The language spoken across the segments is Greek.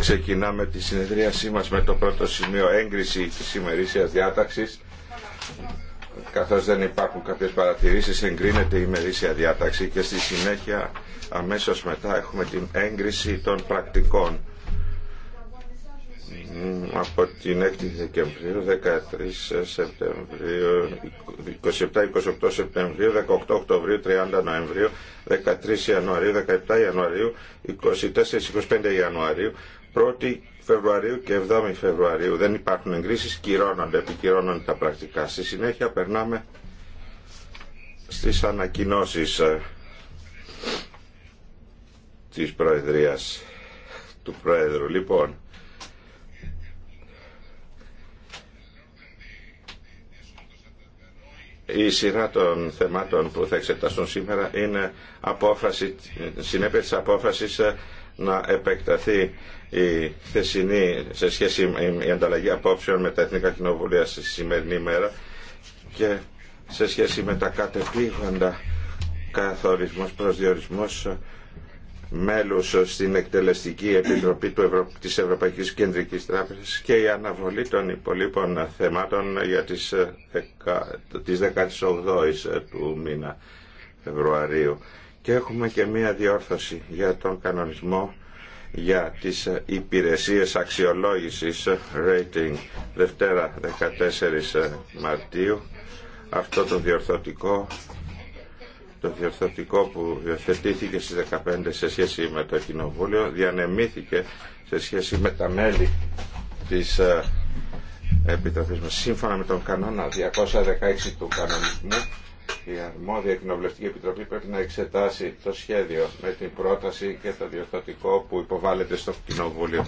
Ξεκινάμε τη συνεδρίασή μας με το πρώτο σημείο έγκριση της ημερήσιας διάταξης. Καθώς δεν υπάρχουν κάποιες παρατηρήσεις, εγκρίνεται η ημερήσια διάταξη και στη συνέχεια αμέσως μετά έχουμε την έγκριση των πρακτικών από την 6η Δεκεμβρίου, 13 Σεπτεμβρίου, 27-28 Σεπτεμβρίου, 18 Οκτωβρίου, 30 Νοεμβρίου, 13 Ιανουαρίου, 17 Ιανουαρίου, 24-25 Ιανουαρίου, 1η Φεβρουαρίου και 7η Φεβρουαρίου. Δεν υπάρχουν εγκρίσεις, κυρώνονται, επικυρώνονται τα πρακτικά. Στη συνέχεια περνάμε στις ανακοινώσεις ε, της Προεδρίας του Πρόεδρου. Λοιπόν, Η σειρά των θεμάτων που θα εξεταστούν σήμερα είναι απόφαση, συνέπεια της απόφασης ε, να επεκταθεί η θεσινή σε σχέση με η ανταλλαγή απόψεων με τα Εθνικά Κοινοβουλία στη σημερινή μέρα και σε σχέση με τα κατεπίγοντα καθορισμός, προσδιορισμός ε, μέλος στην Εκτελεστική Επιτροπή του Ευρω... της Ευρωπαϊκής Κεντρικής Τράπεζας και η αναβολή των υπολείπων θεμάτων για τις, 18 ε, τις 18 ε, του μήνα Φεβρουαρίου. Και έχουμε και μία διόρθωση για τον κανονισμό για τις ε, υπηρεσίες αξιολόγησης rating Δευτέρα 14 Μαρτίου αυτό το διορθωτικό το διορθωτικό που υιοθετήθηκε στις 15 σε σχέση με το Κοινοβούλιο διανεμήθηκε σε σχέση με τα μέλη της ε, Επιτροπής μας. Σύμφωνα με τον κανόνα 216 του κανονισμού η αρμόδια κοινοβουλευτική επιτροπή πρέπει να εξετάσει το σχέδιο με την πρόταση και το διορθωτικό που υποβάλλεται στο Κοινοβούλιο.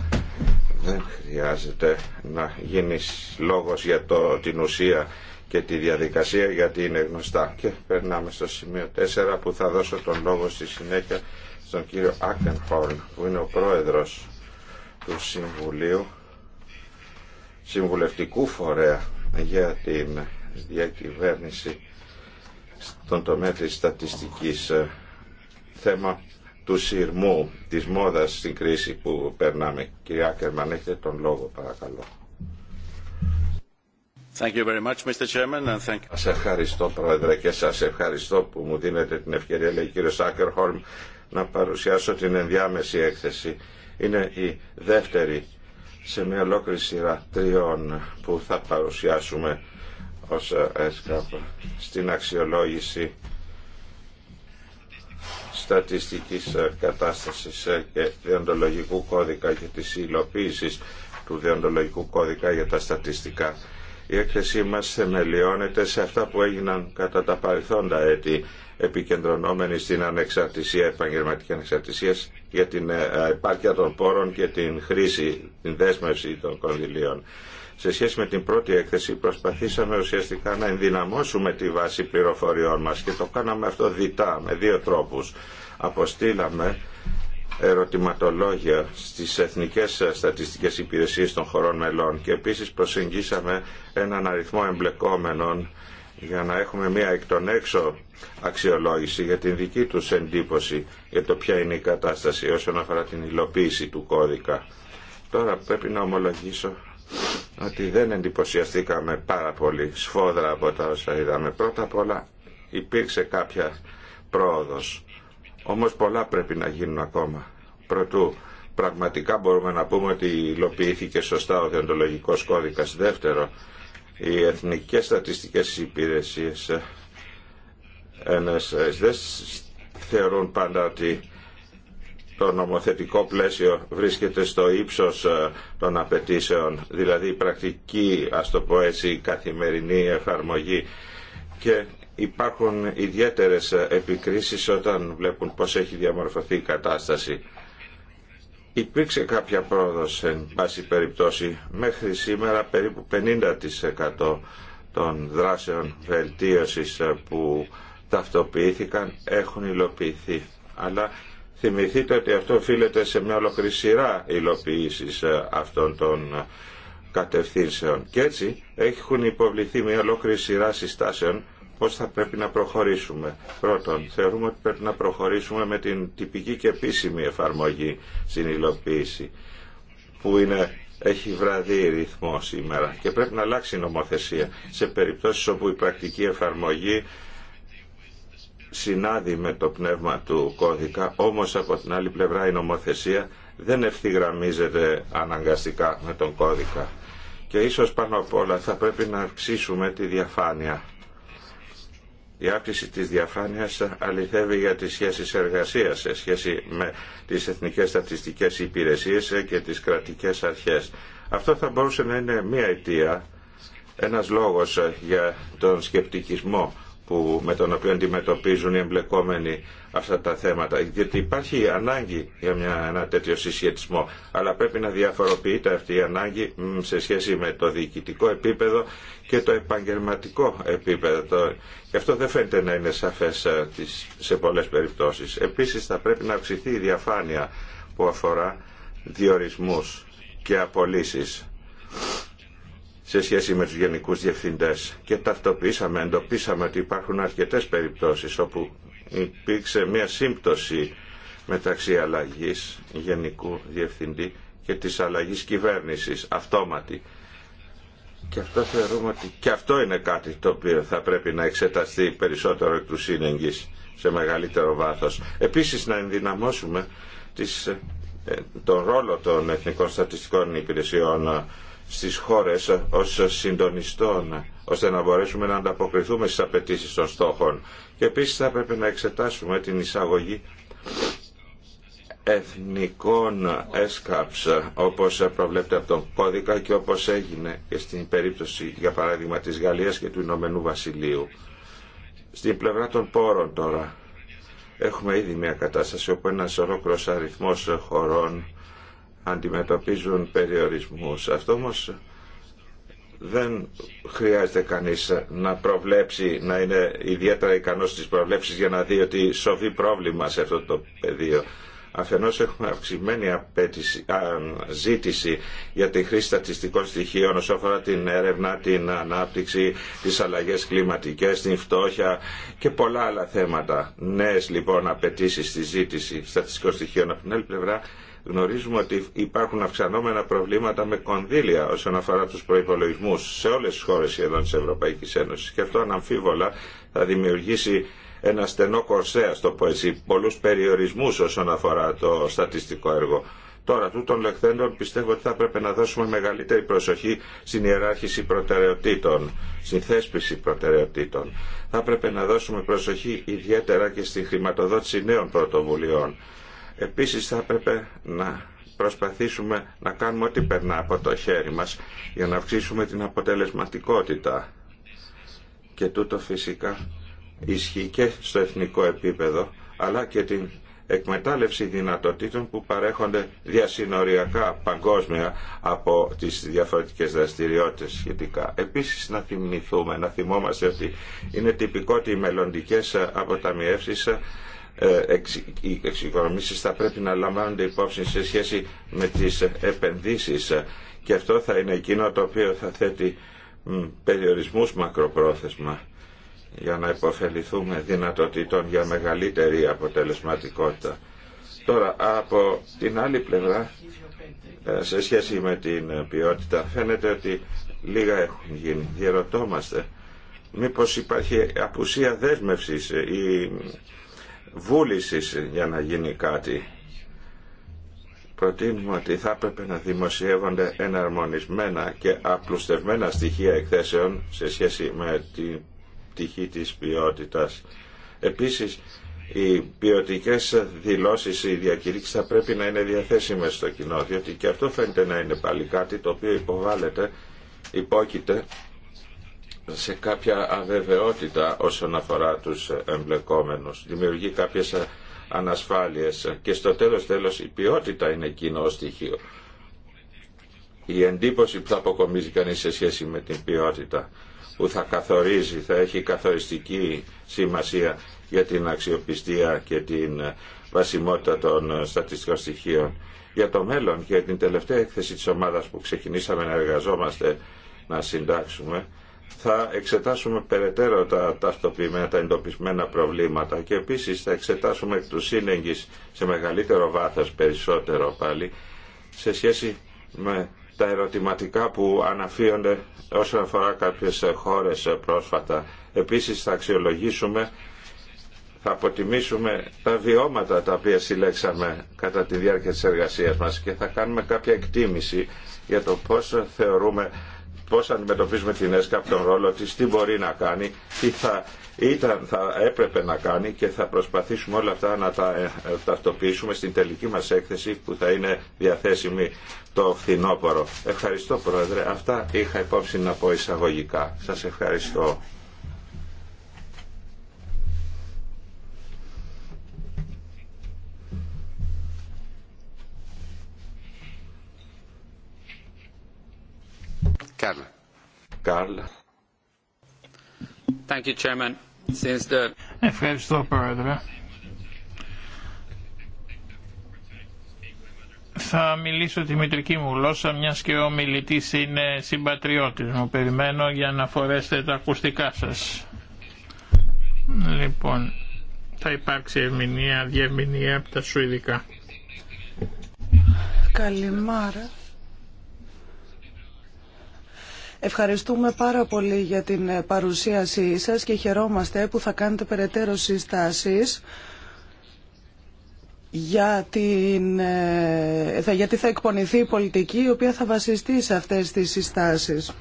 Δεν χρειάζεται να γίνει λόγος για το, την ουσία και τη διαδικασία γιατί είναι γνωστά. Και περνάμε στο σημείο 4 που θα δώσω τον λόγο στη συνέχεια στον κύριο Άκενχόρν που είναι ο πρόεδρος του Συμβουλίου Συμβουλευτικού Φορέα για την διακυβέρνηση στον τομέα της στατιστικής ε, θέμα του σειρμού της μόδας στην κρίση που περνάμε. Κυρία Άκερμαν, έχετε τον λόγο παρακαλώ. Thank Σας ευχαριστώ Πρόεδρε και σας ευχαριστώ που μου δίνετε την ευκαιρία, λέει κύριο Άκερχολμ, να παρουσιάσω την ενδιάμεση έκθεση. Είναι η δεύτερη σε μια ολόκληρη σειρά τριών που θα παρουσιάσουμε ως ε, ΕΣΚΑΠ στην αξιολόγηση στατιστικής ε, κατάστασης ε, και διοντολογικού κώδικα και της υλοποίησης του διοντολογικού κώδικα για τα στατιστικά η έκθεσή μας θεμελιώνεται σε αυτά που έγιναν κατά τα παρελθόντα έτη επικεντρωνόμενοι στην ανεξαρτησία, επαγγελματική ανεξαρτησία για την ε, επάρκεια των πόρων και την χρήση, την δέσμευση των κονδυλίων. Σε σχέση με την πρώτη έκθεση προσπαθήσαμε ουσιαστικά να ενδυναμώσουμε τη βάση πληροφοριών μας και το κάναμε αυτό διτά με δύο τρόπους. Αποστήλαμε ερωτηματολόγια στις εθνικές στατιστικές υπηρεσίες των χωρών μελών και επίσης προσεγγίσαμε έναν αριθμό εμπλεκόμενων για να έχουμε μια εκ των έξω αξιολόγηση για την δική τους εντύπωση για το ποια είναι η κατάσταση όσον αφορά την υλοποίηση του κώδικα. Τώρα πρέπει να ομολογήσω ότι δεν εντυπωσιαστήκαμε πάρα πολύ σφόδρα από τα όσα είδαμε. Πρώτα απ' όλα υπήρξε κάποια πρόοδος όμως πολλά πρέπει να γίνουν ακόμα. Πρωτού πραγματικά μπορούμε να πούμε ότι υλοποιήθηκε σωστά ο διοντολογικός κώδικας. Δεύτερο, οι εθνικές στατιστικές υπηρεσίες NSS ε, ε, δεν θεωρούν πάντα ότι το νομοθετικό πλαίσιο βρίσκεται στο ύψος ε, των απαιτήσεων, δηλαδή η πρακτική, ας το πω έτσι, καθημερινή εφαρμογή και υπάρχουν ιδιαίτερες επικρίσεις όταν βλέπουν πώς έχει διαμορφωθεί η κατάσταση. Υπήρξε κάποια πρόοδος, εν πάση περιπτώσει, μέχρι σήμερα περίπου 50% των δράσεων βελτίωσης που ταυτοποιήθηκαν έχουν υλοποιηθεί. Αλλά θυμηθείτε ότι αυτό οφείλεται σε μια ολόκληρη σειρά υλοποιήσεις αυτών των κατευθύνσεων. Και έτσι έχουν υποβληθεί μια ολόκληρη σειρά συστάσεων πώς θα πρέπει να προχωρήσουμε. Πρώτον, θεωρούμε ότι πρέπει να προχωρήσουμε με την τυπική και επίσημη εφαρμογή στην υλοποίηση, που είναι έχει βραδύ ρυθμό σήμερα και πρέπει να αλλάξει η νομοθεσία σε περιπτώσεις όπου η πρακτική εφαρμογή συνάδει με το πνεύμα του κώδικα, όμως από την άλλη πλευρά η νομοθεσία δεν ευθυγραμμίζεται αναγκαστικά με τον κώδικα. Και ίσως πάνω απ' όλα θα πρέπει να αυξήσουμε τη διαφάνεια η αύξηση της διαφάνειας αληθεύει για τις σχέσεις εργασίας σε σχέση με τις εθνικές στατιστικές υπηρεσίες και τις κρατικές αρχές. Αυτό θα μπορούσε να είναι μία αιτία, ένας λόγος για τον σκεπτικισμό που, με τον οποίο αντιμετωπίζουν οι εμπλεκόμενοι αυτά τα θέματα. γιατί υπάρχει ανάγκη για μια, ένα τέτοιο συσχετισμό. Αλλά πρέπει να διαφοροποιείται αυτή η ανάγκη σε σχέση με το διοικητικό επίπεδο και το επαγγελματικό επίπεδο. Και αυτό δεν φαίνεται να είναι σαφές ε, σε πολλές περιπτώσεις. Επίσης θα πρέπει να αυξηθεί η διαφάνεια που αφορά διορισμούς και απολύσεις σε σχέση με τους γενικούς διευθυντές και ταυτοποιήσαμε, εντοπίσαμε ότι υπάρχουν αρκετές περιπτώσεις όπου υπήρξε μια σύμπτωση μεταξύ αλλαγής γενικού διευθυντή και της αλλαγής κυβέρνησης αυτόματη. Και αυτό θεωρούμε ότι και αυτό είναι κάτι το οποίο θα πρέπει να εξεταστεί περισσότερο εκ του σύνεγγυς σε μεγαλύτερο βάθος. Επίσης να ενδυναμώσουμε τις, ε, τον ρόλο των Εθνικών Στατιστικών Υπηρεσιών στις χώρες ως συντονιστών ώστε να μπορέσουμε να ανταποκριθούμε στις απαιτήσει των στόχων. Και επίσης θα πρέπει να εξετάσουμε την εισαγωγή εθνικών έσκαψ όπως προβλέπεται από τον κώδικα και όπως έγινε και στην περίπτωση για παράδειγμα της Γαλλίας και του Ηνωμένου Βασιλείου. Στην πλευρά των πόρων τώρα έχουμε ήδη μια κατάσταση όπου ένας ολόκληρος αριθμός χωρών αντιμετωπίζουν περιορισμούς. Αυτό όμως δεν χρειάζεται κανείς να προβλέψει, να είναι ιδιαίτερα ικανός στις προβλέψεις για να δει ότι σοβεί πρόβλημα σε αυτό το πεδίο. Αφενός έχουμε αυξημένη απέτηση, ζήτηση για τη χρήση στατιστικών στοιχείων όσον αφορά την έρευνα, την ανάπτυξη, τις αλλαγές κλιματικές, την φτώχεια και πολλά άλλα θέματα. Νέες λοιπόν απαιτήσει στη ζήτηση στατιστικών στοιχείων. Από την άλλη πλευρά Γνωρίζουμε ότι υπάρχουν αυξανόμενα προβλήματα με κονδύλια όσον αφορά τους προϋπολογισμούς σε όλες τις χώρες σχεδόν της Ευρωπαϊκής Ένωσης και αυτό αναμφίβολα θα δημιουργήσει ένα στενό κορσέα, στο πω πολλούς περιορισμούς όσον αφορά το στατιστικό έργο. Τώρα, τούτων λεχθέντων πιστεύω ότι θα πρέπει να δώσουμε μεγαλύτερη προσοχή στην ιεράρχηση προτεραιοτήτων, στην θέσπιση προτεραιοτήτων. Θα έπρεπε να δώσουμε προσοχή ιδιαίτερα και στην χρηματοδότηση νέων πρωτοβουλειών. Επίσης θα έπρεπε να προσπαθήσουμε να κάνουμε ό,τι περνά από το χέρι μας για να αυξήσουμε την αποτελεσματικότητα. Και τούτο φυσικά ισχύει και στο εθνικό επίπεδο, αλλά και την εκμετάλλευση δυνατοτήτων που παρέχονται διασυνοριακά παγκόσμια από τις διαφορετικές δραστηριότητες σχετικά. Επίσης να θυμηθούμε, να θυμόμαστε ότι είναι τυπικό ότι οι μελλοντικές αποταμιεύσεις ε, οι εξοικονομήσεις θα πρέπει να λαμβάνονται υπόψη σε σχέση με τις επενδύσεις και αυτό θα είναι εκείνο το οποίο θα θέτει περιορισμούς μακροπρόθεσμα για να υποφεληθούμε δυνατοτήτων για μεγαλύτερη αποτελεσματικότητα. Τώρα από την άλλη πλευρά ε, σε σχέση με την ποιότητα φαίνεται ότι λίγα έχουν γίνει. Διερωτόμαστε μήπως υπάρχει απουσία δέσμευσης ε, Βούληση για να γίνει κάτι. Προτείνουμε ότι θα έπρεπε να δημοσιεύονται εναρμονισμένα και απλουστευμένα στοιχεία εκθέσεων σε σχέση με την πτυχή της ποιότητας. Επίσης, οι ποιοτικέ δηλώσεις ή διακηρύξεις θα πρέπει να είναι διαθέσιμες στο κοινό, διότι και αυτό φαίνεται να είναι πάλι κάτι το οποίο υποβάλλεται, υπόκειται σε κάποια αβεβαιότητα όσον αφορά τους εμπλεκόμενους. Δημιουργεί κάποιες ανασφάλειες και στο τέλος τέλος η ποιότητα είναι κοινό στοιχείο. Η εντύπωση που θα αποκομίζει κανείς σε σχέση με την ποιότητα που θα καθορίζει, θα έχει καθοριστική σημασία για την αξιοπιστία και την βασιμότητα των στατιστικών στοιχείων. Για το μέλλον και την τελευταία έκθεση της ομάδας που ξεκινήσαμε να εργαζόμαστε να συντάξουμε, θα εξετάσουμε περαιτέρω τα ταυτοποιημένα, τα εντοπισμένα προβλήματα και επίσης θα εξετάσουμε του σε μεγαλύτερο βάθος περισσότερο πάλι σε σχέση με τα ερωτηματικά που αναφύονται όσον αφορά κάποιες χώρες πρόσφατα. Επίσης θα αξιολογήσουμε, θα αποτιμήσουμε τα βιώματα τα οποία συλλέξαμε κατά τη διάρκεια της εργασίας μας και θα κάνουμε κάποια εκτίμηση για το πώς θεωρούμε πώς αντιμετωπίζουμε την από τον ρόλο της, τι μπορεί να κάνει, τι θα, ήταν, θα έπρεπε να κάνει και θα προσπαθήσουμε όλα αυτά να τα ε, ταυτοποιήσουμε στην τελική μας έκθεση που θα είναι διαθέσιμη το φθινόπωρο. Ευχαριστώ Πρόεδρε. Αυτά είχα υπόψη να πω εισαγωγικά. Σας ευχαριστώ. Ευχαριστώ Πρόεδρε. Θα μιλήσω τη μητρική μου γλώσσα μια και ο μιλητής είναι συμπατριώτη μου. Περιμένω για να φορέσετε τα ακουστικά σα. Λοιπόν, θα υπάρξει ερμηνεία, διερμηνεία από τα Σουηδικά. Καλημέρα. Ευχαριστούμε πάρα πολύ για την παρουσίασή σας και χαιρόμαστε που θα κάνετε περαιτέρω συστάσεις για την, ε, θα, γιατί θα εκπονηθεί η πολιτική η οποία θα βασιστεί σε αυτές τις συστάσεις.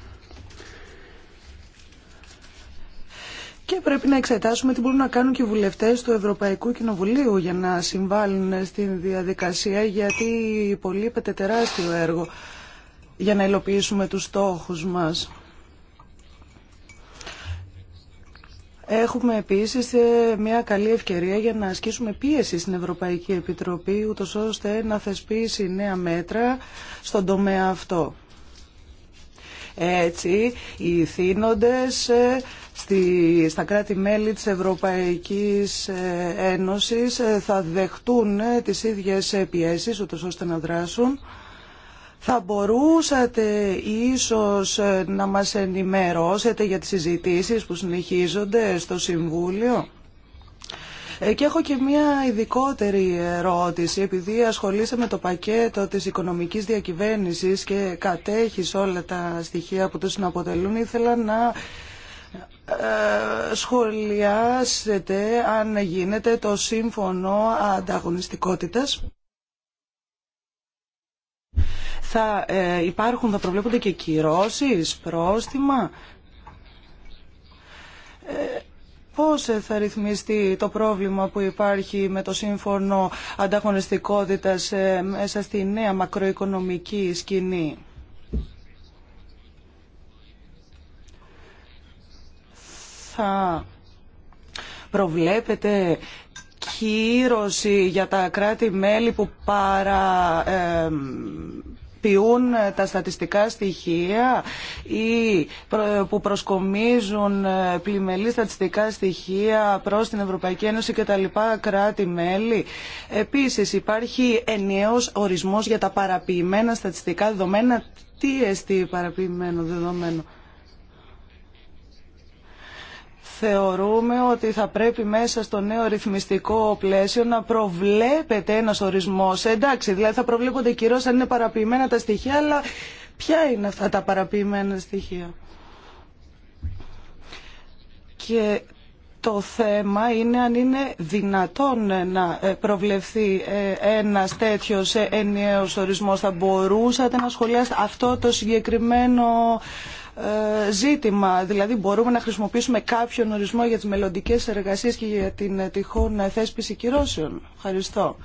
Και πρέπει να εξετάσουμε τι μπορούν να κάνουν και οι βουλευτές του Ευρωπαϊκού Κοινοβουλίου για να συμβάλλουν στην διαδικασία γιατί υπολείπεται τεράστιο έργο για να υλοποιήσουμε τους στόχους μας. Έχουμε επίσης ε, μια καλή ευκαιρία για να ασκήσουμε πίεση στην Ευρωπαϊκή Επιτροπή, ούτως ώστε να θεσπίσει νέα μέτρα στον τομέα αυτό. Έτσι, οι θύνοντες ε, στη, στα κράτη-μέλη της Ευρωπαϊκής ε, Ένωσης θα δεχτούν τις ίδιες πιέσεις, ούτως ώστε να δράσουν. Θα μπορούσατε ίσως ε, να μας ενημερώσετε για τις συζητήσεις που συνεχίζονται στο Συμβούλιο. Ε, και έχω και μία ειδικότερη ερώτηση, επειδή ασχολήσαμε το πακέτο της οικονομικής διακυβέρνησης και κατέχεις όλα τα στοιχεία που το συναποτελούν, ήθελα να ε, σχολιάσετε αν γίνεται το σύμφωνο ανταγωνιστικότητας θα ε, υπάρχουν, θα προβλέπονται και κυρώσεις, πρόστιμα. Ε, πώς ε, θα ρυθμιστεί το πρόβλημα που υπάρχει με το σύμφωνο ανταγωνιστικότητας μέσα στη νέα μακροοικονομική σκηνή. Θα προβλέπετε κύρωση για τα κράτη-μέλη που παρα χρησιμοποιούν ε, τα στατιστικά στοιχεία ή ε, που προσκομίζουν ε, πλημελή στατιστικά στοιχεία προς την Ευρωπαϊκή Ένωση και τα λοιπά κράτη-μέλη. Επίσης υπάρχει ενιαίος ορισμός για τα παραποιημένα στατιστικά δεδομένα. Τι εστί παραποιημένο δεδομένο θεωρούμε ότι θα πρέπει μέσα στο νέο ρυθμιστικό πλαίσιο να προβλέπεται ένας ορισμός. Εντάξει, δηλαδή θα προβλέπονται κυρίως αν είναι παραποιημένα τα στοιχεία, αλλά ποια είναι αυτά τα παραποιημένα στοιχεία. Και το θέμα είναι αν είναι δυνατόν να ε, προβλεφθεί ε, ένα τέτοιο ε, ενιαίος ορισμός. Θα μπορούσατε να σχολιάσετε αυτό το συγκεκριμένο ε, ζήτημα. Δηλαδή μπορούμε να χρησιμοποιήσουμε κάποιον ορισμό για τις μελλοντικέ εργασίες και για την ε, τυχόν ε, θέσπιση κυρώσεων. Ευχαριστώ.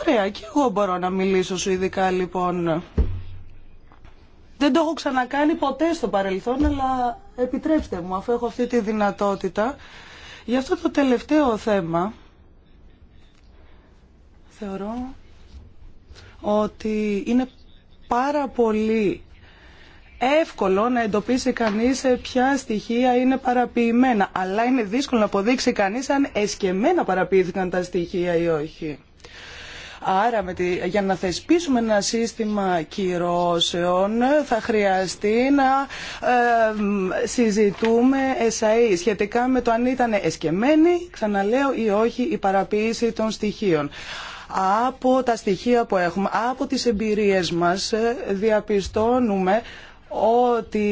Ωραία, και εγώ μπορώ να μιλήσω σου ειδικά λοιπόν. Δεν το έχω ξανακάνει ποτέ στο παρελθόν, αλλά επιτρέψτε μου αφού έχω αυτή τη δυνατότητα. Γι' αυτό το τελευταίο θέμα θεωρώ ότι είναι πάρα πολύ εύκολο να εντοπίσει κανείς ποια στοιχεία είναι παραποιημένα, αλλά είναι δύσκολο να αποδείξει κανεί αν εσκεμμένα παραποιήθηκαν τα στοιχεία ή όχι. Άρα για να θεσπίσουμε ένα σύστημα κυρώσεων θα χρειαστεί να συζητούμε εσαΐ σχετικά με το αν ήταν εσκεμμένη, ξαναλέω, ή όχι η παραποίηση των στοιχείων. Από τα στοιχεία που έχουμε, από τις εμπειρίες μας ε, διαπιστώνουμε ότι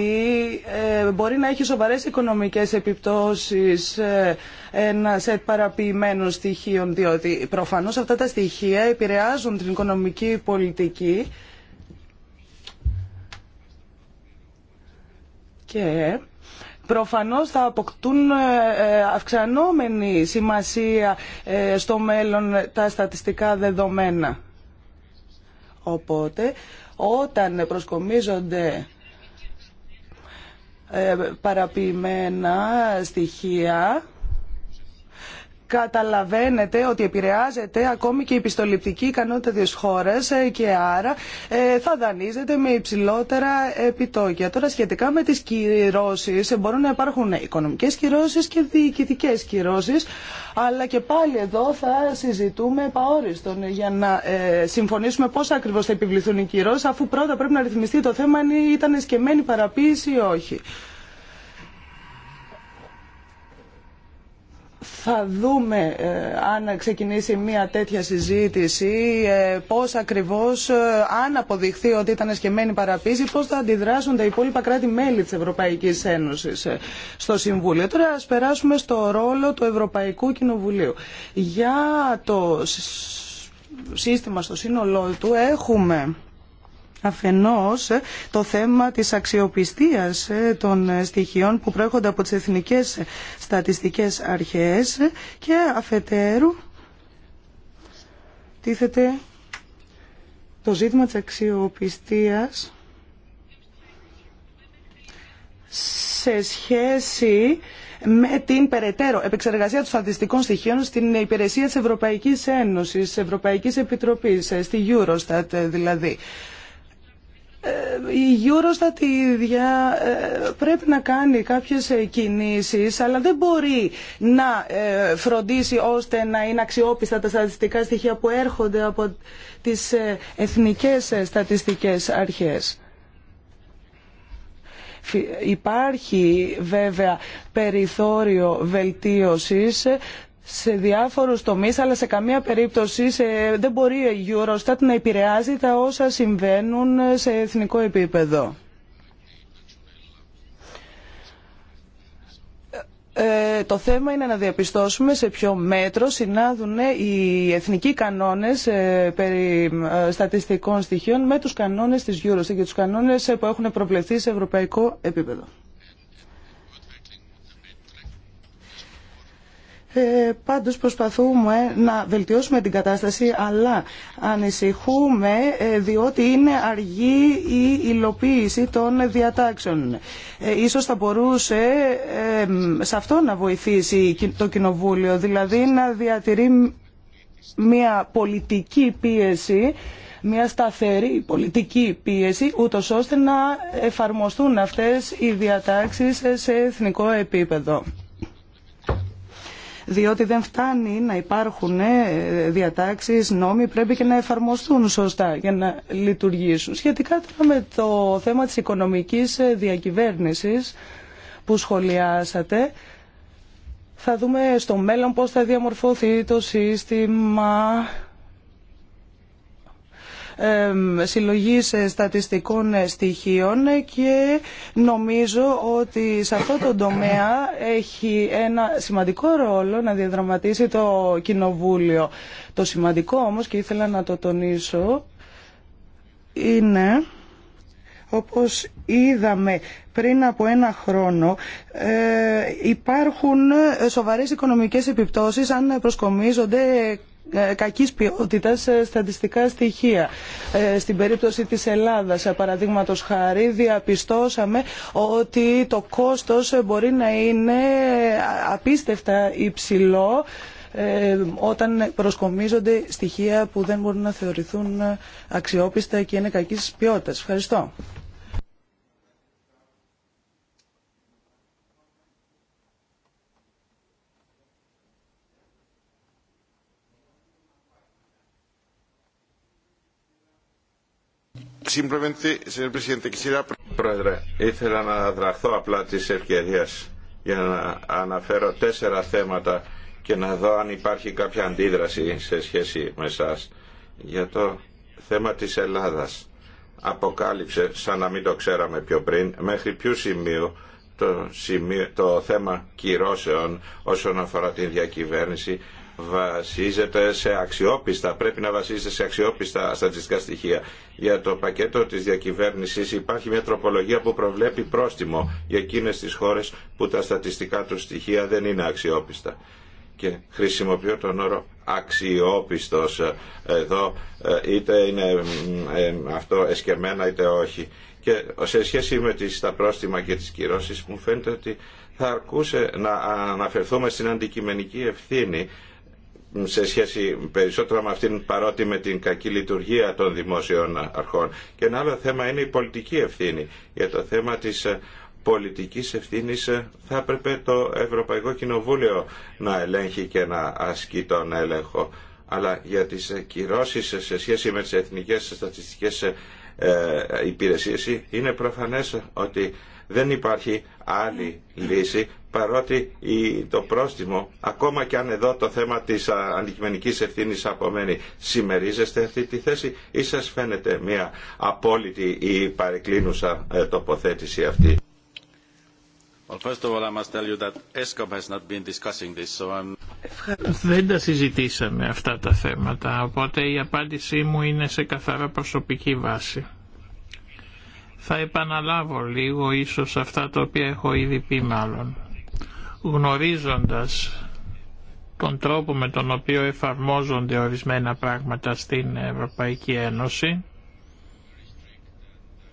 ε, μπορεί να έχει σοβαρές οικονομικές επιπτώσεις ε, ένα σετ παραποιημένων στοιχείων, διότι προφανώς αυτά τα στοιχεία επηρεάζουν την οικονομική πολιτική και προφανώς θα αποκτούν ε, αυξανόμενη σημασία στο μέλλον τα στατιστικά δεδομένα. Οπότε, όταν προσκομίζονται ε, παραποιημένα στοιχεία καταλαβαίνετε ότι επηρεάζεται ακόμη και η πιστοληπτική ικανότητα της χώρας ε, και άρα ε, θα δανείζεται με υψηλότερα επιτόκια. Τώρα σχετικά με τις κυρώσεις ε, μπορούν να υπάρχουν οικονομικές κυρώσεις και διοικητικές κυρώσεις αλλά και πάλι εδώ θα συζητούμε παόριστον για να συμφωνήσουμε πώς ακριβώς θα επιβληθούν οι κυρώσεις αφού πρώτα πρέπει να ρυθμιστεί το θέμα αν ήταν εσκεμμένη παραποίηση ή όχι. θα δούμε ε, αν ξεκινήσει μια τέτοια συζήτηση ε, πώς ακριβώς, ε, αν αποδειχθεί ότι ήταν εσκεμμένη παραπίση, πώς θα αντιδράσουν τα υπόλοιπα κράτη-μέλη της Ευρωπαϊκής Ένωσης στο Συμβούλιο. Τώρα ας περάσουμε στο ρόλο του Ευρωπαϊκού Κοινοβουλίου. Για το σύστημα στο σύνολό του έχουμε Αφενός, το θέμα της αξιοπιστίας ε, των ε, στοιχείων που προέρχονται από τις εθνικές στατιστικές αρχές και αφετέρου τίθεται το ζήτημα της αξιοπιστίας σε σχέση με την περαιτέρω επεξεργασία των στατιστικών στοιχείων στην υπηρεσία της Ευρωπαϊκής Ένωσης, της Ευρωπαϊκής Επιτροπής, ε, στη Eurostat δηλαδή. Ε, η Eurostat ίδια ε, πρέπει να κάνει κάποιες ε, κινήσεις αλλά δεν μπορεί να φροντίσει ώστε να είναι αξιόπιστα τα στατιστικά στοιχεία που έρχονται από τις εθνικές στατιστικές αρχές. Υπάρχει βέβαια περιθώριο βελτίωσης σε διάφορους τομείς, αλλά σε καμία περίπτωση δεν μπορεί η Eurostat να επηρεάζει τα όσα συμβαίνουν σε εθνικό επίπεδο. Ε, το θέμα είναι να διαπιστώσουμε σε ποιο μέτρο συνάδουν οι εθνικοί κανόνες ε, περί ε, στατιστικών στοιχείων με τους κανόνες της Eurostat και τους κανόνες που έχουν προβλεφθεί σε ευρωπαϊκό επίπεδο. Ε, πάντως προσπαθούμε να βελτιώσουμε την κατάσταση αλλά ανησυχούμε ε, διότι είναι αργή η υλοποίηση των διατάξεων. Ε, ίσως θα μπορούσε ε, σε αυτό να βοηθήσει το Κοινοβούλιο, δηλαδή να διατηρεί μια πολιτική πίεση μια σταθερή πολιτική πίεση, ούτω ώστε να εφαρμοστούν αυτές οι διατάξεις σε εθνικό επίπεδο διότι δεν φτάνει να υπάρχουν ε, διατάξεις, νόμοι, πρέπει και να εφαρμοστούν σωστά για να λειτουργήσουν. Σχετικά με το θέμα της οικονομικής ε, διακυβέρνησης που σχολιάσατε, θα δούμε στο μέλλον πώς θα διαμορφωθεί το σύστημα συλλογής ε, στατιστικών ε, στοιχείων και νομίζω ότι σε αυτό το τομέα έχει ένα σημαντικό ρόλο να διαδραματίσει το Κοινοβούλιο. Το σημαντικό όμως και ήθελα να το τονίσω είναι όπως είδαμε πριν από ένα χρόνο ε, υπάρχουν σοβαρές οικονομικές επιπτώσεις αν προσκομίζονται ε, κακής ποιότητας ε, στατιστικά στοιχεία. Ε, στην περίπτωση της Ελλάδας, παραδείγματος χάρη, διαπιστώσαμε ότι το κόστος μπορεί να είναι απίστευτα υψηλό όταν προσκομίζονται στοιχεία που δεν μπορούν να θεωρηθούν αξιόπιστα και είναι κακής ποιότητας. Ευχαριστώ. Πρόεδρε, ήθελα να δραχθώ απλά της ευκαιρία για να αναφέρω τέσσερα θέματα και να δω αν υπάρχει κάποια αντίδραση σε σχέση με εσά για το θέμα της Ελλάδας. Αποκάλυψε, σαν να μην το ξέραμε πιο πριν, μέχρι ποιο σημείο το, σημείο, το θέμα κυρώσεων όσον αφορά την διακυβέρνηση βασίζεται σε αξιόπιστα, πρέπει να βασίζεται σε αξιόπιστα στατιστικά στοιχεία. Για το πακέτο της διακυβέρνησης υπάρχει μια τροπολογία που προβλέπει πρόστιμο για εκείνες τις χώρες που τα στατιστικά του στοιχεία δεν είναι αξιόπιστα. Και χρησιμοποιώ τον όρο αξιόπιστος εδώ, ε, είτε είναι ε, αυτό εσκεμμένα είτε όχι. Και σε σχέση με τις, τα πρόστιμα και τις κυρώσεις μου φαίνεται ότι θα αρκούσε να αναφερθούμε στην αντικειμενική ευθύνη σε σχέση περισσότερο με αυτήν παρότι με την κακή λειτουργία των δημόσιων αρχών. Και ένα άλλο θέμα είναι η πολιτική ευθύνη. Για το θέμα της ε, πολιτικής ευθύνης ε, θα έπρεπε το Ευρωπαϊκό Κοινοβούλιο να ελέγχει και να ασκεί τον έλεγχο. Αλλά για τις ε, κυρώσεις σε σχέση με τις εθνικές στατιστικές υπηρεσίες είναι προφανές ότι δεν υπάρχει άλλη λύση παρότι το πρόστιμο, ακόμα και αν εδώ το θέμα της αντικειμενικής ευθύνης απομένει, συμμερίζεστε αυτή τη θέση ή σας φαίνεται μια απόλυτη ή παρεκκλίνουσα ε, τοποθέτηση αυτή. Δεν τα συζητήσαμε αυτά τα θέματα, οπότε η απάντησή μου είναι σε καθαρά προσωπική βάση. Θα επαναλάβω λίγο ίσως αυτά τα οποία έχω ήδη πει μάλλον. Γνωρίζοντας τον τρόπο με τον οποίο εφαρμόζονται ορισμένα πράγματα στην Ευρωπαϊκή Ένωση,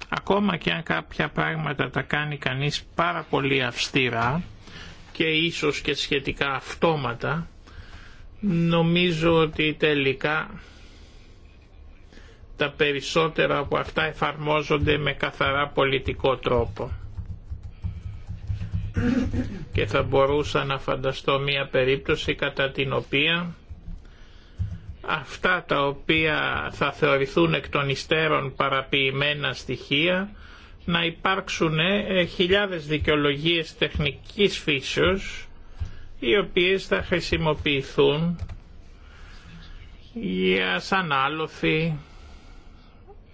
ακόμα και αν κάποια πράγματα τα κάνει κανείς πάρα πολύ αυστηρά και ίσως και σχετικά αυτόματα, νομίζω ότι τελικά τα περισσότερα από αυτά εφαρμόζονται με καθαρά πολιτικό τρόπο. Και θα μπορούσα να φανταστώ μία περίπτωση κατά την οποία αυτά τα οποία θα θεωρηθούν εκ των υστέρων παραποιημένα στοιχεία να υπάρξουν ε, χιλιάδες δικαιολογίες τεχνικής φύσεως οι οποίες θα χρησιμοποιηθούν για σαν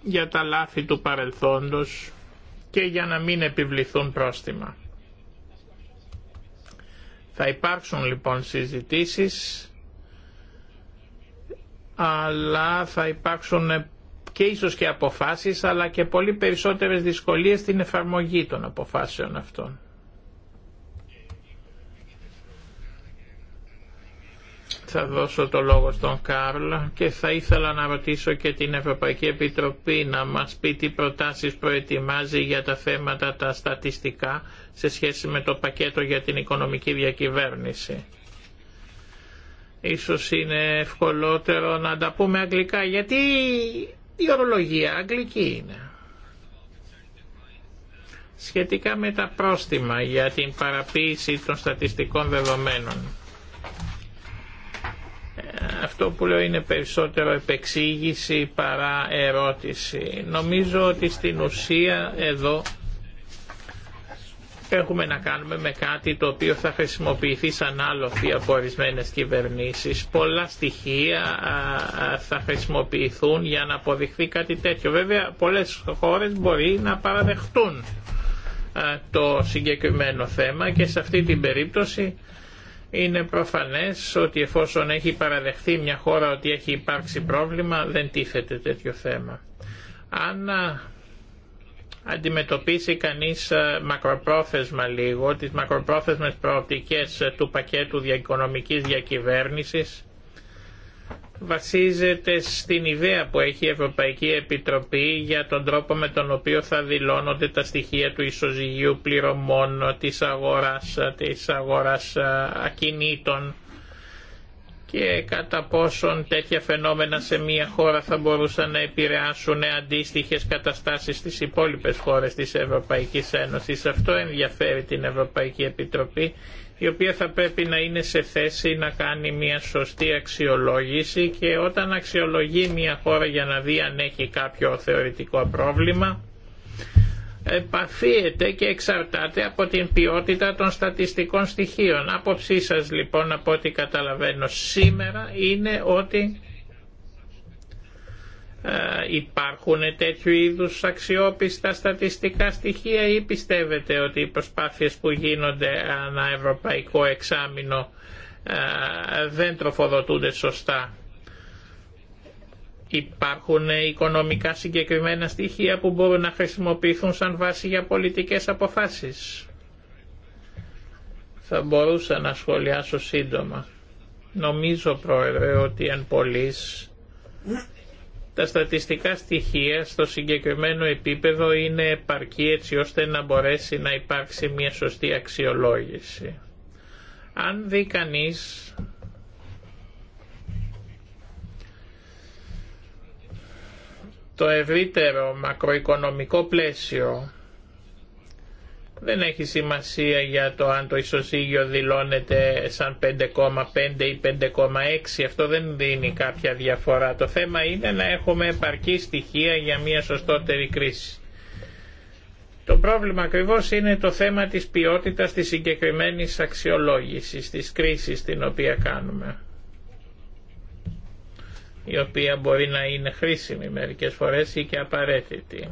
για τα λάθη του παρελθόντος και για να μην επιβληθούν πρόστιμα. Θα υπάρξουν λοιπόν συζητήσεις, αλλά θα υπάρξουν και ίσως και αποφάσεις, αλλά και πολύ περισσότερες δυσκολίες στην εφαρμογή των αποφάσεων αυτών. Θα δώσω το λόγο στον Κάρλ και θα ήθελα να ρωτήσω και την Ευρωπαϊκή Επιτροπή να μας πει τι προτάσεις προετοιμάζει για τα θέματα τα στατιστικά σε σχέση με το πακέτο για την οικονομική διακυβέρνηση. Ίσως είναι ευκολότερο να τα πούμε αγγλικά γιατί η ορολογία αγγλική είναι σχετικά με τα πρόστιμα για την παραποίηση των στατιστικών δεδομένων αυτό που λέω είναι περισσότερο επεξήγηση παρά ερώτηση. Νομίζω ότι στην ουσία εδώ έχουμε να κάνουμε με κάτι το οποίο θα χρησιμοποιηθεί σαν άλοφη από ορισμένε κυβερνήσεις. Πολλά στοιχεία θα χρησιμοποιηθούν για να αποδειχθεί κάτι τέτοιο. Βέβαια πολλές χώρες μπορεί να παραδεχτούν το συγκεκριμένο θέμα και σε αυτή την περίπτωση είναι προφανές ότι εφόσον έχει παραδεχθεί μια χώρα ότι έχει υπάρξει πρόβλημα, δεν τίθεται τέτοιο θέμα. Αν αντιμετωπίσει κανείς μακροπρόθεσμα λίγο τις μακροπρόθεσμες προοπτικές του πακέτου οικονομική διακυβέρνησης, βασίζεται στην ιδέα που έχει η Ευρωπαϊκή Επιτροπή για τον τρόπο με τον οποίο θα δηλώνονται τα στοιχεία του ισοζυγίου πληρωμών, της αγοράς, της αγοράς ακινήτων και κατά πόσον τέτοια φαινόμενα σε μία χώρα θα μπορούσαν να επηρεάσουν αντίστοιχες καταστάσεις στις υπόλοιπες χώρες της Ευρωπαϊκής Ένωσης. Αυτό ενδιαφέρει την Ευρωπαϊκή Επιτροπή η οποία θα πρέπει να είναι σε θέση να κάνει μια σωστή αξιολόγηση και όταν αξιολογεί μια χώρα για να δει αν έχει κάποιο θεωρητικό πρόβλημα επαφίεται και εξαρτάται από την ποιότητα των στατιστικών στοιχείων. Απόψή σας λοιπόν από ό,τι καταλαβαίνω σήμερα είναι ότι ε, υπάρχουν τέτοιου είδους αξιόπιστα στατιστικά στοιχεία ή πιστεύετε ότι οι προσπάθειες που γίνονται ένα ευρωπαϊκό εξάμεινο ε, δεν τροφοδοτούνται σωστά. Υπάρχουν οικονομικά συγκεκριμένα στοιχεία που μπορούν να χρησιμοποιηθούν σαν βάση για πολιτικές αποφάσεις. Θα μπορούσα να σχολιάσω σύντομα. Νομίζω, Πρόεδρε, ότι αν πολλής τα στατιστικά στοιχεία στο συγκεκριμένο επίπεδο είναι επαρκή έτσι ώστε να μπορέσει να υπάρξει μια σωστή αξιολόγηση. Αν δει κανείς το ευρύτερο μακροοικονομικό πλαίσιο δεν έχει σημασία για το αν το ισοσύγιο δηλώνεται σαν 5,5 ή 5,6. Αυτό δεν δίνει κάποια διαφορά. Το θέμα είναι να έχουμε επαρκή στοιχεία για μια σωστότερη κρίση. Το πρόβλημα ακριβώς είναι το θέμα της ποιότητας της συγκεκριμένης αξιολόγησης, της κρίσης την οποία κάνουμε η οποία μπορεί να είναι χρήσιμη μερικές φορές ή και απαραίτητη.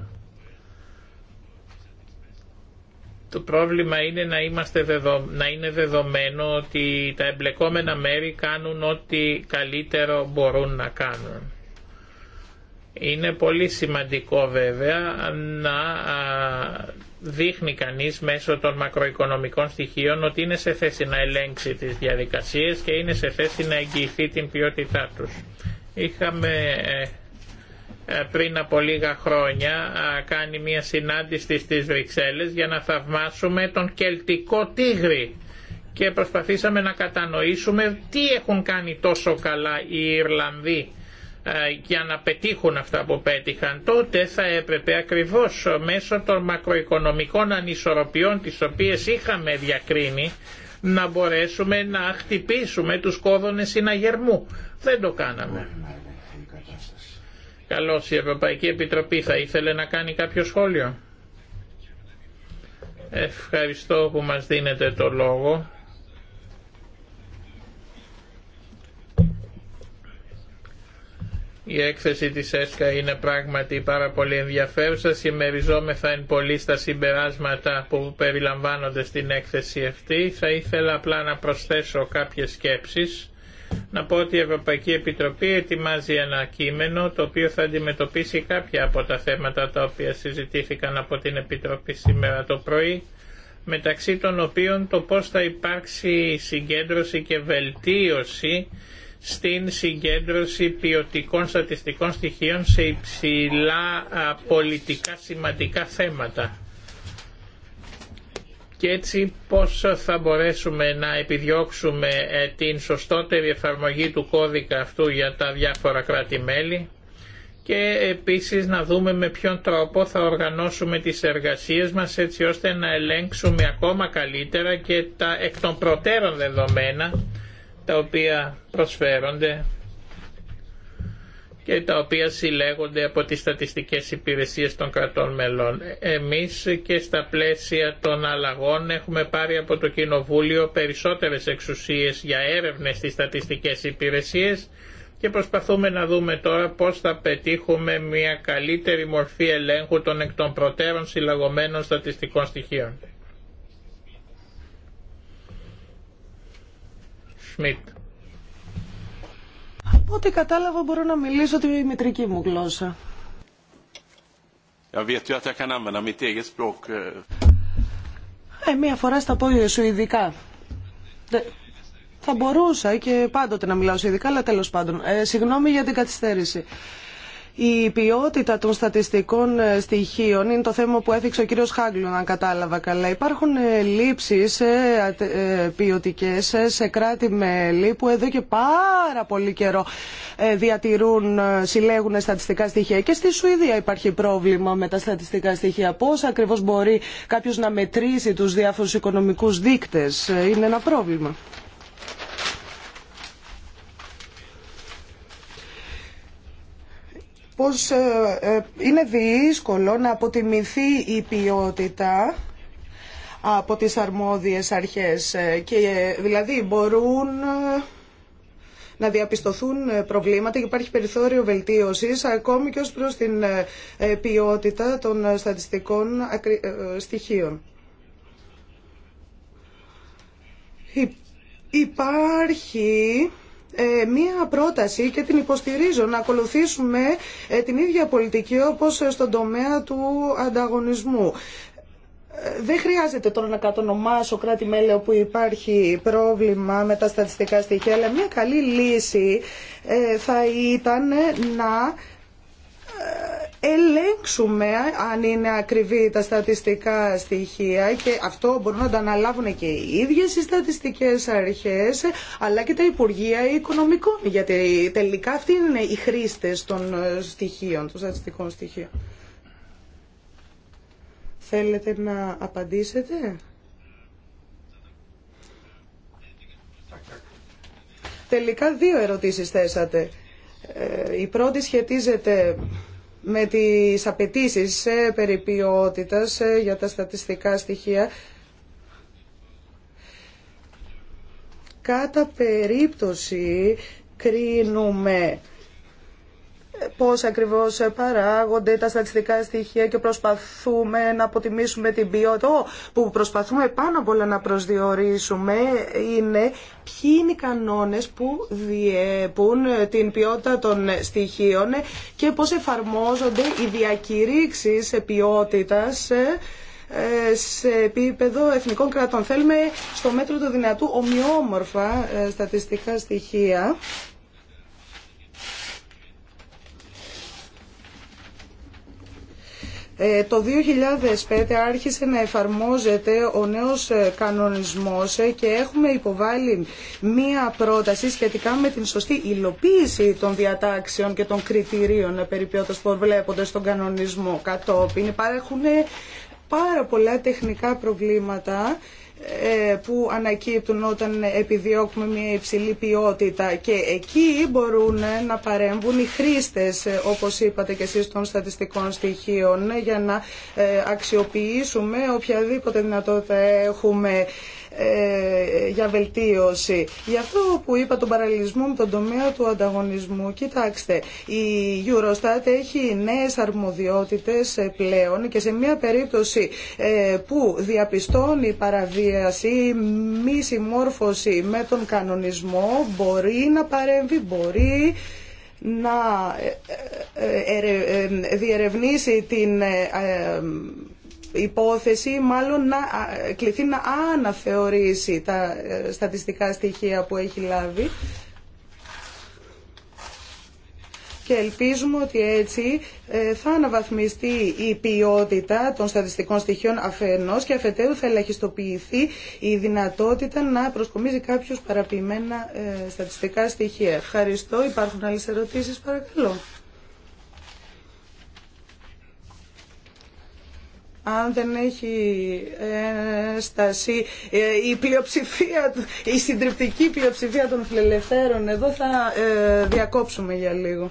Το πρόβλημα είναι να, είμαστε είναι δεδομένο ότι τα εμπλεκόμενα μέρη κάνουν ό,τι καλύτερο μπορούν να κάνουν. Είναι πολύ σημαντικό βέβαια να δείχνει κανείς μέσω των μακροοικονομικών στοιχείων ότι είναι σε θέση να ελέγξει τις διαδικασίες και είναι σε θέση να εγγυηθεί την ποιότητά τους. Ε, ε, πριν από λίγα χρόνια κάνει μια συνάντηση στις Βρυξέλλες για να θαυμάσουμε τον κελτικό τίγρη και προσπαθήσαμε να κατανοήσουμε τι έχουν κάνει τόσο καλά οι Ιρλανδοί ε, για να πετύχουν αυτά που πέτυχαν τότε θα έπρεπε ακριβώς μέσω των μακροοικονομικών ανισορροπιών τις οποίες είχαμε διακρίνει να μπορέσουμε να χτυπήσουμε τους κόδωνες συναγερμού. Δεν το κάναμε. Καλώς η Ευρωπαϊκή Επιτροπή θα ήθελε να κάνει κάποιο σχόλιο. Ευχαριστώ που μας δίνετε το λόγο. Η έκθεση της ΕΣΚΑ είναι πράγματι πάρα πολύ ενδιαφέρουσα. Συμμεριζόμεθα εν πολύ στα συμπεράσματα που περιλαμβάνονται στην έκθεση αυτή. Θα ήθελα απλά να προσθέσω κάποιες σκέψεις να πω ότι η Ευρωπαϊκή Επιτροπή ετοιμάζει ένα κείμενο το οποίο θα αντιμετωπίσει κάποια από τα θέματα τα οποία συζητήθηκαν από την Επιτροπή σήμερα το πρωί μεταξύ των οποίων το πώς θα υπάρξει συγκέντρωση και βελτίωση στην συγκέντρωση ποιοτικών στατιστικών στοιχείων σε υψηλά πολιτικά σημαντικά θέματα και έτσι πώς θα μπορέσουμε να επιδιώξουμε ε, την σωστότερη εφαρμογή του κώδικα αυτού για τα διάφορα κράτη-μέλη και επίσης να δούμε με ποιον τρόπο θα οργανώσουμε τις εργασίες μας έτσι ώστε να ελέγξουμε ακόμα καλύτερα και τα εκ των προτέρων δεδομένα τα οποία προσφέρονται και τα οποία συλλέγονται από τις στατιστικές υπηρεσίες των κρατών μελών. Εμείς και στα πλαίσια των αλλαγών έχουμε πάρει από το Κοινοβούλιο περισσότερες εξουσίες για έρευνες στις στατιστικές υπηρεσίες και προσπαθούμε να δούμε τώρα πώς θα πετύχουμε μια καλύτερη μορφή ελέγχου των εκ των προτέρων συλλαγωμένων στατιστικών στοιχείων. Ό,τι κατάλαβα μπορώ να μιλήσω τη μητρική μου γλώσσα. μία φορά στα πόδια σου ειδικά. Θα μπορούσα και πάντοτε να μιλάω σου ειδικά, αλλά τέλος πάντων. Ε, συγγνώμη για την καθυστέρηση. Η ποιότητα των στατιστικών ε, στοιχείων είναι το θέμα που έθιξε ο κύριος Χάγκλου, αν κατάλαβα καλά. Υπάρχουν ε, λήψεις ε, ποιοτικέ σε κράτη-μέλη που εδώ και πάρα πολύ καιρό διατηρούν, συλλέγουν στατιστικά στοιχεία. Και στη Σουηδία υπάρχει πρόβλημα με τα στατιστικά στοιχεία. Πώς ακριβώς μπορεί κάποιος να μετρήσει τους διάφορους οικονομικούς δείκτες. Είναι ένα πρόβλημα. πως ε, ε, είναι δύσκολο να αποτιμηθεί η ποιότητα από τις αρμόδιες αρχές ε, και δηλαδή μπορούν να διαπιστωθούν προβλήματα και υπάρχει περιθώριο βελτίωσης ακόμη και ως προς την ποιότητα των στατιστικών στοιχείων. Υπάρχει ε, μία πρόταση και την υποστηρίζω να ακολουθήσουμε ε, την ίδια πολιτική όπως ε, στον τομέα του ανταγωνισμού. Δεν χρειάζεται τώρα να κατονομάσω κράτη-μέλη όπου υπάρχει πρόβλημα με τα στατιστικά στοιχεία, αλλά μια καλή λύση θα ήταν να ελέγξουμε αν είναι ακριβή τα στατιστικά στοιχεία και αυτό μπορούν να τα αναλάβουν και οι ίδιες οι στατιστικές αρχές αλλά και τα Υπουργεία Οικονομικών γιατί τελικά αυτοί είναι οι χρήστες των ε, στοιχείων, των στατιστικών στοιχείων. Θέλετε να απαντήσετε. Τελικά δύο ερωτήσεις θέσατε. Ε, η πρώτη σχετίζεται με τις απαιτήσει ε, περί ποιότητας ε, για τα στατιστικά στοιχεία. Κάτα περίπτωση κρίνουμε πώς ακριβώς παράγονται τα στατιστικά στοιχεία και προσπαθούμε να αποτιμήσουμε την ποιότητα. Που προσπαθούμε πάνω απ' όλα να προσδιορίσουμε είναι ποιοι είναι οι κανόνες που διέπουν την ποιότητα των στοιχείων και πώς εφαρμόζονται οι διακηρύξεις ποιότητα ε, σε επίπεδο εθνικών κρατών. Θέλουμε στο μέτρο του δυνατού ομοιόμορφα ε, στατιστικά στοιχεία Ε, το 2005 άρχισε να εφαρμόζεται ο νέος ε, κανονισμός ε, και έχουμε υποβάλει μία πρόταση σχετικά με την σωστή υλοποίηση των διατάξεων και των κριτηρίων περί που βλέπονται στον κανονισμό κατόπιν. Υπάρχουν πάρα πολλά τεχνικά προβλήματα ε, που ανακύπτουν όταν επιδιώκουμε μια υψηλή ποιότητα και εκεί μπορούν να παρέμβουν οι χρήστες ε, όπως είπατε και εσείς των στατιστικών στοιχείων για να ε, αξιοποιήσουμε οποιαδήποτε δυνατότητα έχουμε ε, για βελτίωση. Γι' αυτό που είπα τον παραλληλισμό με τον τομέα του ανταγωνισμού. Κοιτάξτε, η Eurostat έχει νέες αρμοδιότητες ε, πλέον και σε μια περίπτωση ε, που διαπιστώνει παραβίαση ή μη συμμόρφωση με τον κανονισμό μπορεί να παρέμβει, μπορεί να διερευνήσει την υπόθεση μάλλον να κληθεί να αναθεωρήσει τα ε, στατιστικά στοιχεία που έχει λάβει και ελπίζουμε ότι έτσι ε, θα αναβαθμιστεί η ποιότητα των στατιστικών στοιχείων αφενός και αφετέρου θα ελαχιστοποιηθεί η δυνατότητα να προσκομίζει κάποιος παραποιημένα ε, στατιστικά στοιχεία. Ευχαριστώ. Υπάρχουν άλλες ερωτήσεις παρακαλώ. αν δεν έχει ένσταση ε, η πλειοψηφία, η συντριπτική πλειοψηφία των φιλελευθέρων εδώ θα ε, διακόψουμε για λίγο.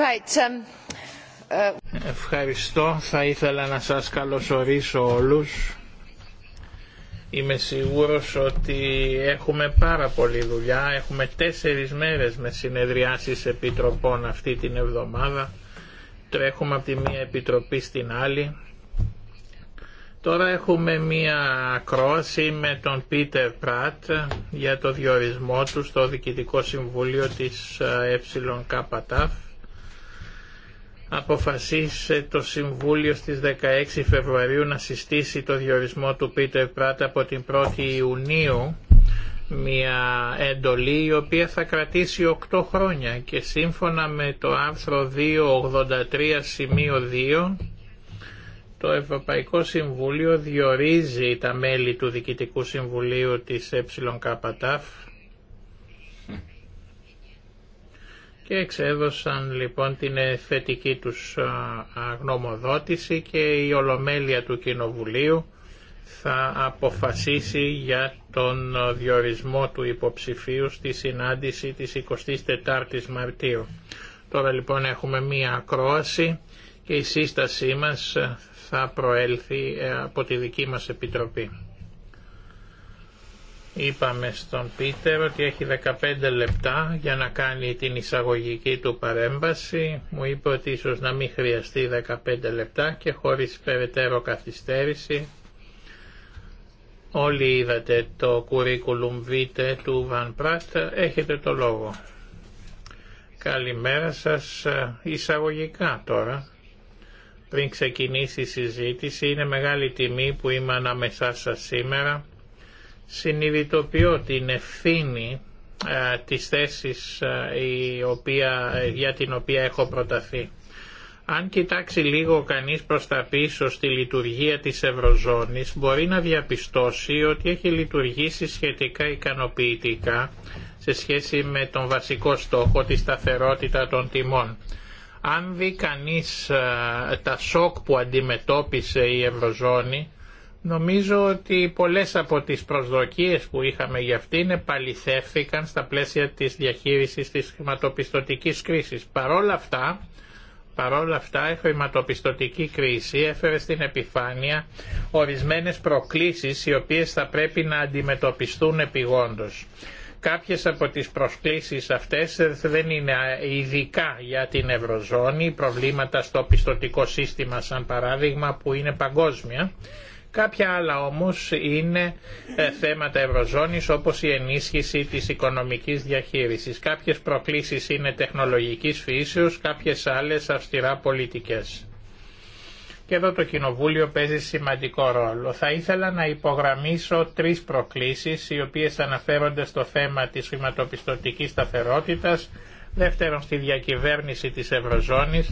Um, uh, Ευχαριστώ. Θα ήθελα να σας καλωσορίσω όλους. Είμαι σίγουρος ότι έχουμε πάρα πολλή δουλειά. Έχουμε τέσσερις μέρες με συνεδριάσεις επιτροπών αυτή την εβδομάδα. Τρέχουμε από τη μία επιτροπή στην άλλη. Τώρα έχουμε μία ακρόαση με τον Πίτερ Πράτ για το διορισμό του στο Διοικητικό Συμβούλιο της ΕΚΤΑΦ αποφασίσε το Συμβούλιο στις 16 Φεβρουαρίου να συστήσει το διορισμό του Πίτερ Πράτα από την 1η Ιουνίου μια εντολή η οποία θα κρατήσει 8 χρόνια και σύμφωνα με το άρθρο 283 σημείο 2 το Ευρωπαϊκό Συμβούλιο διορίζει τα μέλη του Διοικητικού Συμβουλίου της ΕΚΤΑΦ και εξέδωσαν λοιπόν την θετική τους γνωμοδότηση και η Ολομέλεια του Κοινοβουλίου θα αποφασίσει για τον διορισμό του υποψηφίου στη συνάντηση της 24ης Μαρτίου. Τώρα λοιπόν έχουμε μία ακρόαση και η σύστασή μας θα προέλθει ε, από τη δική μας Επιτροπή. Είπαμε στον Πίτερ ότι έχει 15 λεπτά για να κάνει την εισαγωγική του παρέμβαση. Μου είπε ότι ίσως να μην χρειαστεί 15 λεπτά και χωρίς περαιτέρω καθυστέρηση. Όλοι είδατε το curriculum vitae του Βαν Πράτ. Έχετε το λόγο. Καλημέρα σας εισαγωγικά τώρα. Πριν ξεκινήσει η συζήτηση, είναι μεγάλη τιμή που είμαι ανάμεσά σας σήμερα Συνειδητοποιώ την ευθύνη α, ε, της θέσης ε, η οποία, για την οποία έχω προταθεί. Αν κοιτάξει λίγο κανείς προς τα πίσω στη λειτουργία της Ευρωζώνης, μπορεί να διαπιστώσει ότι έχει λειτουργήσει σχετικά ικανοποιητικά σε σχέση με τον βασικό στόχο, τη σταθερότητα των τιμών. Αν δει κανείς ε, τα σοκ που αντιμετώπισε η Ευρωζώνη, Νομίζω ότι πολλές από τις προσδοκίες που είχαμε για αυτήν επαληθεύθηκαν στα πλαίσια της διαχείρισης της χρηματοπιστωτικής κρίσης. Παρόλα αυτά, παρόλα αυτά η χρηματοπιστωτική κρίση έφερε στην επιφάνεια ορισμένες προκλήσεις οι οποίες θα πρέπει να αντιμετωπιστούν επιγόντως. Κάποιες από τις προσκλήσεις αυτές δεν είναι ειδικά για την Ευρωζώνη, προβλήματα στο πιστωτικό σύστημα σαν παράδειγμα που είναι παγκόσμια Κάποια άλλα όμως είναι ε, θέματα ευρωζώνης όπως η ενίσχυση της οικονομικής διαχείρισης. Κάποιες προκλήσεις είναι τεχνολογικής φύσεως, κάποιες άλλες αυστηρά πολιτικές. Και εδώ το Κοινοβούλιο παίζει σημαντικό ρόλο. Θα ήθελα να υπογραμμίσω τρεις προκλήσεις οι οποίες αναφέρονται στο θέμα της χρηματοπιστωτικής σταθερότητας, δεύτερον στη διακυβέρνηση της Ευρωζώνης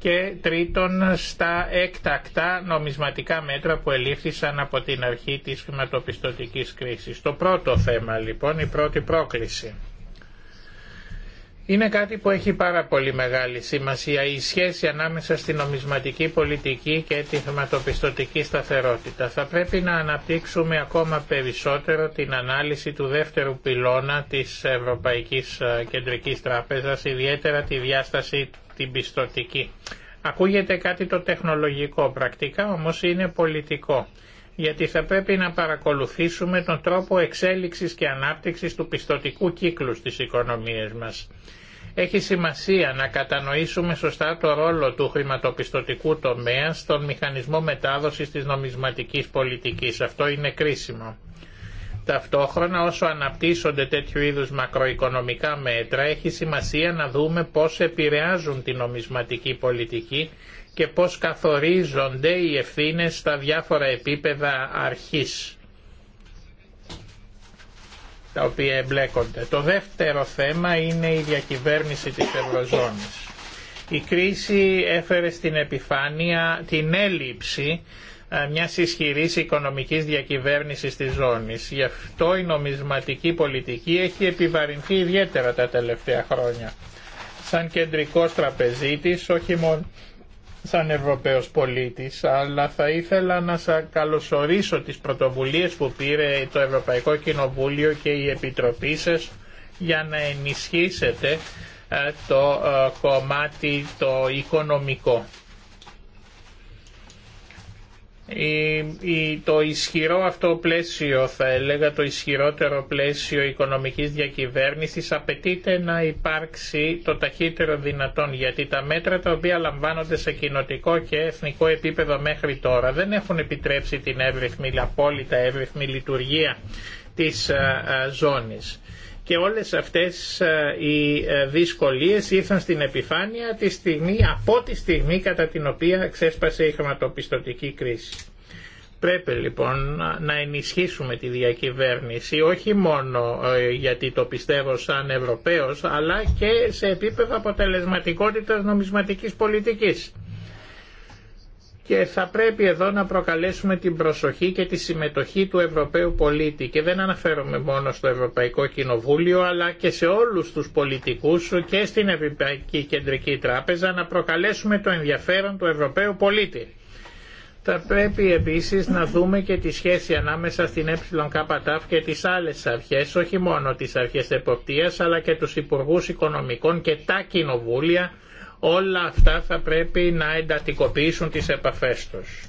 και τρίτον στα έκτακτα νομισματικά μέτρα που ελήφθησαν από την αρχή της χρηματοπιστωτικής κρίσης. Το πρώτο θέμα λοιπόν, η πρώτη πρόκληση. Είναι κάτι που έχει πάρα πολύ μεγάλη σημασία η σχέση ανάμεσα στη νομισματική πολιτική και τη χρηματοπιστωτική σταθερότητα. Θα πρέπει να αναπτύξουμε ακόμα περισσότερο την ανάλυση του δεύτερου πυλώνα της Ευρωπαϊκής ε, Κεντρικής Τράπεζας, ιδιαίτερα τη διάσταση την πιστωτική. Ακούγεται κάτι το τεχνολογικό, πρακτικά όμως είναι πολιτικό γιατί θα πρέπει να παρακολουθήσουμε τον τρόπο εξέλιξης και ανάπτυξης του πιστοτικού κύκλου στις οικονομίες μας. Έχει σημασία να κατανοήσουμε σωστά το ρόλο του χρηματοπιστωτικού τομέα στον μηχανισμό μετάδοσης της νομισματικής πολιτικής. Αυτό είναι κρίσιμο. Ταυτόχρονα όσο αναπτύσσονται τέτοιου είδους μακροοικονομικά μέτρα έχει σημασία να δούμε πώς επηρεάζουν τη νομισματική πολιτική και πώς καθορίζονται οι ευθύνες στα διάφορα επίπεδα αρχής τα οποία εμπλέκονται. Το δεύτερο θέμα είναι η διακυβέρνηση της Ευρωζώνης. Η κρίση έφερε στην επιφάνεια την έλλειψη ε, μια ισχυρή οικονομικής διακυβέρνηση της ζώνης. Γι' αυτό η νομισματική πολιτική έχει επιβαρυνθεί ιδιαίτερα τα τελευταία χρόνια. Σαν κεντρικός τραπεζίτης, όχι μόνο σαν Ευρωπαίος πολίτης, αλλά θα ήθελα να σας καλωσορίσω τις πρωτοβουλίες που πήρε το Ευρωπαϊκό Κοινοβούλιο και η Επιτροπή για να ενισχύσετε ε, το ε, κομμάτι το οικονομικό το ισχυρό αυτό πλαίσιο, θα έλεγα το ισχυρότερο πλαίσιο οικονομικής διακυβέρνησης απαιτείται να υπάρξει το ταχύτερο δυνατόν γιατί τα μέτρα τα οποία λαμβάνονται σε κοινοτικό και εθνικό επίπεδο μέχρι τώρα δεν έχουν επιτρέψει την εύρυθμη, απόλυτα εύρυθμη λειτουργία της ε, ε, ζώνης και όλες αυτές ε, οι ε, δυσκολίες ήρθαν στην επιφάνεια τη στιγμή, από τη στιγμή κατά την οποία ξέσπασε η χρηματοπιστωτική κρίση. Πρέπει λοιπόν να ενισχύσουμε τη διακυβέρνηση όχι μόνο ε, γιατί το πιστεύω σαν Ευρωπαίος αλλά και σε επίπεδο αποτελεσματικότητας νομισματικής πολιτικής και θα πρέπει εδώ να προκαλέσουμε την προσοχή και τη συμμετοχή του Ευρωπαίου πολίτη και δεν αναφέρομαι μόνο στο Ευρωπαϊκό Κοινοβούλιο αλλά και σε όλους τους πολιτικούς και στην Ευρωπαϊκή Κεντρική Τράπεζα να προκαλέσουμε το ενδιαφέρον του Ευρωπαίου πολίτη. Θα πρέπει επίσης να δούμε και τη σχέση ανάμεσα στην ΕΚΤΑΦ και τις άλλες αρχές, όχι μόνο τις αρχές εποπτείας αλλά και τους Υπουργούς Οικονομικών και τα κοινοβούλια Όλα αυτά θα πρέπει να εντατικοποιήσουν τις επαφές τους.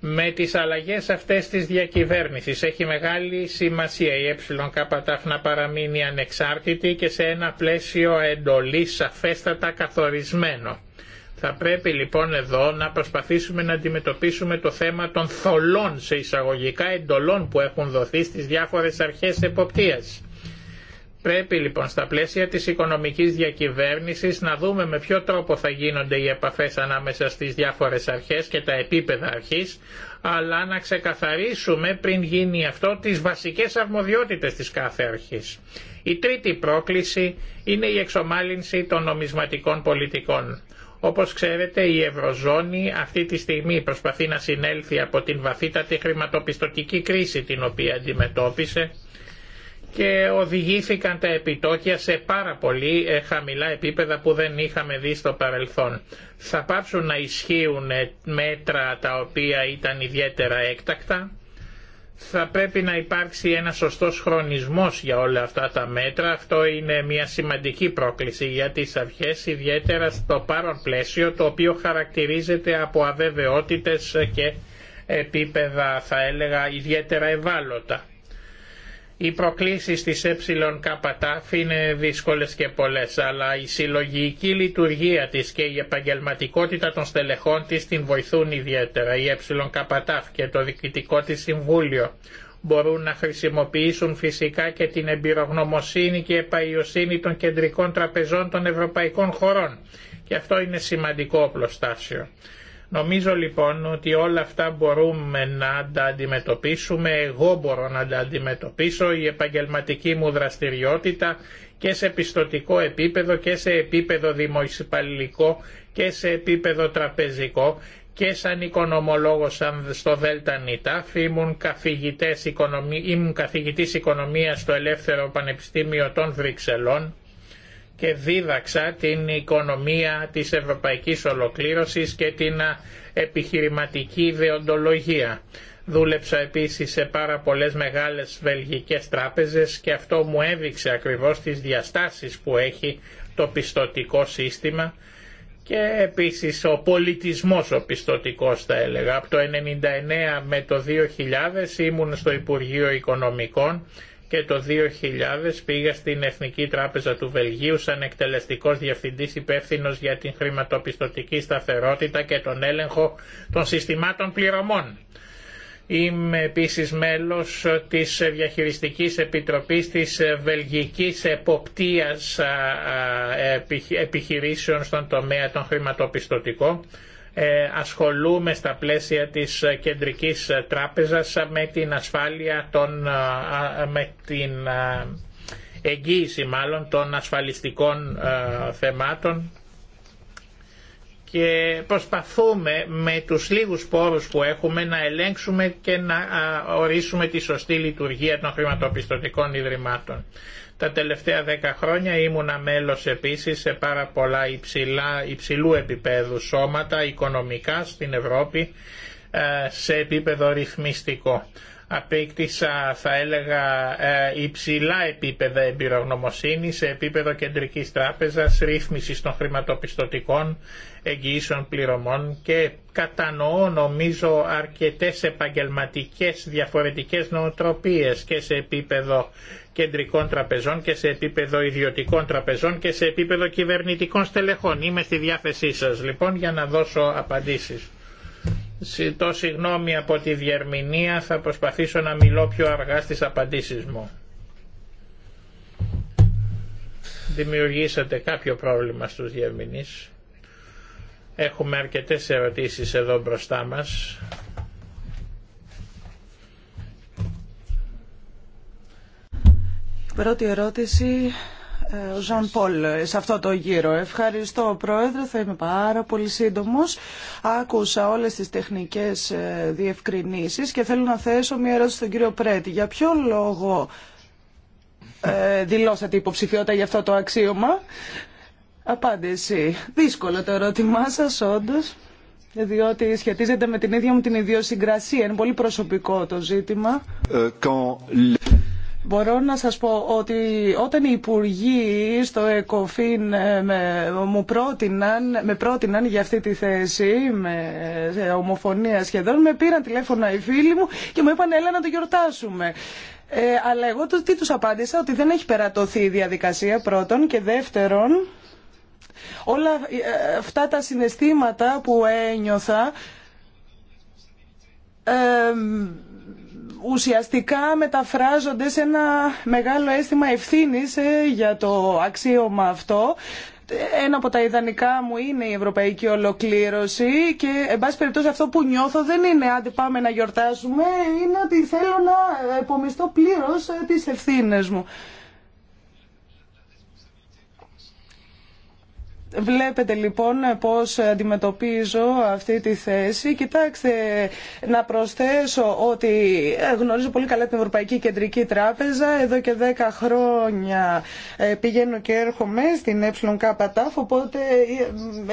Με τις αλλαγές αυτές της διακυβέρνησης έχει μεγάλη σημασία η ΕΚΤΑΦ να παραμείνει ανεξάρτητη και σε ένα πλαίσιο εντολής σαφέστατα καθορισμένο. Θα πρέπει λοιπόν εδώ να προσπαθήσουμε να αντιμετωπίσουμε το θέμα των θολών σε εισαγωγικά εντολών που έχουν δοθεί στις διάφορες αρχές εποπτείας. Πρέπει λοιπόν στα πλαίσια της οικονομικής διακυβέρνησης να δούμε με ποιο τρόπο θα γίνονται οι επαφές ανάμεσα στις διάφορες αρχές και τα επίπεδα αρχής, αλλά να ξεκαθαρίσουμε πριν γίνει αυτό τις βασικές αρμοδιότητες της κάθε αρχής. Η τρίτη πρόκληση είναι η εξομάλυνση των νομισματικών πολιτικών. Όπως ξέρετε η Ευρωζώνη αυτή τη στιγμή προσπαθεί να συνέλθει από την βαθύτατη χρηματοπιστωτική κρίση την οποία αντιμετώπισε και οδηγήθηκαν τα επιτόκια σε πάρα πολύ ε, χαμηλά επίπεδα που δεν είχαμε δει στο παρελθόν. Θα πάψουν να ισχύουν ε, μέτρα τα οποία ήταν ιδιαίτερα έκτακτα. Θα πρέπει να υπάρξει ένα σωστός χρονισμός για όλα αυτά τα μέτρα. Αυτό είναι μια σημαντική πρόκληση για τις αρχές, ιδιαίτερα στο πάρον πλαίσιο, το οποίο χαρακτηρίζεται από αβεβαιότητες και επίπεδα, θα έλεγα, ιδιαίτερα ευάλωτα οι προκλήσεις της ΕΚΤ είναι δύσκολες και πολλές, αλλά η συλλογική λειτουργία της και η επαγγελματικότητα των στελεχών της την βοηθούν ιδιαίτερα. Η ΕΚΤ και το διοικητικό της συμβούλιο μπορούν να χρησιμοποιήσουν φυσικά και την εμπειρογνωμοσύνη και επαϊοσύνη των κεντρικών τραπεζών των ευρωπαϊκών χωρών. Και αυτό είναι σημαντικό οπλοστάσιο. Νομίζω λοιπόν ότι όλα αυτά μπορούμε να τα αντιμετωπίσουμε, εγώ μπορώ να τα αντιμετωπίσω, η επαγγελματική μου δραστηριότητα και σε πιστοτικό επίπεδο και σε επίπεδο δημοσιοπαλληλικό και σε επίπεδο τραπεζικό και σαν οικονομολόγος στο Δέλτα Νιτάφ ήμουν, καθηγητής οικονομίας στο Ελεύθερο Πανεπιστήμιο των Βρυξελών και δίδαξα την οικονομία της ευρωπαϊκής ολοκλήρωσης και την επιχειρηματική ιδεοντολογία. Δούλεψα επίσης σε πάρα πολλές μεγάλες βελγικές τράπεζες και αυτό μου έδειξε ακριβώς τις διαστάσεις που έχει το πιστοτικό σύστημα και επίσης ο πολιτισμός ο πιστοτικός θα έλεγα. Από το 1999 με το 2000 ήμουν στο Υπουργείο Οικονομικών και το 2000 πήγα στην Εθνική Τράπεζα του Βελγίου σαν εκτελεστικός διευθυντής υπεύθυνο για την χρηματοπιστωτική σταθερότητα και τον έλεγχο των συστημάτων πληρωμών. Είμαι επίσης μέλος της Διαχειριστικής Επιτροπής της Βελγικής Εποπτείας Επιχειρήσεων στον τομέα των χρηματοπιστωτικών ε, ασχολούμε στα πλαίσια της κεντρικής τράπεζας με την ασφάλεια ε, ε, με την εγγύηση μάλλον των ασφαλιστικών θεμάτων και προσπαθούμε με τους λίγους πόρους που έχουμε να ελέγξουμε και να ορίσουμε τη σωστή λειτουργία των χρηματοπιστωτικών ιδρυμάτων. Τα τελευταία δέκα χρόνια ήμουνα μέλος επίσης σε πάρα πολλά υψηλά, υψηλού επίπεδου σώματα οικονομικά στην Ευρώπη ε, σε επίπεδο ρυθμιστικό. Απέκτησα θα έλεγα ε, υψηλά επίπεδα εμπειρογνωμοσύνη σε επίπεδο κεντρικής τράπεζας, ρύθμισης των χρηματοπιστωτικών εγγυήσεων πληρωμών και κατανοώ νομίζω αρκετές επαγγελματικές διαφορετικές νοοτροπίες και σε επίπεδο κεντρικών τραπεζών και σε επίπεδο ιδιωτικών τραπεζών και σε επίπεδο κυβερνητικών στελεχών. Είμαι στη διάθεσή σας λοιπόν για να δώσω απαντήσεις. Συντώ συγγνώμη από τη διερμηνία, θα προσπαθήσω να μιλώ πιο αργά στις απαντήσεις μου. Δημιουργήσατε κάποιο πρόβλημα στους διερμηνείς. Έχουμε αρκετές ερωτήσεις εδώ μπροστά μας. Πρώτη ερώτηση, ε, ο Ζαν Πολ, ε, σε αυτό το γύρο. Ευχαριστώ, Πρόεδρε, θα είμαι πάρα πολύ σύντομος. Άκουσα όλες τις τεχνικές ε, διευκρινήσεις και θέλω να θέσω μια ερώτηση στον κύριο Πρέτη. Για ποιο λόγο ε, δηλώσατε υποψηφιότητα για αυτό το αξίωμα. Απάντηση. Δύσκολο το ερώτημά σας, όντως διότι σχετίζεται με την ίδια μου την ιδιοσυγκρασία. Είναι πολύ προσωπικό το ζήτημα. Ε, Μπορώ να σας πω ότι όταν οι υπουργοί στο ΕΚΟΦΗΝ ε, με, μου πρότειναν, με πρότειναν για αυτή τη θέση, με ομοφωνία σχεδόν, με πήραν τηλέφωνα οι φίλοι μου και μου είπαν έλα να το γιορτάσουμε. Ε, αλλά εγώ το, τι τους απάντησα, ότι δεν έχει περατωθεί η διαδικασία πρώτον και δεύτερον, όλα ε, αυτά τα συναισθήματα που ένιωθα, ε, ουσιαστικά μεταφράζονται σε ένα μεγάλο αίσθημα ευθύνης ε, για το αξίωμα αυτό ένα από τα ιδανικά μου είναι η ευρωπαϊκή ολοκλήρωση και εν πάση περιπτώσει αυτό που νιώθω δεν είναι αν πάμε να γιορτάσουμε, είναι ότι θέλω να επομιστώ πλήρως ε, τις ευθύνες μου. Βλέπετε λοιπόν πώς αντιμετωπίζω αυτή τη θέση. Κοιτάξτε, να προσθέσω ότι γνωρίζω πολύ καλά την Ευρωπαϊκή Κεντρική Τράπεζα. Εδώ και 10 χρόνια ε, πηγαίνω και έρχομαι στην ΕΚΤ, οπότε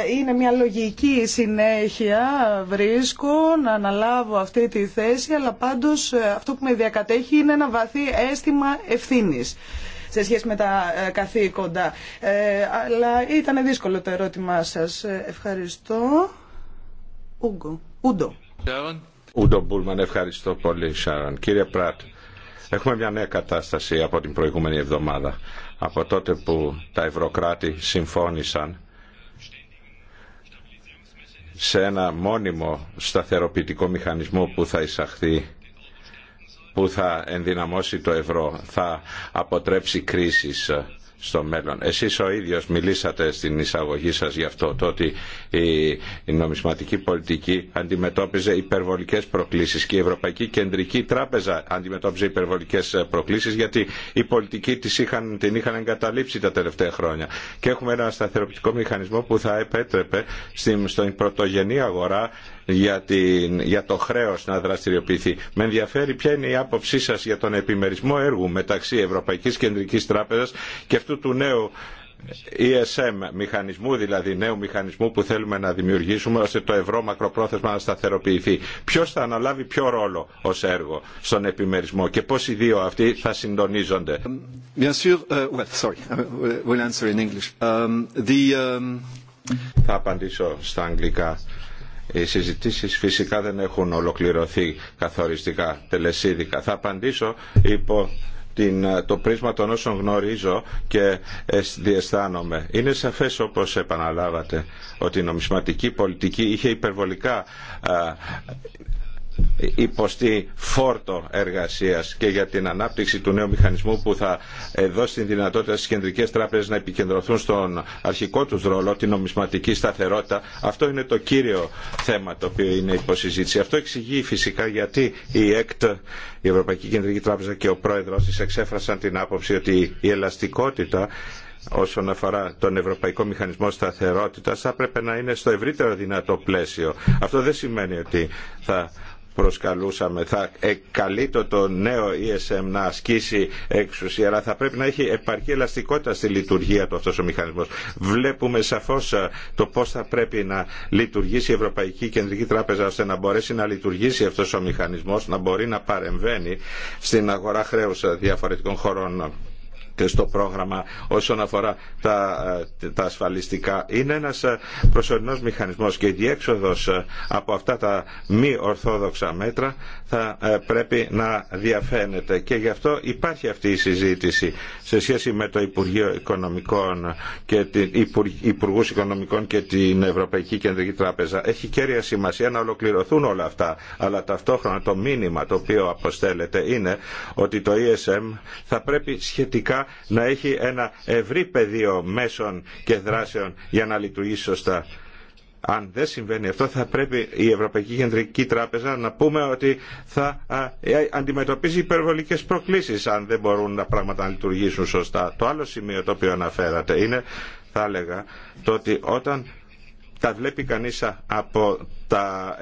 ε, είναι μια λογική συνέχεια. Βρίσκω να αναλάβω αυτή τη θέση, αλλά πάντως ε, αυτό που με διακατέχει είναι ένα βαθύ αίσθημα ευθύνης σε σχέση με τα ε, καθήκοντα. Ε, αλλά ήταν δύσκολο το ερώτημά σας. Ε, ευχαριστώ. Ούγκο. Ούντο. Ούντο Μπούλμαν, ευχαριστώ πολύ Σάραν. Κύριε Πράτ, έχουμε μια νέα κατάσταση από την προηγούμενη εβδομάδα. Από τότε που τα ευρωκράτη συμφώνησαν σε ένα μόνιμο σταθεροποιητικό μηχανισμό που θα εισαχθεί που θα ενδυναμώσει το ευρώ, θα αποτρέψει κρίσεις στο μέλλον. Εσείς ο ίδιος μιλήσατε στην εισαγωγή σας γι' αυτό, το ότι η νομισματική πολιτική αντιμετώπιζε υπερβολικές προκλήσεις και η Ευρωπαϊκή Κεντρική Τράπεζα αντιμετώπιζε υπερβολικές προκλήσεις γιατί η πολιτική της είχαν, την είχαν εγκαταλείψει τα τελευταία χρόνια. Και έχουμε ένα σταθεροποιητικό μηχανισμό που θα επέτρεπε στην, στην πρωτογενή αγορά για, για το χρέος να δραστηριοποιηθεί. Με ενδιαφέρει ποια είναι η άποψή σας για τον επιμερισμό έργου μεταξύ Ευρωπαϊκής Κεντρικής Τράπεζας και αυτού του νέου ESM ε μηχανισμού, δηλαδή νέου μηχανισμού που θέλουμε να δημιουργήσουμε ώστε το ευρώ μακροπρόθεσμα να σταθεροποιηθεί. Ποιο θα αναλάβει ποιο ρόλο ω έργο στον επιμερισμό και πώ οι δύο αυτοί θα συντονίζονται. Θα απαντήσω στα αγγλικά. Οι συζητήσει φυσικά δεν έχουν ολοκληρωθεί καθοριστικά, τελεσίδικα. Θα απαντήσω υπό το πρίσμα των όσων γνωρίζω και διαισθάνομαι. Είναι σαφές όπως επαναλάβατε ότι η νομισματική πολιτική είχε υπερβολικά υποστεί φόρτο εργασίας και για την ανάπτυξη του νέου μηχανισμού που θα ε, δώσει την δυνατότητα στις κεντρικές τράπεζες να επικεντρωθούν στον αρχικό τους ρόλο, την νομισματική σταθερότητα. Αυτό είναι το κύριο θέμα το οποίο είναι υποσυζήτηση. Αυτό εξηγεί φυσικά γιατί η ΕΚΤ, η Ευρωπαϊκή Κεντρική Τράπεζα και ο πρόεδρος της εξέφρασαν την άποψη ότι η ελαστικότητα όσον αφορά τον Ευρωπαϊκό Μηχανισμό Σταθερότητας θα πρέπει να είναι στο ευρύτερο δυνατό πλαίσιο. Αυτό δεν σημαίνει ότι θα προσκαλούσαμε. Θα εκκαλείτο το νέο ESM να ασκήσει εξουσία, αλλά θα πρέπει να έχει επαρκή ελαστικότητα στη λειτουργία του αυτός ο μηχανισμός. Βλέπουμε σαφώς ε, το πώς θα πρέπει να λειτουργήσει η Ευρωπαϊκή Κεντρική Τράπεζα ώστε να μπορέσει να λειτουργήσει αυτός ο μηχανισμός, να μπορεί να παρεμβαίνει στην αγορά χρέους ε, διαφορετικών χωρών στο πρόγραμμα όσον αφορά τα, ε, τα ασφαλιστικά. Είναι ένας ε, προσωρινός μηχανισμός και η διέξοδος ε, από αυτά τα μη ορθόδοξα μέτρα θα πρέπει να διαφαίνεται και γι' αυτό υπάρχει αυτή η συζήτηση σε σχέση με το Υπουργείο Οικονομικών και την Υπουργού Οικονομικών και την Ευρωπαϊκή Κεντρική Τράπεζα. Έχει κέρια σημασία να ολοκληρωθούν όλα αυτά, αλλά ταυτόχρονα το μήνυμα το οποίο αποστέλλεται είναι ότι το ESM θα πρέπει σχετικά να έχει ένα ευρύ πεδίο μέσων και δράσεων για να λειτουργήσει σωστά. Αν δεν συμβαίνει αυτό θα πρέπει η Ευρωπαϊκή Κεντρική Τράπεζα να πούμε ότι θα ε, αντιμετωπίζει υπερβολικές προκλήσεις αν δεν μπορούν τα πράγματα να λειτουργήσουν σωστά. Το άλλο σημείο το οποίο αναφέρατε είναι, θα έλεγα, το ότι όταν τα βλέπει κανείς από τα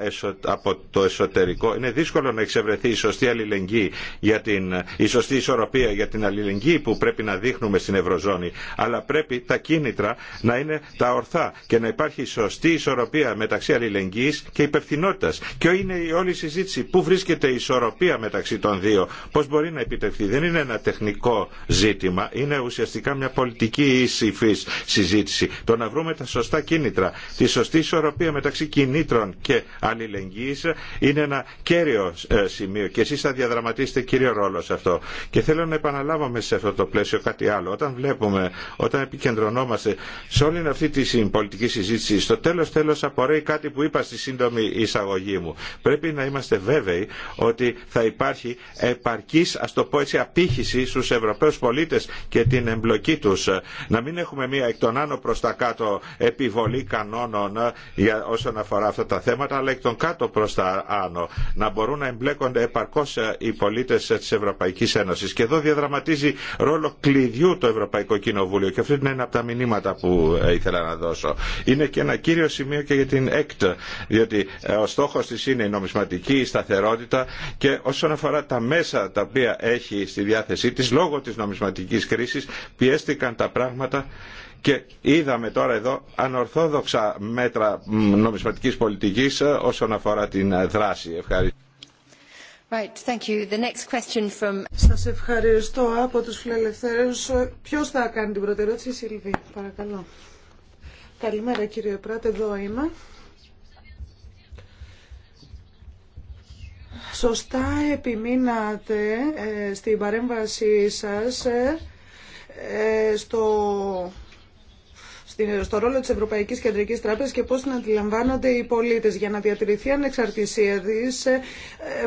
από το εσωτερικό. Είναι δύσκολο να εξευρεθεί η σωστή αλληλεγγύη, για την, η σωστή ισορροπία για την αλληλεγγύη που πρέπει να δείχνουμε στην Ευρωζώνη. Αλλά πρέπει τα κίνητρα να είναι τα ορθά και να υπάρχει σωστή ισορροπία μεταξύ αλληλεγγύης και υπευθυνότητα. Και είναι η όλη συζήτηση. Πού βρίσκεται η ισορροπία μεταξύ των δύο. Πώ μπορεί να επιτευχθεί. Δεν είναι ένα τεχνικό ζήτημα. Είναι ουσιαστικά μια πολιτική ήσυφή συζήτηση. Το να βρούμε τα σωστά κίνητρα, τη σωστή ισορροπία μεταξύ κινήτρων και αλληλεγγύη, είναι ένα κέριο ε, σημείο και εσείς θα διαδραματίσετε κύριο ρόλο σε αυτό. Και θέλω να επαναλάβω μέσα σε αυτό το πλαίσιο κάτι άλλο. Όταν βλέπουμε, όταν επικεντρωνόμαστε σε όλη αυτή τη πολιτική συζήτηση, στο τέλος τέλος απορρέει κάτι που είπα στη σύντομη εισαγωγή μου. Πρέπει να είμαστε βέβαιοι ότι θα υπάρχει επαρκής, ας το πω έτσι, απήχηση στους Ευρωπαίους πολίτες και την εμπλοκή τους. Να μην έχουμε μία εκ των άνω προς τα κάτω επιβολή κανόνων ε, για όσον αφορά αυτά τα θέματα αλλά εκ των κάτω προ τα άνω να μπορούν να εμπλέκονται επαρκώς ε, οι πολίτε ε, τη Ευρωπαϊκή Ένωση και εδώ διαδραματίζει ρόλο κλειδιού το Ευρωπαϊκό Κοινοβούλιο και αυτό είναι ένα από τα μηνύματα που ε, ήθελα να δώσω. Είναι και ένα κύριο σημείο και για την ΕΚΤ διότι ο στόχο τη είναι η νομισματική η σταθερότητα και όσον αφορά τα μέσα τα οποία έχει στη διάθεσή τη, λόγω τη νομισματική κρίση, πιέστηκαν τα πράγματα και είδαμε τώρα εδώ ανορθόδοξα μέτρα νομισματικής πολιτικής ε, όσον αφορά την ε, δράση. Ευχαριστώ. Right, thank The question Σας ευχαριστώ από τους φιλελευθέρους. Ε, ποιος θα κάνει την πρώτη ερώτηση, Σιλβή, παρακαλώ. Καλημέρα κύριε Πράτε, εδώ είμαι. Σωστά επιμείνατε στην παρέμβασή σας στο στο ρόλο της Ευρωπαϊκής Κεντρικής Τράπεζας και πώς την αντιλαμβάνονται οι πολίτες. Για να διατηρηθεί ανεξαρτησία της ε,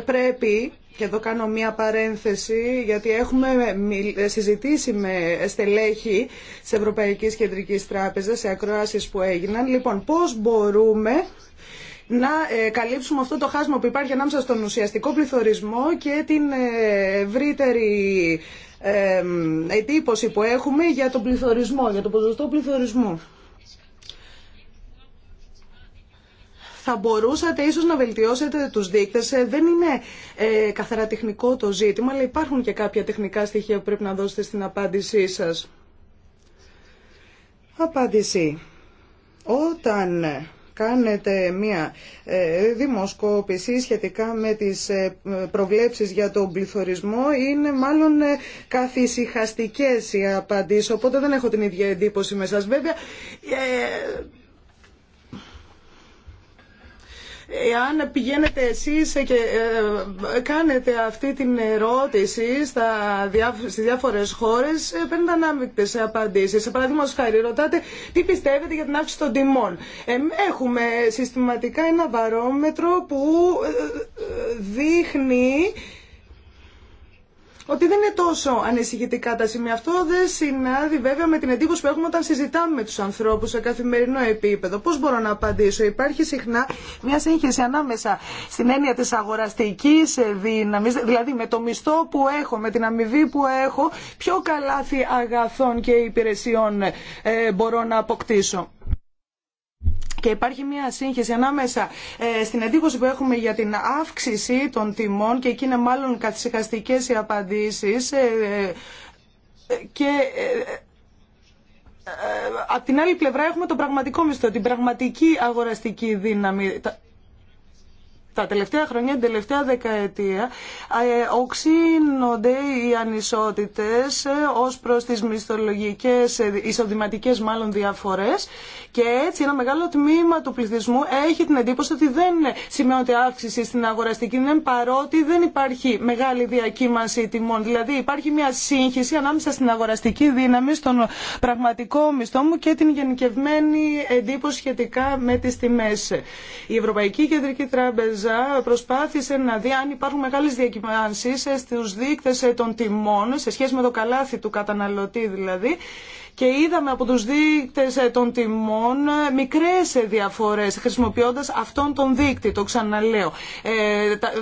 πρέπει και εδώ κάνω μία παρένθεση, γιατί έχουμε συζητήσει με στελέχη της Ευρωπαϊκής Κεντρικής Τράπεζας, σε ακροάσεις που έγιναν. Λοιπόν, πώς μπορούμε να ε, καλύψουμε αυτό το χάσμα που υπάρχει ανάμεσα στον ουσιαστικό πληθωρισμό και την ε, ευρύτερη εντύπωση που έχουμε για τον πληθωρισμό, για τον ποσοστό πληθωρισμού. θα μπορούσατε ίσως να βελτιώσετε τους δείκτες. Ε, δεν είναι ε, καθαρά τεχνικό το ζήτημα, αλλά υπάρχουν και κάποια τεχνικά στοιχεία που πρέπει να δώσετε στην απάντησή σας. Απάντηση. Όταν κάνετε μια ε, δημοσκόπηση σχετικά με τις ε, προβλέψεις για τον πληθωρισμό είναι μάλλον ε, καθησυχαστικές οι απαντήσεις, οπότε δεν έχω την ίδια εντύπωση με σας. Βέβαια, Εάν πηγαίνετε εσείς και ε, κάνετε αυτή την ερώτηση στα, στις διάφορες χώρες, ε, παίρνετε ανάμεικτες απαντήσεις. Σε παράδειγμα, χάρη, ρωτάτε τι πιστεύετε για την αύξηση των τιμών. Ε, έχουμε συστηματικά ένα βαρόμετρο που δείχνει ότι δεν είναι τόσο ανησυχητικά τα σημεία. Αυτό δεν συνάδει βέβαια με την εντύπωση που έχουμε όταν συζητάμε με του ανθρώπου σε καθημερινό επίπεδο. Πώ μπορώ να απαντήσω. Υπάρχει συχνά μια σύγχυση ανάμεσα στην έννοια τη αγοραστική δύναμη, δηλαδή με το μισθό που έχω, με την αμοιβή που έχω, ποιο καλάθι αγαθών και υπηρεσιών ε, μπορώ να αποκτήσω. Και υπάρχει μια σύγχυση ανάμεσα ε, στην εντύπωση που έχουμε για την αύξηση των τιμών και εκεί είναι μάλλον καθυσυχαστικές οι απαντήσεις ε, ε, και από την άλλη πλευρά έχουμε το πραγματικό μισθό, την πραγματική αγοραστική δύναμη τα τελευταία χρόνια, την τελευταία δεκαετία, ε, οξύνονται οι ανισότητες ε, ως προς τις μισθολογικές, ε, εισοδηματικέ μάλλον διαφορές και έτσι ένα μεγάλο τμήμα του πληθυσμού έχει την εντύπωση ότι δεν σημαίνεται αύξηση στην αγοραστική παρότι δεν υπάρχει μεγάλη διακύμανση τιμών. Δηλαδή υπάρχει μια σύγχυση ανάμεσα στην αγοραστική δύναμη, στον πραγματικό μισθό μου και την γενικευμένη εντύπωση σχετικά με τις τιμές. Η Ευρωπαϊκή Κεντρική Τράπεζα προσπάθησε να δει αν υπάρχουν μεγάλες διακυμάνσεις στους δείκτες των τιμών σε σχέση με το καλάθι του καταναλωτή δηλαδή και είδαμε από τους δείκτες ε, των τιμών ε, μικρές ε, διαφορές χρησιμοποιώντας αυτόν τον δείκτη, το ξαναλέω. Ε,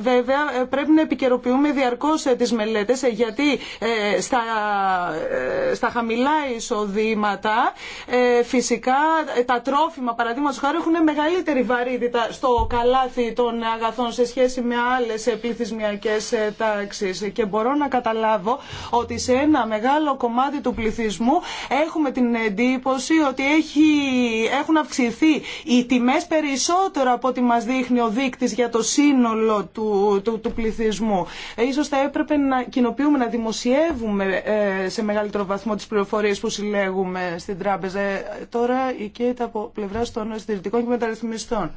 βέβαια πρέπει να επικαιροποιούμε διαρκώς τις μελέτες γιατί στα, στα χαμηλά εισοδήματα φυσικά τα τρόφιμα παραδείγματος χάρη έχουν μεγαλύτερη βαρύτητα στο καλάθι των αγαθών σε σχέση με άλλες πληθυσμιακές τάξεις και μπορώ να καταλάβω ότι σε ένα μεγάλο κομμάτι του πληθυσμού έχουμε την εντύπωση ότι έχει, έχουν αυξηθεί οι τιμές περισσότερο από ό,τι μας δείχνει ο δείκτης για το σύνολο του, του, του πληθυσμού. Ε, ίσως θα έπρεπε να κοινοποιούμε, να δημοσιεύουμε ε, σε μεγαλύτερο βαθμό τις πληροφορίες που συλλέγουμε στην τράπεζα. Ε, τώρα η ΚΕΙΤ από πλευρά των συντηρητικών και μεταρρυθμιστών.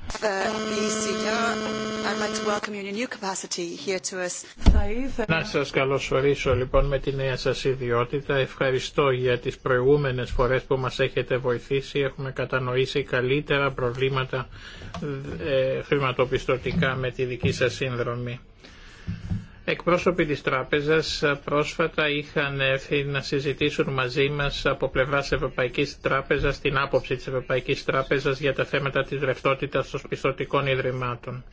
Να σας καλωσορίσω λοιπόν με τη νέα σας ιδιότητα. Ευχαριστώ για τις προηγούμενες προηγούμενες φορές που μας έχετε βοηθήσει έχουμε κατανοήσει καλύτερα προβλήματα ε, χρηματοπιστωτικά με τη δική σας σύνδρομη. Εκπρόσωποι της τράπεζας πρόσφατα είχαν έρθει να συζητήσουν μαζί μας από πλευράς Ευρωπαϊκής Τράπεζας την άποψη της Ευρωπαϊκής Τράπεζας για τα θέματα της ρευτότητας των πιστωτικών ιδρυμάτων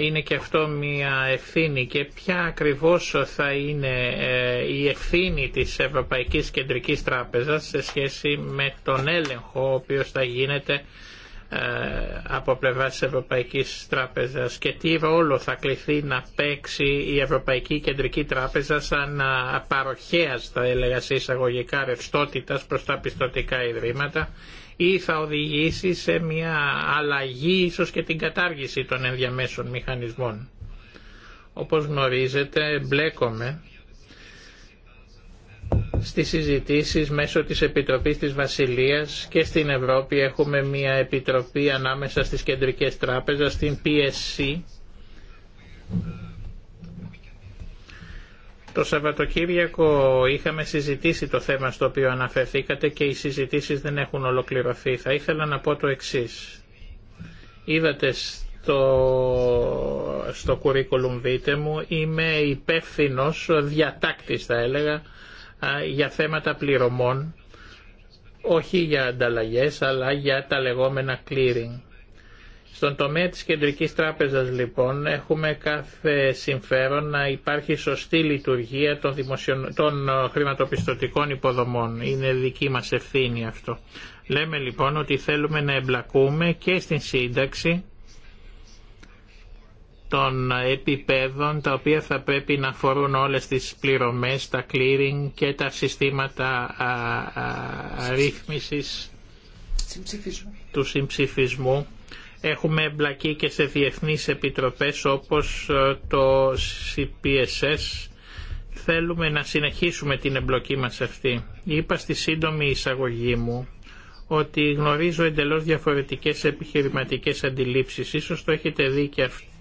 είναι και αυτό μια ευθύνη και ποια ακριβώς θα είναι ε, η ευθύνη της Ευρωπαϊκής Κεντρικής Τράπεζας σε σχέση με τον έλεγχο ο οποίος θα γίνεται ε, από πλευρά της Ευρωπαϊκής Τράπεζας και τι ρόλο θα κληθεί να παίξει η Ευρωπαϊκή Κεντρική Τράπεζα σαν παροχέας θα έλεγα σε εισαγωγικά ρευστότητας προς τα πιστοτικά ιδρύματα ή θα οδηγήσει σε μια αλλαγή ίσως και την κατάργηση των ενδιαμέσων μηχανισμών. Όπως γνωρίζετε μπλέκομαι στις συζητήσεις μέσω της Επιτροπής της Βασιλείας και στην Ευρώπη έχουμε μια επιτροπή ανάμεσα στις κεντρικές τράπεζες, την PSC το Σαββατοκύριακο είχαμε συζητήσει το θέμα στο οποίο αναφερθήκατε και οι συζητήσεις δεν έχουν ολοκληρωθεί. Θα ήθελα να πω το εξής. Είδατε στο, στο curriculum μου είμαι υπεύθυνο διατάκτης θα έλεγα για θέματα πληρωμών όχι για ανταλλαγές αλλά για τα λεγόμενα clearing στον τομέα της Κεντρικής Τράπεζας λοιπόν έχουμε κάθε συμφέρον να υπάρχει σωστή λειτουργία των, δημοσιο... των ε, χρηματοπιστωτικών υποδομών. Είναι δική μας ευθύνη αυτό. Λέμε λοιπόν ότι θέλουμε να εμπλακούμε και στην σύνταξη των επιπέδων τα οποία θα πρέπει να αφορούν όλες τις πληρωμές, τα clearing και τα συστήματα α, α, ρύθμισης του συμψηφισμού Έχουμε εμπλακεί και σε διεθνείς επιτροπές όπως ε, το CPSS. Θέλουμε να συνεχίσουμε την εμπλοκή μας αυτή. Είπα στη σύντομη εισαγωγή μου ότι γνωρίζω εντελώς διαφορετικές επιχειρηματικές αντιλήψεις. Ίσως το έχετε δει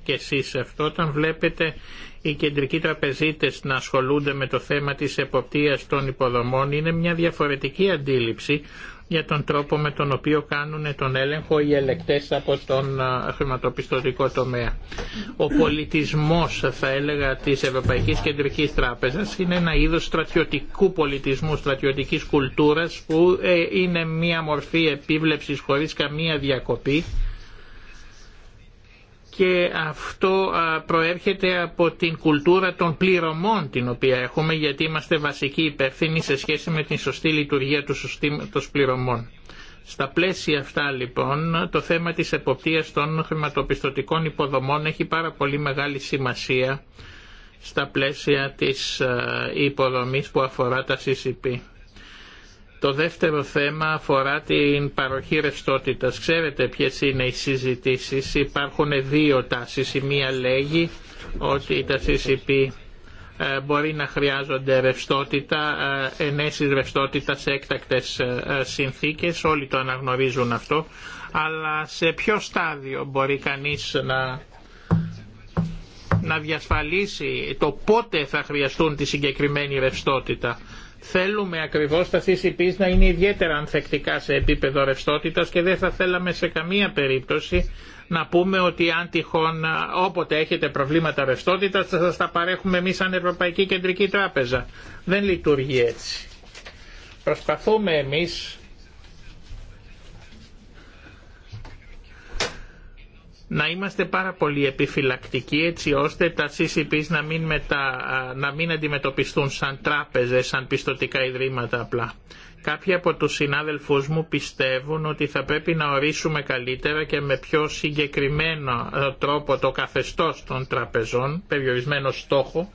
και εσείς αυτό όταν βλέπετε οι κεντρικοί τραπεζίτες να ασχολούνται με το θέμα της εποπτείας των υποδομών είναι μια διαφορετική αντίληψη για τον τρόπο με τον οποίο κάνουν τον έλεγχο οι ελεκτές από τον χρηματοπιστωτικό τομέα. Ο πολιτισμός, θα έλεγα, της Ευρωπαϊκής Κεντρικής Τράπεζας είναι ένα είδος στρατιωτικού πολιτισμού, στρατιωτικής κουλτούρας που ε, είναι μία μορφή επίβλεψης χωρίς καμία διακοπή και αυτό προέρχεται από την κουλτούρα των πληρωμών την οποία έχουμε γιατί είμαστε βασικοί υπεύθυνοι σε σχέση με την σωστή λειτουργία του συστήματος πληρωμών. Στα πλαίσια αυτά λοιπόν το θέμα της εποπτείας των χρηματοπιστωτικών υποδομών έχει πάρα πολύ μεγάλη σημασία στα πλαίσια της υποδομής που αφορά τα CCP. Το δεύτερο θέμα αφορά την παροχή ρευστότητα. Ξέρετε ποιε είναι οι συζητήσει. Υπάρχουν δύο τάσεις. Η μία λέγει ότι τα CCP ε, μπορεί να χρειάζονται ρευστότητα, ε, ενέσει ρευστότητα σε έκτακτες ε, συνθήκες. Όλοι το αναγνωρίζουν αυτό. Αλλά σε ποιο στάδιο μπορεί κανείς να να διασφαλίσει το πότε θα χρειαστούν τη συγκεκριμένη ρευστότητα. Θέλουμε ακριβώς τα CCP να είναι ιδιαίτερα ανθεκτικά σε επίπεδο ρευστότητας και δεν θα θέλαμε σε καμία περίπτωση να πούμε ότι αν τυχόν όποτε έχετε προβλήματα ρευστότητας θα σας τα παρέχουμε εμείς σαν Ευρωπαϊκή Κεντρική Τράπεζα. Δεν λειτουργεί έτσι. Προσπαθούμε εμείς να είμαστε πάρα πολύ επιφυλακτικοί έτσι ώστε τα CCPs να μην, να μην αντιμετωπιστούν σαν τράπεζες, σαν πιστοτικά ιδρύματα απλά. Κάποιοι από τους συνάδελφούς μου πιστεύουν ότι θα πρέπει να ορίσουμε καλύτερα και με πιο συγκεκριμένο ε, τρόπο το καθεστώς των τραπεζών, περιορισμένο στόχο,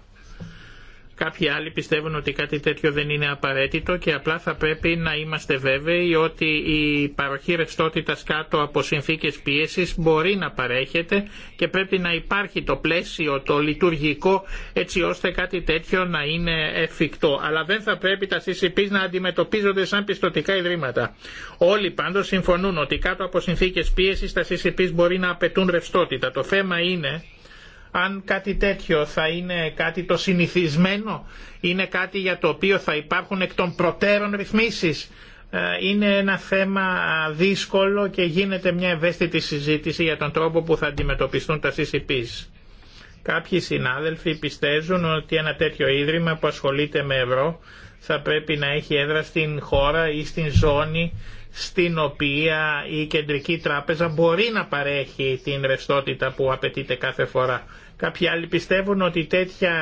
Κάποιοι άλλοι πιστεύουν ότι κάτι τέτοιο δεν είναι απαραίτητο και απλά θα πρέπει να είμαστε βέβαιοι ότι η παροχή ρευστότητα κάτω από συνθήκες πίεσης μπορεί να παρέχεται και πρέπει να υπάρχει το πλαίσιο, το λειτουργικό έτσι ώστε κάτι τέτοιο να είναι εφικτό. Αλλά δεν θα πρέπει τα CCP να αντιμετωπίζονται σαν πιστοτικά ιδρύματα. Όλοι πάντω συμφωνούν ότι κάτω από συνθήκε πίεση, τα CCP μπορεί να απαιτούν ρευστότητα. Το θέμα είναι αν κάτι τέτοιο θα είναι κάτι το συνηθισμένο, είναι κάτι για το οποίο θα υπάρχουν εκ των προτέρων ρυθμίσεις. Ε, είναι ένα θέμα δύσκολο και γίνεται μια ευαίσθητη συζήτηση για τον τρόπο που θα αντιμετωπιστούν τα CCPs. Κάποιοι συνάδελφοι πιστεύουν ότι ένα τέτοιο ίδρυμα που ασχολείται με ευρώ θα πρέπει να έχει έδρα στην χώρα ή στην ζώνη στην οποία η Κεντρική Τράπεζα μπορεί να παρέχει την ρευστότητα που απαιτείται κάθε φορά. Κάποιοι άλλοι πιστεύουν ότι τέτοια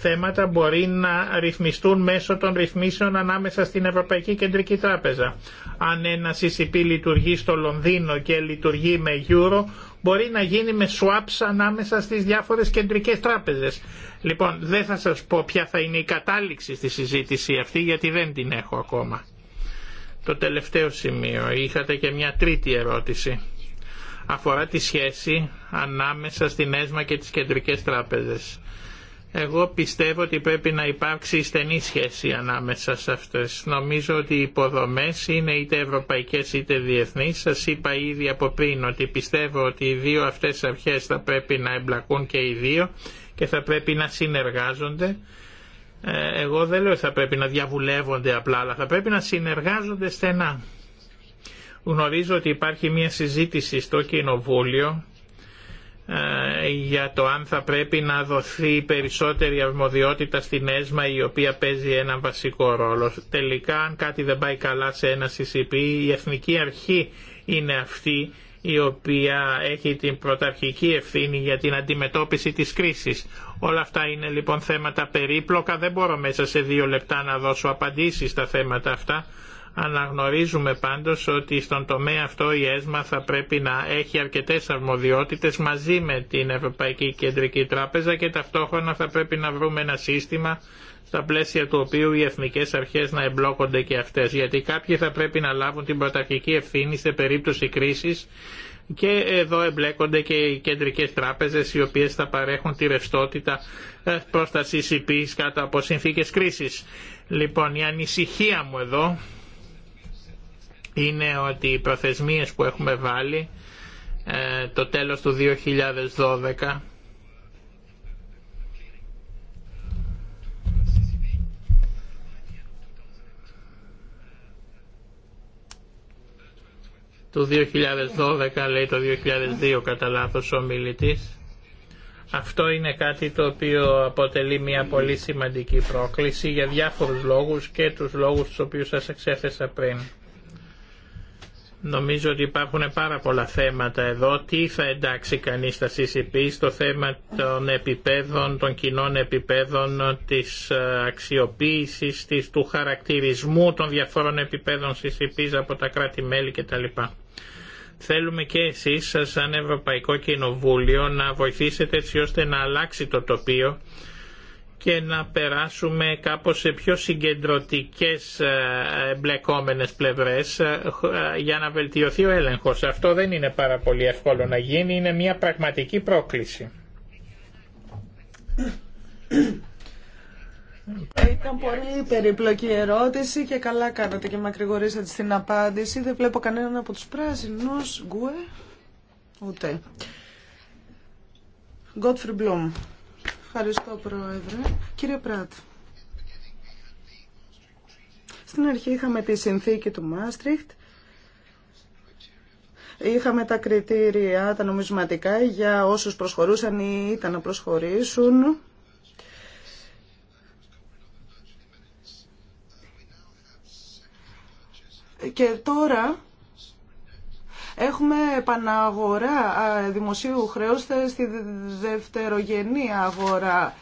θέματα μπορεί να ρυθμιστούν μέσω των ρυθμίσεων ανάμεσα στην Ευρωπαϊκή Κεντρική Τράπεζα. Αν ένα CCP λειτουργεί στο Λονδίνο και λειτουργεί με euro, μπορεί να γίνει με swaps ανάμεσα στις διάφορες κεντρικές τράπεζες. Λοιπόν, δεν θα σας πω ποια θα είναι η κατάληξη στη συζήτηση αυτή, γιατί δεν την έχω ακόμα. Το τελευταίο σημείο. Είχατε και μια τρίτη ερώτηση. Αφορά τη σχέση ανάμεσα στην ΕΣΜΑ και τις κεντρικές τράπεζες. Εγώ πιστεύω ότι πρέπει να υπάρξει στενή σχέση ανάμεσα σε αυτές. Νομίζω ότι οι υποδομές είναι είτε ευρωπαϊκές είτε διεθνείς. Σας είπα ήδη από πριν ότι πιστεύω ότι οι δύο αυτές αρχές θα πρέπει να εμπλακούν και οι δύο και θα πρέπει να συνεργάζονται ε, εγώ δεν λέω ότι θα πρέπει να διαβουλεύονται απλά, αλλά θα πρέπει να συνεργάζονται στενά. Γνωρίζω ότι υπάρχει μια συζήτηση στο Κοινοβούλιο ε, για το αν θα πρέπει να δοθεί περισσότερη αρμοδιότητα στην ΕΣΜΑ η οποία παίζει ένα βασικό ρόλο. Τελικά αν κάτι δεν πάει καλά σε ένα CCP η Εθνική Αρχή είναι αυτή η οποία έχει την πρωταρχική ευθύνη για την αντιμετώπιση της κρίσης. Όλα αυτά είναι λοιπόν θέματα περίπλοκα, δεν μπορώ μέσα σε δύο λεπτά να δώσω απαντήσεις στα θέματα αυτά. Αναγνωρίζουμε πάντως ότι στον τομέα αυτό η ΕΣΜΑ θα πρέπει να έχει αρκετές αρμοδιότητες μαζί με την Ευρωπαϊκή Κεντρική Τράπεζα και ταυτόχρονα θα πρέπει να βρούμε ένα σύστημα στα πλαίσια του οποίου οι εθνικές αρχές να εμπλόκονται και αυτές, γιατί κάποιοι θα πρέπει να λάβουν την πρωταρχική ευθύνη σε περίπτωση κρίσης και εδώ εμπλέκονται και οι κεντρικές τράπεζες οι οποίες θα παρέχουν τη ρευστότητα προς τα CCP κάτω από συνθήκες κρίσης. Λοιπόν, η ανησυχία μου εδώ είναι ότι οι προθεσμίες που έχουμε βάλει ε, το τέλος του 2012 του 2012, λέει το 2002 κατά λάθο ο μιλητής. Αυτό είναι κάτι το οποίο αποτελεί μια πολύ σημαντική πρόκληση για διάφορους λόγους και τους λόγους τους οποίους σας εξέθεσα πριν. Νομίζω ότι υπάρχουν πάρα πολλά θέματα εδώ. Τι θα εντάξει κανείς στα CCP στο θέμα των επιπέδων, των κοινών επιπέδων, της ε, αξιοποίησης, του χαρακτηρισμού των διαφόρων επιπέδων CCP από τα κράτη-μέλη κτλ. Θέλουμε και εσείς σαν Ευρωπαϊκό Κοινοβούλιο να βοηθήσετε έτσι ώστε να αλλάξει το τοπίο και να περάσουμε κάπως σε πιο συγκεντρωτικές ε, εμπλεκόμενες πλευρές ε, ε, για να βελτιωθεί ο έλεγχος. Αυτό δεν είναι πάρα πολύ εύκολο να γίνει, είναι μια πραγματική πρόκληση. Ήταν πολύ περιπλοκή ερώτηση και καλά κάνατε και μακρηγορήσατε στην απάντηση. Δεν βλέπω κανέναν από τους πράσινους. Γκουε. Ούτε. Godfrey Μπλουμ. Ευχαριστώ, Πρόεδρε. Κύριε Πράτ. Στην αρχή είχαμε τη συνθήκη του Μάστριχτ. Είχαμε τα κριτήρια, τα νομισματικά για όσους προσχωρούσαν ή ήταν να προσχωρήσουν. Και τώρα έχουμε επαναγορά δημοσίου χρέους στη δευτερογενή αγορά.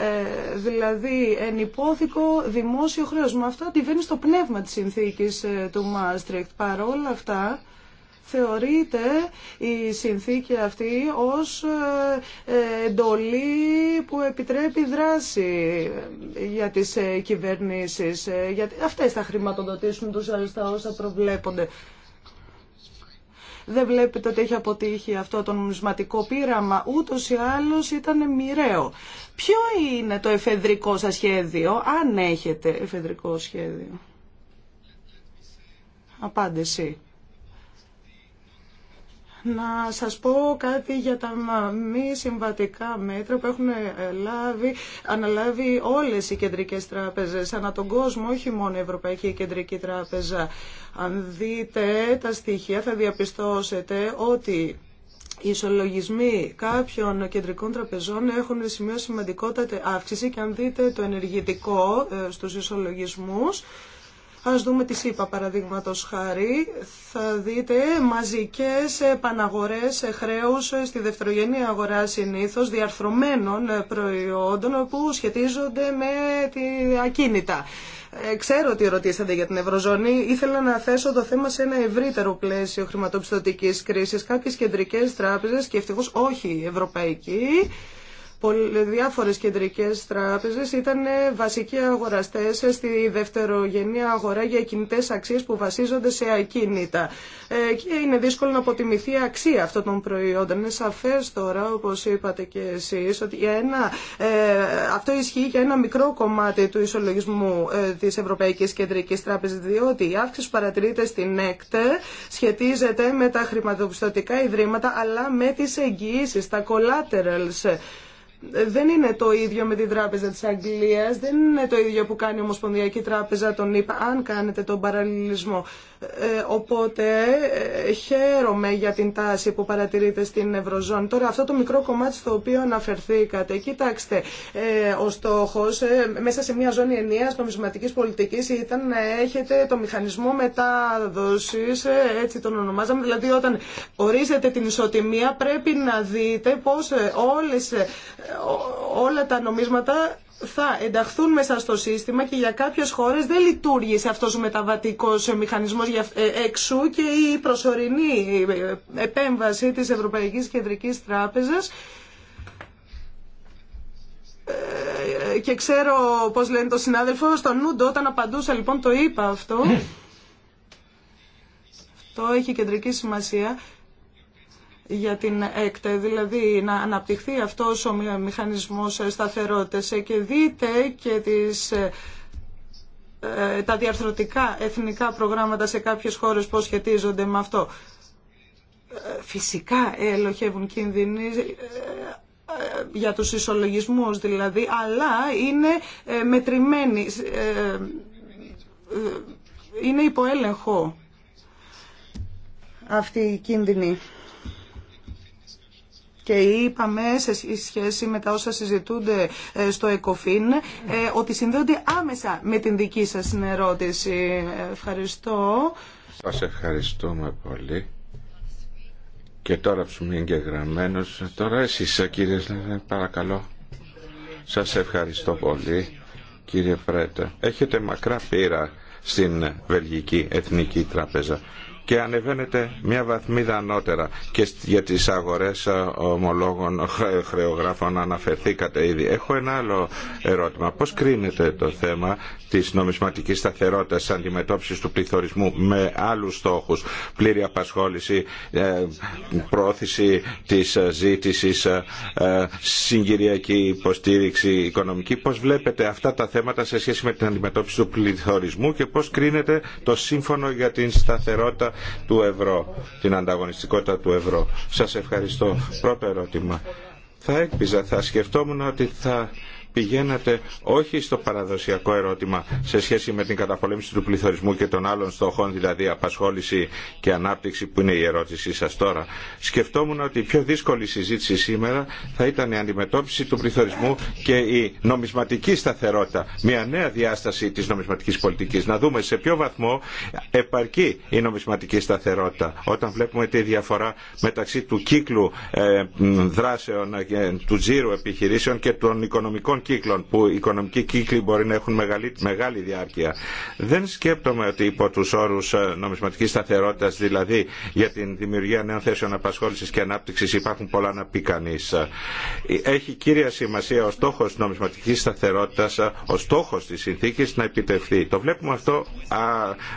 Ε, δηλαδή υπόθηκο δημόσιο χρέος. Με αυτό αντιβαίνει στο πνεύμα της συνθήκης ε, του Μάστριχτ. Παρόλα αυτά, θεωρείται η συνθήκη αυτή ως ε, εντολή που επιτρέπει δράση ε, για τις ε, κυβερνήσεις. Γιατί αυτές θα χρηματοδοτήσουν τους άλλους τα όσα προβλέπονται. Δεν βλέπετε ότι έχει αποτύχει αυτό το νομισματικό πείραμα. Ούτως ή άλλως ήταν μοιραίο. Ποιο είναι το εφεδρικό σα σχέδιο, αν έχετε εφεδρικό σχέδιο. Απάντηση να σας πω κάτι για τα μη συμβατικά μέτρα που έχουν λάβει, αναλάβει όλες οι κεντρικές τράπεζες ανά τον κόσμο, όχι μόνο η Ευρωπαϊκή Κεντρική Τράπεζα. Αν δείτε τα στοιχεία θα διαπιστώσετε ότι οι ισολογισμοί κάποιων κεντρικών τραπεζών έχουν σημειο σημαντικότατη αύξηση και αν δείτε το ενεργητικό ε, στους ισολογισμούς, Ας δούμε τη ΣΥΠΑ παραδείγματος χάρη. Θα δείτε μαζικές επαναγορές χρέους στη δευτερογενή αγορά συνήθως διαρθρωμένων προϊόντων που σχετίζονται με τη ακίνητα. Ε, ξέρω ότι ρωτήσατε για την Ευρωζώνη. Ήθελα να θέσω το θέμα σε ένα ευρύτερο πλαίσιο χρηματοπιστωτικής κρίσης κάποιες κεντρικές τράπεζες και ευτυχώ όχι ευρωπαϊκοί διάφορες κεντρικές τράπεζες ήταν βασικοί αγοραστές στη δευτερογενή αγορά για κινητές αξίες που βασίζονται σε ακίνητα. Ε, και είναι δύσκολο να αποτιμηθεί η αξία αυτών των προϊόντων. Είναι σαφές τώρα, όπως είπατε και εσείς, ότι για ένα, ε, αυτό ισχύει για ένα μικρό κομμάτι του ισολογισμού ε, της Ευρωπαϊκής Κεντρικής Τράπεζα, διότι η αύξηση παρατηρείται στην ΕΚΤ σχετίζεται με τα χρηματοπιστωτικά ιδρύματα, αλλά με τι εγγυήσεις, τα collaterals δεν είναι το ίδιο με την Τράπεζα της Αγγλίας, δεν είναι το ίδιο που κάνει η Ομοσπονδιακή Τράπεζα τον ΗΠΑ, αν κάνετε τον παραλληλισμό. Ε, οπότε ε, χαίρομαι για την τάση που παρατηρείτε στην Ευρωζώνη. Τώρα αυτό το μικρό κομμάτι στο οποίο αναφερθήκατε, κοιτάξτε, ε, ο στόχος μέσα σε μια ζώνη ενίας νομισματικής πολιτικής ήταν να έχετε το μηχανισμό μετάδοσης, έτσι τον ονομάζαμε, δηλαδή όταν ορίζετε την ισοτιμία πρέπει να δείτε πώς όλες, όλα τα νομίσματα θα ενταχθούν μέσα στο σύστημα και για κάποιες χώρες δεν λειτουργήσε αυτός ο μεταβατικός μηχανισμός ε, εξού και η προσωρινή ε, επέμβαση της Ευρωπαϊκής Κεντρικής Τράπεζας ε, και ξέρω πώς λένε το συνάδελφο στον Νούντο όταν απαντούσα λοιπόν το είπα αυτό ναι. αυτό έχει κεντρική σημασία για την ΕΚΤΕ, δηλαδή να αναπτυχθεί αυτός ο μηχανισμός σταθερότητας και δείτε και τις ε, ε, τα διαρθρωτικά εθνικά προγράμματα σε κάποιες χώρες πώς σχετίζονται με αυτό. Ε, φυσικά ελοχεύουν κίνδυνοι για τους ισολογισμούς δηλαδή, αλλά είναι μετρημένοι, είναι υποέλεγχο αυτή η κίνδυνη και είπαμε σε σχέση με τα όσα συζητούνται ε, στο ΕΚΟΦΗΝ ε, ότι συνδέονται άμεσα με την δική σας ερώτηση. Ευχαριστώ. Σας ευχαριστούμε πολύ. Και τώρα και εγγεγραμμένος. Τώρα εσείς ε, κύριε παρακαλώ. Σας ευχαριστώ πολύ κύριε Φρέτε. Έχετε μακρά πείρα στην Βελγική Εθνική Τράπεζα και ανεβαίνετε μια βαθμίδα ανώτερα. Και για τις αγορές ομολόγων χρεογράφων αναφερθήκατε ήδη. Έχω ένα άλλο ερώτημα. Πώς κρίνεται το θέμα της νομισματικής σταθερότητας αντιμετώπισης του πληθωρισμού με άλλους στόχους, πλήρη απασχόληση, ε, πρόθεση της ζήτησης, ε, ε, συγκυριακή υποστήριξη οικονομική. Πώς βλέπετε αυτά τα θέματα σε σχέση με την αντιμετώπιση του πληθωρισμού και πώς κρίνεται το σύμφωνο για την σταθερότητα του ευρώ, την ανταγωνιστικότητα του ευρώ. Σας ευχαριστώ. Πρώτο ερώτημα. Θα έκπιζα, θα σκεφτόμουν ότι θα πηγαίνατε όχι στο παραδοσιακό ερώτημα σε σχέση με την καταπολέμηση του πληθωρισμού και των άλλων στόχων, δηλαδή απασχόληση και ανάπτυξη που είναι η ερώτησή σα τώρα. Σκεφτόμουν ότι η πιο δύσκολη συζήτηση σήμερα θα ήταν η αντιμετώπιση του πληθωρισμού και η νομισματική σταθερότητα, μια νέα διάσταση τη νομισματική πολιτική. Να δούμε σε ποιο βαθμό επαρκεί η νομισματική σταθερότητα όταν βλέπουμε τη διαφορά μεταξύ του κύκλου ε, δράσεων του τζίρου επιχειρήσεων και των οικονομικών κύκλων που οι οικονομικοί κύκλοι μπορεί να έχουν μεγάλη, διάρκεια. Δεν σκέπτομαι ότι υπό τους όρους ε, νομισματικής σταθερότητας δηλαδή για την δημιουργία νέων θέσεων απασχόλησης και ανάπτυξης υπάρχουν πολλά να πει κανεί. Έχει κύρια σημασία ο στόχος νομισματικής σταθερότητας, ε, ο στόχος της συνθήκης να επιτευχθεί. Το βλέπουμε αυτό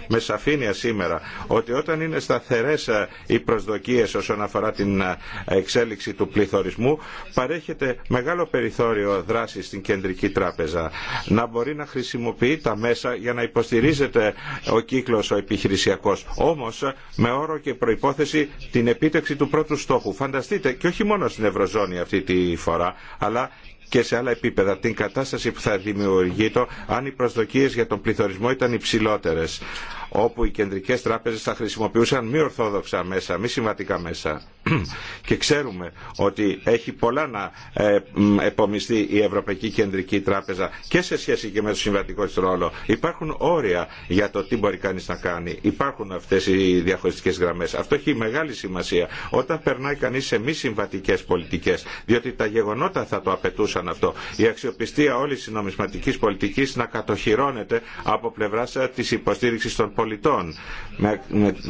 με σαφήνεια σήμερα, ότι όταν είναι σταθερές ε, οι προσδοκίες όσον αφορά την εξέλιξη του πληθωρισμού, παρέχεται μεγάλο περιθώριο δράσης στην Κεντρική Τράπεζα. Να μπορεί να χρησιμοποιεί τα μέσα για να υποστηρίζεται ο κύκλος ο επιχειρησιακός. Όμως με όρο και προϋπόθεση την επίτευξη του πρώτου στόχου. Φανταστείτε και όχι μόνο στην Ευρωζώνη αυτή τη φορά αλλά και σε άλλα επίπεδα την κατάσταση που θα δημιουργείται αν οι προσδοκίες για τον πληθωρισμό ήταν υψηλότερες όπου οι κεντρικές τράπεζες θα χρησιμοποιούσαν μη ορθόδοξα μέσα, μη συμβατικά μέσα. Και ξέρουμε ότι έχει πολλά να ε, επομιστεί η Ευρωπαϊκή Κεντρική Τράπεζα και σε σχέση και με το συμβατικό της ρόλο. Υπάρχουν όρια για το τι μπορεί κανείς να κάνει. Υπάρχουν αυτές οι διαχωριστικές γραμμές. Αυτό έχει μεγάλη σημασία όταν περνάει κανείς σε μη συμβατικές πολιτικές, διότι τα γεγονότα θα το απαιτούσαν αυτό. Η αξιοπιστία όλη τη νομισματική πολιτική να κατοχυρώνεται από πλευρά ε, τη υποστήριξη των πολιτών με,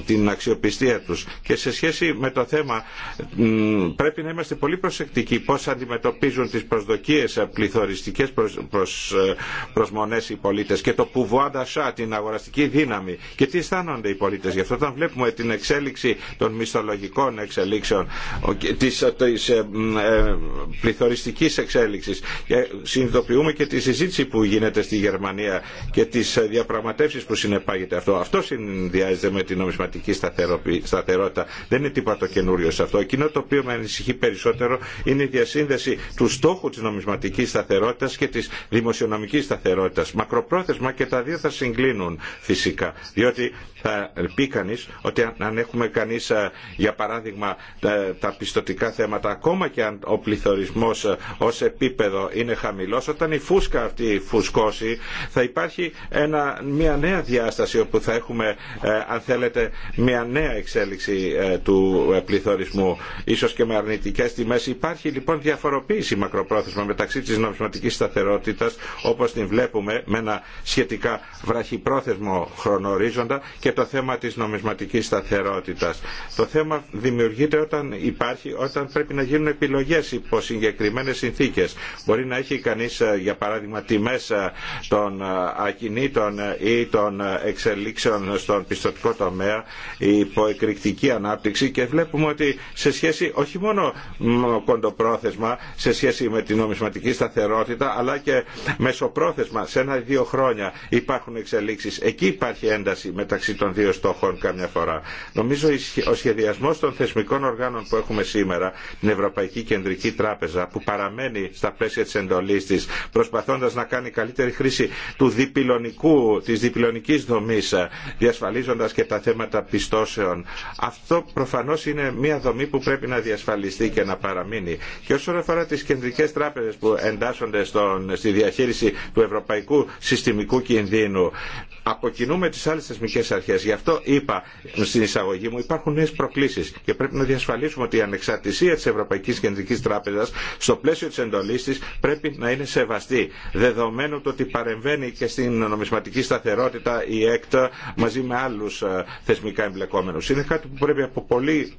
την αξιοπιστία του. Και σε σχέση με το θέμα πρέπει να είμαστε πολύ προσεκτικοί πώ αντιμετωπίζουν τι προσδοκίε πληθωριστικέ προς, προς, ε, οι πολίτε και το πουβουάντα σά, την αγοραστική δύναμη και τι αισθάνονται οι πολίτε. Γι' αυτό όταν βλέπουμε την εξέλιξη των μισθολογικών εξελίξεων, τη ε, πληθωριστική εξέλιξη, συνειδητοποιούμε και τη συζήτηση που γίνεται στη Γερμανία και τι διαπραγματεύσει που συνεπάγεται αυτό. Αυτό συνδυάζεται με την νομισματική σταθερότητα. Δεν είναι τίποτα το καινούριο σε αυτό. Εκείνο το οποίο με ανησυχεί περισσότερο είναι η διασύνδεση του στόχου τη νομισματικής σταθερότητα και τη δημοσιονομική σταθερότητα. Μακροπρόθεσμα και τα δύο θα συγκλίνουν φυσικά. Διότι θα πει κανεί ότι αν έχουμε κανεί, για παράδειγμα τα πιστοτικά θέματα ακόμα και αν ο πληθωρισμό ε, ω επίπεδο είναι χαμηλός, όταν η φούσκα αυτή φουσκώσει θα υπάρχει μια νέα διάσταση όπου θα έχουμε ε, αν θέλετε μια νέα εξέλιξη ε, του ε, πληθωρισμού ίσως και με αρνητικές τιμές. Υπάρχει λοιπόν διαφοροποίηση μακροπρόθεσμα μεταξύ της νομισματικής σταθερότητας όπως την βλέπουμε με ένα σχετικά βραχυπρόθεσμο χρονορίζοντα και το θέμα της νομισματικής σταθερότητας. Το θέμα δημιουργείται όταν υπάρχει, όταν πρέπει να γίνουν επιλογές υπό συγκεκριμένε συνθήκες Μπορεί να έχει κανεί, ε, για παράδειγμα μέσα ε, των ε, ακινήτων ή των εξελίξεων στον πιστοτικό τομέα υπό εκρηκτική ανάπτυξη και βλέπουμε ότι σε σχέση όχι μόνο κοντοπρόθεσμα σε σχέση με την νομισματική σταθερότητα αλλά και μεσοπρόθεσμα σε ένα-δύο χρόνια υπάρχουν εξελίξει. Εκεί υπάρχει ένταση μεταξύ των δύο στόχων καμιά φορά. Νομίζω ο σχεδιασμός των θεσμικών οργάνων που έχουμε σήμερα, την Ευρωπαϊκή Κεντρική Τράπεζα που παραμένει στα πλαίσια της εντολής της, προσπαθώντας να κάνει καλύτερη χρήση του διπυλωνικού, της διπυλωνικής δομής, ε, διασφαλίζοντας και τα θέματα πιστώσεων. Αυτό προφανώς είναι μια δομή που πρέπει να διασφαλιστεί και να παραμείνει. Και όσον αφορά τις κεντρικές τράπεζες που εντάσσονται στον, στη διαχείριση του ευρωπαϊκού συστημικού κινδύνου, αποκινούμε τις άλλες θεσμικές αρχές. Γι' αυτό είπα στην εισαγωγή μου υπάρχουν νέες προκλήσεις και πρέπει να διασφαλίσουμε ότι η ανεξαρτησία της Ευρωπαϊκής Κεντρικής Τράπεζας στο πλαίσιο της εντολή πρέπει να είναι σεβαστή. Δεδομένου το ότι παρεμβαίνει και στην νομισματική σταθερότητα η ΕΚΤ μαζί με άλλους ε, θεσμικά εμπλεκόμενου. Είναι κάτι που πρέπει από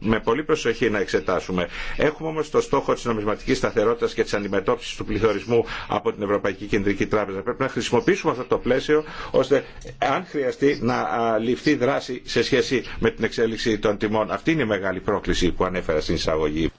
με πολύ προσοχή να εξετάσουμε. Έχουμε όμω το στόχο τη νομισματική σταθερότητα και τη αντιμετώπιση του πληθωρισμού από την Ευρωπαϊκή Κεντρική Τράπεζα. Πρέπει να χρησιμοποιήσουμε αυτό το πλαίσιο ώστε αν χρειαστεί να ληφθεί δράση σε σχέση με την εξέλιξη των τιμών. Αυτή είναι η μεγάλη πρόκληση που ανέφερα στην εισαγωγή.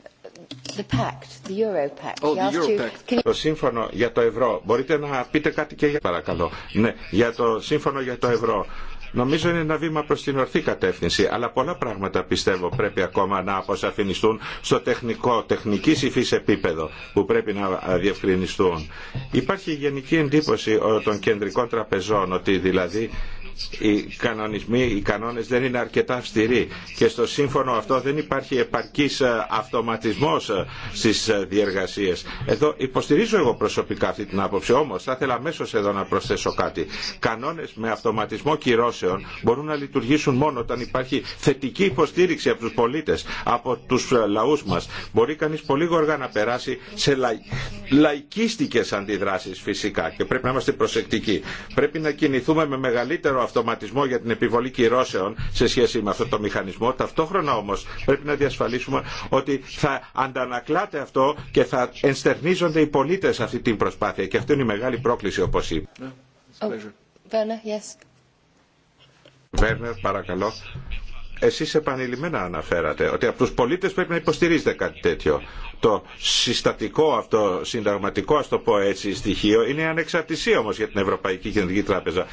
Το σύμφωνο για το ευρώ. Μπορείτε να πείτε κάτι και για παρακαλώ. Ναι, για το σύμφωνο για το ευρώ. Νομίζω είναι ένα βήμα προς την ορθή κατεύθυνση, αλλά πολλά πράγματα πιστεύω πρέπει ακόμα να αποσαφινιστούν στο τεχνικό, τεχνική υφή επίπεδο που πρέπει να διευκρινιστούν. Υπάρχει η γενική εντύπωση των κεντρικών τραπεζών ότι δηλαδή οι κανονισμοί, οι κανόνες δεν είναι αρκετά αυστηροί και στο σύμφωνο αυτό δεν υπάρχει επαρκής ε, αυτοματισμός ε, στις ε, διεργασίες. Εδώ υποστηρίζω εγώ προσωπικά αυτή την άποψη, όμως θα ήθελα αμέσω εδώ να προσθέσω κάτι. Κανόνες με αυτοματισμό κυρώσεων μπορούν να λειτουργήσουν μόνο όταν υπάρχει θετική υποστήριξη από τους πολίτες, από τους λαούς μας. Μπορεί κανείς πολύ γοργά να περάσει σε λαϊκίστικες αντιδράσεις φυσικά και πρέπει να είμαστε προσεκτικοί. Πρέπει να κινηθούμε με μεγαλύτερο αυτοματισμό για την επιβολή κυρώσεων σε σχέση με αυτό το μηχανισμό. Ταυτόχρονα όμω, πρέπει να διασφαλίσουμε ότι θα αντανακλάται αυτό και θα ενστερνίζονται οι πολίτε αυτή την προσπάθεια και αυτή είναι η μεγάλη πρόκληση όπω είπα. Βέρνερ, oh, παρακαλώ. Εσείς επανειλημμένα αναφέρατε ότι από του πολίτε πρέπει να υποστηρίζετε κάτι τέτοιο το συστατικό αυτό, συνταγματικό α το πω έτσι, στοιχείο είναι η ανεξαρτησία όμω για την Ευρωπαϊκή Κεντρική Τράπεζα.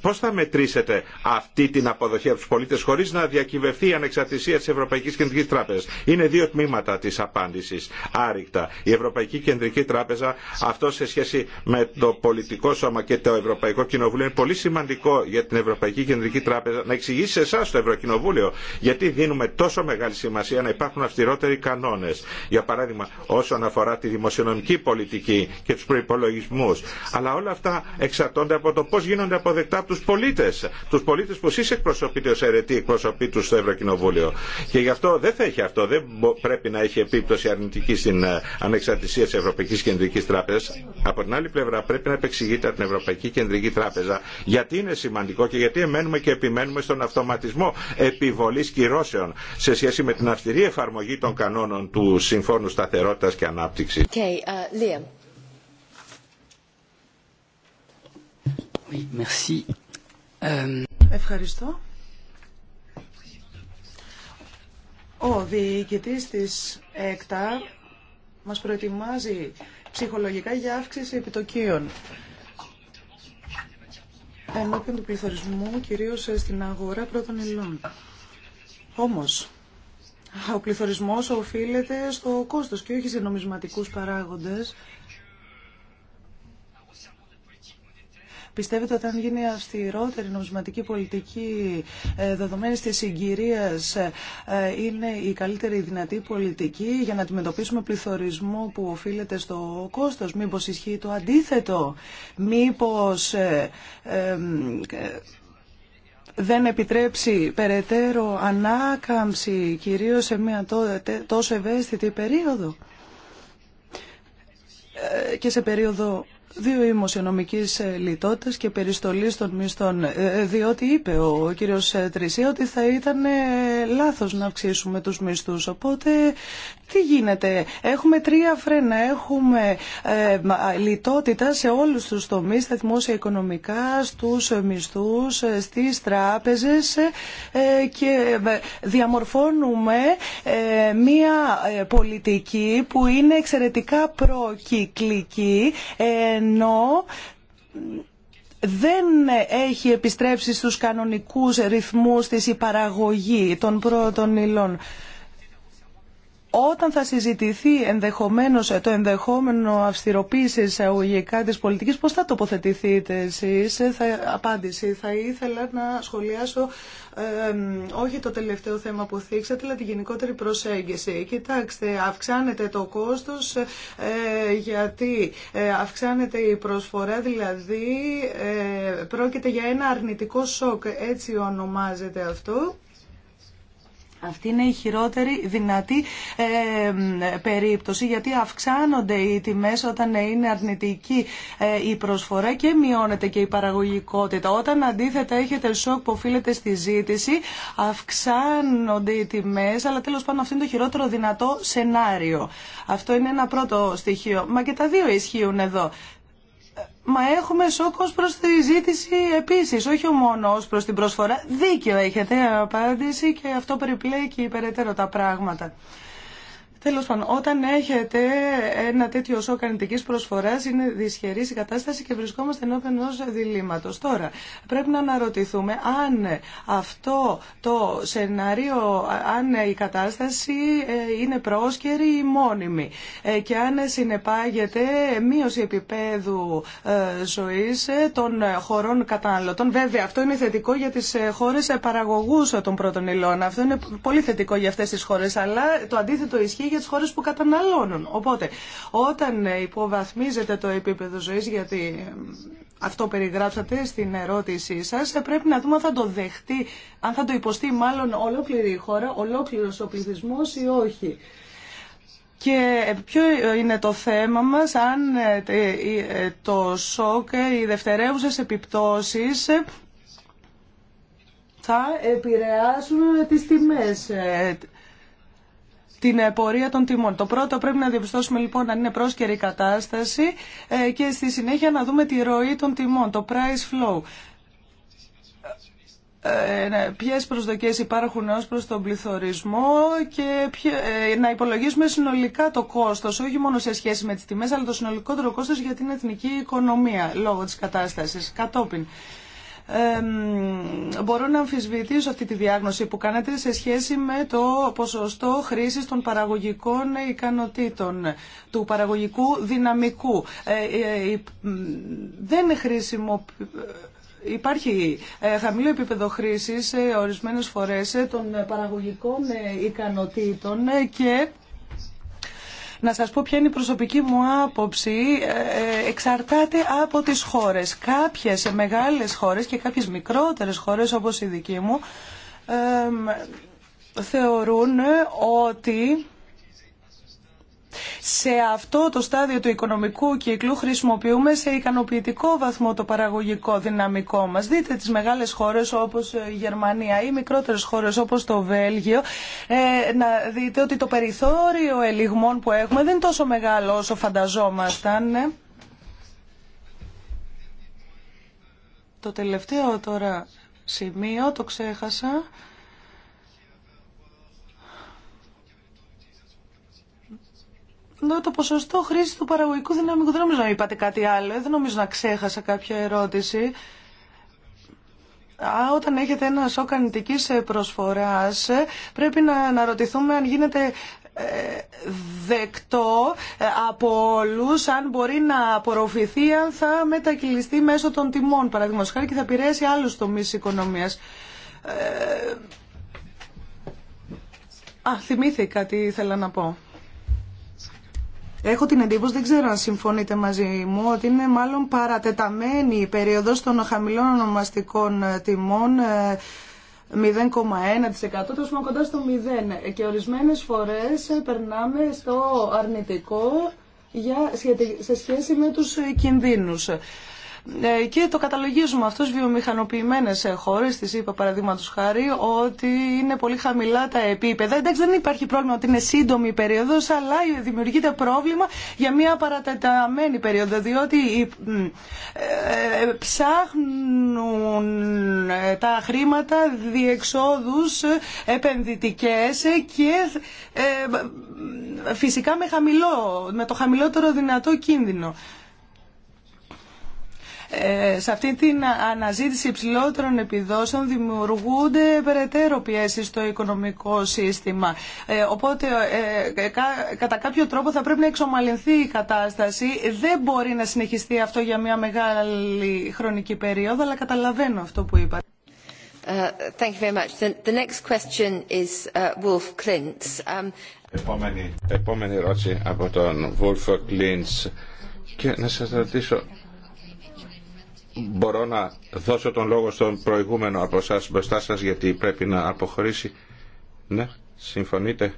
Πώ θα μετρήσετε αυτή την αποδοχή από του πολίτε χωρί να διακυβευτεί η ανεξαρτησία τη Ευρωπαϊκή Κεντρική Τράπεζα. Είναι δύο τμήματα τη απάντηση άρρηκτα. Η Ευρωπαϊκή Κεντρική Τράπεζα, αυτό σε σχέση με το πολιτικό σώμα και το Ευρωπαϊκό Κοινοβούλιο, είναι πολύ σημαντικό για την Ευρωπαϊκή Κεντρική Τράπεζα να εξηγήσει σε εσά το Ευρωκοινοβούλιο γιατί δίνουμε τόσο μεγάλη σημασία να υπάρχουν αυστηρότεροι κανόνε. Για παράδειγμα όσον αφορά τη δημοσιονομική πολιτική και τους προϋπολογισμούς. Αλλά όλα αυτά εξαρτώνται από το πώς γίνονται αποδεκτά από τους πολίτες. Τους πολίτες που εσείς εκπροσωπείτε ως αιρετοί εκπροσωπεί τους στο Ευρωκοινοβούλιο. Και γι' αυτό δεν θα έχει αυτό. Δεν πρέπει να έχει επίπτωση αρνητική στην ε, ανεξαρτησία της Ευρωπαϊκής Κεντρικής Τράπεζας. Από την άλλη πλευρά πρέπει να επεξηγείται από την Ευρωπαϊκή Κεντρική Τράπεζα γιατί είναι σημαντικό και γιατί εμένουμε και επιμένουμε στον αυτοματισμό επιβολής κυρώσεων σε σχέση με την αυστηρή εφαρμογή των κανόνων του χρόνου και Ανάπτυξης. Ε, okay, uh, ε, Ευχαριστώ. Ο διοικητής της ΕΚΤΑ μας προετοιμάζει ψυχολογικά για αύξηση επιτοκίων ενώπιον του πληθωρισμού κυρίως στην αγορά πρώτων υλών. Όμως, ο πληθωρισμός οφείλεται στο κόστος και όχι σε νομισματικούς παράγοντες. Πιστεύετε ότι αν γίνει αυστηρότερη νομισματική πολιτική ε, δεδομένη τη συγκυρία ε, είναι η καλύτερη δυνατή πολιτική για να αντιμετωπίσουμε πληθωρισμό που οφείλεται στο κόστο. Μήπω ισχύει το αντίθετο. Μήπω ε, δεν επιτρέψει περαιτέρω ανάκαμψη, κυρίως σε μια τόσο ευαίσθητη περίοδο ε, και σε περίοδο δύο δημοσιονομικής ε, λιτότητας και περιστολής των μισθών, ε, ε, διότι είπε ο κύριος Τρισί ότι θα ήταν λάθος να αυξήσουμε τους μισθούς. Οπότε τι γίνεται, έχουμε τρία φρένα, έχουμε λιτότητα σε όλους τους τομείς, στα δημόσια οικονομικά, στους μισθούς, στις τράπεζες και διαμορφώνουμε μία πολιτική που είναι εξαιρετικά προκυκλική, ενώ δεν έχει επιστρέψει στους κανονικούς ρυθμούς της η παραγωγή των πρώτων υλών. Όταν θα συζητηθεί ενδεχομένω το ενδεχόμενο αυστηροποίηση εισαγωγικά της πολιτική, πώ θα τοποθετηθείτε εσεί, θα, απάντηση. Θα ήθελα να σχολιάσω όχι το τελευταίο θέμα που θίξατε, αλλά τη γενικότερη προσέγγιση. Κοιτάξτε, αυξάνεται το κόστο, ε, γιατί ε, αυξάνεται η προσφορά, δηλαδή ε, πρόκειται για ένα αρνητικό σοκ, έτσι ονομάζεται αυτό. Αυτή είναι η χειρότερη δυνατή ε, περίπτωση γιατί αυξάνονται οι τιμές όταν είναι αρνητική ε, η προσφορά και μειώνεται και η παραγωγικότητα. Όταν αντίθετα έχετε σοκ που οφείλεται στη ζήτηση αυξάνονται οι τιμές αλλά τέλος πάντων αυτό είναι το χειρότερο δυνατό σενάριο. Αυτό είναι ένα πρώτο στοιχείο. Μα και τα δύο ισχύουν εδώ. Μα έχουμε σοκ ως προς τη ζήτηση επίσης, όχι μόνο ως προς την προσφορά. δίκιο έχετε απάντηση και αυτό περιπλέκει περαιτέρω τα πράγματα. Τέλο πάντων, όταν έχετε ένα τέτοιο σοκ αρνητική προσφοράς είναι δυσχερής η κατάσταση και βρισκόμαστε ενώπιον ενό διλήμματο. Τώρα, πρέπει να αναρωτηθούμε αν αυτό το σενάριο, αν η κατάσταση ε, είναι πρόσκαιρη ή μόνιμη ε, και αν συνεπάγεται μείωση επίπεδου ε, ζωής των χωρών καταναλωτών. Βέβαια, αυτό είναι θετικό για τι χώρε παραγωγού των πρώτων υλών. Αυτό είναι πολύ θετικό για αυτέ τι χώρε, αλλά το αντίθετο ισχύει για τι χώρε που καταναλώνουν. Οπότε, όταν υποβαθμίζεται το επίπεδο ζωής, γιατί ε, αυτό περιγράψατε στην ερώτησή σας, ε, πρέπει να δούμε αν θα το δεχτεί, αν θα το υποστεί μάλλον ολόκληρη η χώρα, ολόκληρο ο πληθυσμό ή όχι. Και ε, ποιο είναι το θέμα μας, αν το σοκ, οι δευτερεύουσες επιπτώσεις θα επηρεάσουν τις τιμές την πορεία των τιμών. Το πρώτο πρέπει να διαπιστώσουμε λοιπόν αν είναι πρόσκαιρη η κατάσταση ε, και στη συνέχεια να δούμε τη ροή των τιμών, το price flow. Ε, ναι, ποιες προσδοκίες υπάρχουν ως προς τον πληθωρισμό και ε, να υπολογίσουμε συνολικά το κόστος, όχι μόνο σε σχέση με τις τιμές, αλλά το συνολικότερο κόστος για την εθνική οικονομία λόγω της κατάστασης κατόπιν μπορώ να αμφισβητήσω αυτή τη διάγνωση που κάνατε σε σχέση με το ποσοστό χρήσης των παραγωγικών ικανοτήτων, του παραγωγικού δυναμικού. Ε, ε, ε, δεν Υπάρχει χαμηλό επίπεδο χρήσης ορισμένες φορές των παραγωγικών ικανοτήτων και να σας πω ποια είναι η προσωπική μου άποψη. Ε, ε, εξαρτάται από τις χώρες. Κάποιες μεγάλες χώρες και κάποιες μικρότερες χώρες όπως η δική μου θεωρούν ότι σε αυτό το στάδιο του οικονομικού κύκλου χρησιμοποιούμε σε ικανοποιητικό βαθμό το παραγωγικό δυναμικό μας. Δείτε τις μεγάλες χώρες όπως ε, η Γερμανία ή μικρότερες χώρες όπως το Βέλγιο ε, να δείτε ότι το περιθώριο ελιγμών που έχουμε δεν είναι τόσο μεγάλο όσο φανταζόμασταν. Ε. Το τελευταίο τώρα σημείο το ξέχασα. το ποσοστό χρήση του παραγωγικού δυναμικού. Δεν νομίζω να είπατε κάτι άλλο. Δεν νομίζω να ξέχασα κάποια ερώτηση. Α, όταν έχετε ένα σοκ ανητικής ε, προσφοράς, ε, πρέπει να αναρωτηθούμε αν γίνεται ε, δεκτό από όλου, αν μπορεί να απορροφηθεί, αν θα μετακυλιστεί μέσω των τιμών, παραδείγματος χάρη, και θα επηρέασει άλλους τομείς οικονομίας. Α, θυμήθηκα τι ήθελα να πω. Έχω την εντύπωση, δεν ξέρω αν συμφωνείτε μαζί μου, ότι είναι μάλλον παρατεταμένη η περίοδος των χαμηλών ονομαστικών ε, τιμών 0,1% ε, τόσο κοντά στο 0 και ορισμένες φορές ε, περνάμε στο αρνητικό για, σε σχέση με τους κινδύνους. Ε, και το καταλογίζουμε αυτό στι βιομηχανοποιημένε χώρε. της είπα παραδείγματο χάρη, ότι είναι πολύ χαμηλά τα επίπεδα. Εντάξει δεν υπάρχει πρόβλημα ότι είναι σύντομη η περίοδος, αλλά δημιουργείται πρόβλημα για μια παρατεταμένη περίοδο, διότι ε, ε, ψάχνουν τα χρήματα διεξόδου επενδυτικέ και φυσικά με, χαμηλό, με το χαμηλότερο δυνατό κίνδυνο. Ε, σε αυτή την αναζήτηση υψηλότερων επιδόσεων δημιουργούνται περαιτέρω πιέσει στο οικονομικό σύστημα. Ε, οπότε ε, κατά κάποιο τρόπο θα πρέπει να εξομαλυνθεί η κατάσταση. Δεν μπορεί να συνεχιστεί αυτό για μια μεγάλη χρονική περίοδο, αλλά καταλαβαίνω αυτό που είπατε. Επόμενη ερώτηση από τον Wolf Klintz και να σας ρωτήσω μπορώ να δώσω τον λόγο στον προηγούμενο από εσά μπροστά σας γιατί πρέπει να αποχωρήσει. Ναι, συμφωνείτε.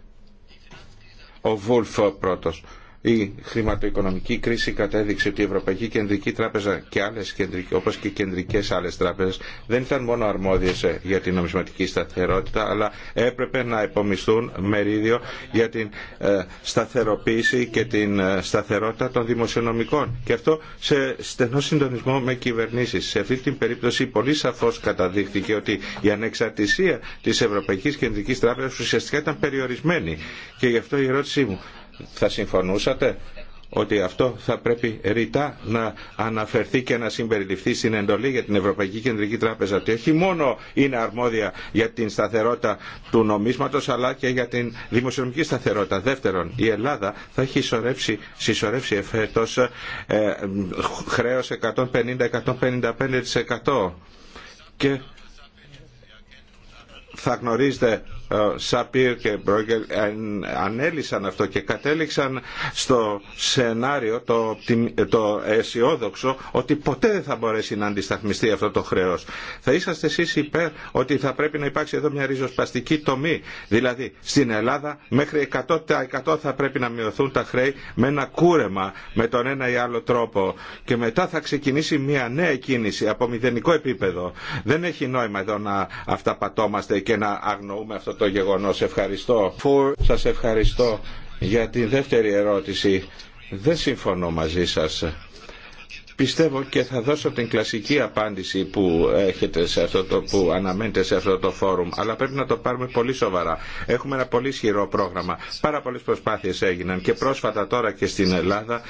Ο Βούλφο πρώτος η χρηματοοικονομική κρίση κατέδειξε ότι η Ευρωπαϊκή Κεντρική Τράπεζα και άλλες κεντρικέ, όπως και κεντρικές άλλε τράπεζες δεν ήταν μόνο αρμόδιε ε, για την νομισματική σταθερότητα αλλά έπρεπε να επομισθούν μερίδιο για την ε, σταθεροποίηση και την ε, σταθερότητα των δημοσιονομικών και αυτό σε στενό συντονισμό με κυβερνήσει. Σε αυτή την περίπτωση πολύ σαφώ καταδείχθηκε ότι η ανεξαρτησία τη Ευρωπαϊκή Κεντρική Τράπεζα ουσιαστικά ήταν περιορισμένη και γι' αυτό η ερώτησή μου θα συμφωνούσατε ότι αυτό θα πρέπει ρητά να αναφερθεί και να συμπεριληφθεί στην εντολή για την Ευρωπαϊκή Κεντρική Τράπεζα ότι όχι μόνο είναι αρμόδια για την σταθερότητα του νομίσματος αλλά και για την δημοσιονομική σταθερότητα. Δεύτερον, η Ελλάδα θα έχει συσσωρεύσει, συσσωρεύσει εφέτος ε, χρέος 150-155% και θα γνωρίζετε ε, Σαπίρ και Μπρόγκελ ε, ανέλησαν αυτό και κατέληξαν στο σενάριο το, το αισιόδοξο ότι ποτέ δεν θα μπορέσει να αντισταθμιστεί αυτό το χρέος. Θα είσαστε εσείς υπέρ ότι θα πρέπει να υπάρξει εδώ μια ριζοσπαστική τομή. Δηλαδή στην Ελλάδα μέχρι 100% θα πρέπει να μειωθούν τα χρέη με ένα κούρεμα με τον ένα ή άλλο τρόπο και μετά θα ξεκινήσει μια νέα κίνηση από μηδενικό επίπεδο. Δεν έχει νόημα εδώ να αυταπατώμαστε και να αγνοούμε αυτό το γεγονός. Ευχαριστώ. Σας ευχαριστώ για τη δεύτερη ερώτηση. Δεν συμφωνώ μαζί σας. Πιστεύω και θα δώσω την κλασική απάντηση που, έχετε σε αυτό το, που αναμένετε σε αυτό το φόρουμ, αλλά πρέπει να το πάρουμε πολύ σοβαρά. Έχουμε ένα πολύ ισχυρό πρόγραμμα. Πάρα πολλές προσπάθειες έγιναν και πρόσφατα τώρα και στην Ελλάδα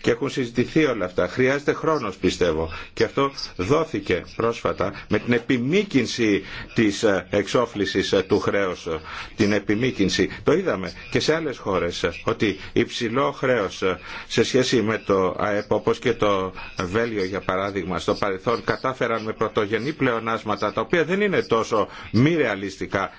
και έχουν συζητηθεί όλα αυτά. Χρειάζεται χρόνος πιστεύω και αυτό δόθηκε πρόσφατα με την επιμήκυνση της ε, εξόφλησης ε, του χρέους. Ε, την επιμήκυνση. Το είδαμε και σε άλλες χώρες ότι υψηλό χρέος σε σχέση με το ΑΕΠ όπως και το Βέλιο για παράδειγμα στο παρελθόν κατάφεραν με πρωτογενή πλεονάσματα τα οποία δεν είναι τόσο μη ρεαλιστικά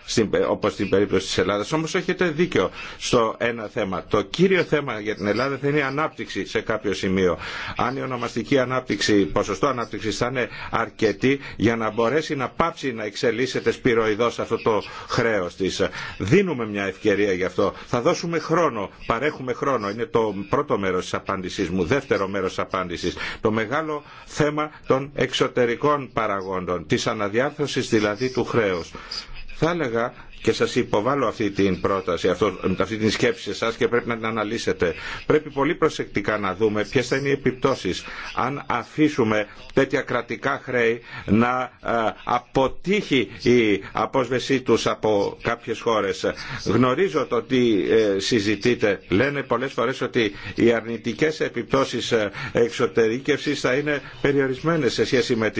όπως στην περίπτωση της Ελλάδας. Όμως έχετε δίκιο στο ένα θέμα. Το κύριο θέμα για την Ελλάδα θα είναι η ανάπτυξη σε κάποιο σημείο. Αν η ονομαστική ανάπτυξη, ποσοστό ανάπτυξη θα είναι αρκετή για να μπορέσει να πάψει να εξελίσσεται σπυροειδώς αυτό το χρέος της. Δίνουμε μια ευκαιρία γι' αυτό. Θα δώσουμε χρόνο, παρέχουμε χρόνο. Είναι το πρώτο μέρος τη απάντησής μου, δεύτερο μέρος της απάντησης. Το μεγάλο θέμα των εξωτερικών παραγόντων, της αναδιάρθρωσης δηλαδή του χρέους. Θα έλεγα και σας υποβάλλω αυτή την πρόταση, αυτή την σκέψη σε εσάς και πρέπει να την αναλύσετε. Πρέπει πολύ προσεκτικά να δούμε ποιες θα είναι οι επιπτώσεις αν αφήσουμε τέτοια κρατικά χρέη να ε, αποτύχει η απόσβεσή τους από κάποιες χώρες. Γνωρίζω το τι ε, συζητείτε. Λένε πολλές φορές ότι οι αρνητικές επιπτώσεις ε, εξωτερήκευσης θα είναι περιορισμένες σε σχέση με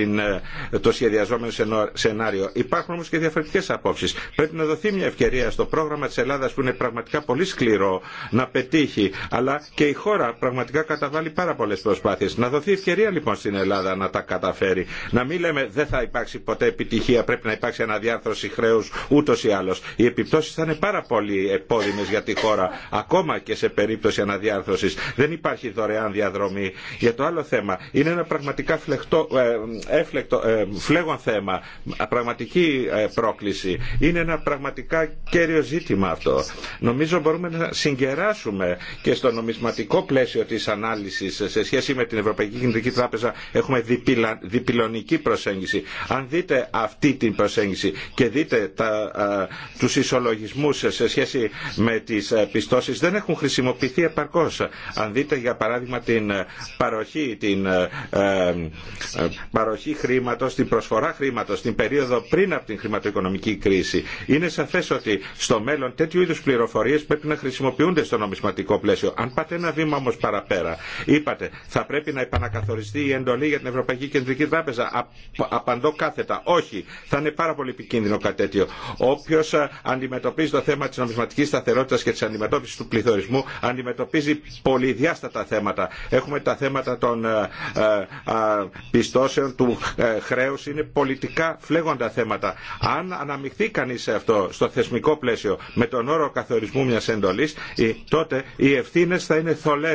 το σχεδιαζόμενο σενάριο. Υπάρχουν όμως και διαφορετικές απόψεις. Πρέπει να δοθεί μια ευκαιρία στο πρόγραμμα της Ελλάδας που είναι πραγματικά πολύ σκληρό να πετύχει αλλά και η χώρα πραγματικά καταβάλει πάρα πολλές προσπάθειες. Να δοθεί ευκαιρία λοιπόν στην Ελλάδα να τα καταφέρει. Να μην λέμε δεν θα υπάρξει ποτέ επιτυχία, πρέπει να υπάρξει αναδιάρθρωση χρέους ούτως ή άλλως. Οι επιπτώσεις θα είναι πάρα πολύ επώδυνες για τη χώρα ακόμα και σε περίπτωση αναδιάρθρωσης. Δεν υπάρχει δωρεάν διαδρομή. Για το άλλο θέμα είναι ένα πραγματικά φλεκτό, ε, ε, ε, φλέγον θέμα, πραγματική πρόκληση. Είναι ένα πραγματικά κέριο ζήτημα αυτό. Νομίζω μπορούμε να συγκεράσουμε και στο νομισματικό πλαίσιο της ανάλυσης σε σχέση με την Ευρωπαϊκή Κεντρική Τράπεζα έχουμε διπυλα, διπυλωνική προσέγγιση. Αν δείτε αυτή την προσέγγιση και δείτε τα, ισολογισμού τους ισολογισμούς σε σχέση με τις ε, πιστώσεις δεν έχουν χρησιμοποιηθεί επαρκώς. Αν δείτε για παράδειγμα την ε, παροχή, την, α, ε, παροχή χρήματος, την προσφορά χρήματος την περίοδο πριν από την χρηματοοικονομική κρίση είναι σαφέ ότι στο μέλλον τέτοιου είδου πληροφορίε πρέπει να χρησιμοποιούνται στο νομισματικό πλαίσιο. Αν πάτε ένα βήμα όμω παραπέρα, είπατε θα πρέπει να επανακαθοριστεί η εντολή για την Ευρωπαϊκή Κεντρική Τράπεζα. απαντώ κάθετα. Όχι. Θα είναι πάρα πολύ επικίνδυνο κάτι τέτοιο. Όποιο ε, αντιμετωπίζει το θέμα τη νομισματική σταθερότητα και τη αντιμετώπιση του πληθωρισμού, αντιμετωπίζει πολυδιάστατα θέματα. Έχουμε τα θέματα των ε, ε πιστώσεων, του ε, χρέου. Είναι πολιτικά φλέγοντα θέματα. Αν αναμειχθεί κανεί σε αυτό, στο θεσμικό πλαίσιο, με τον όρο καθορισμού μια εντολή, τότε οι ευθύνε θα είναι θολέ,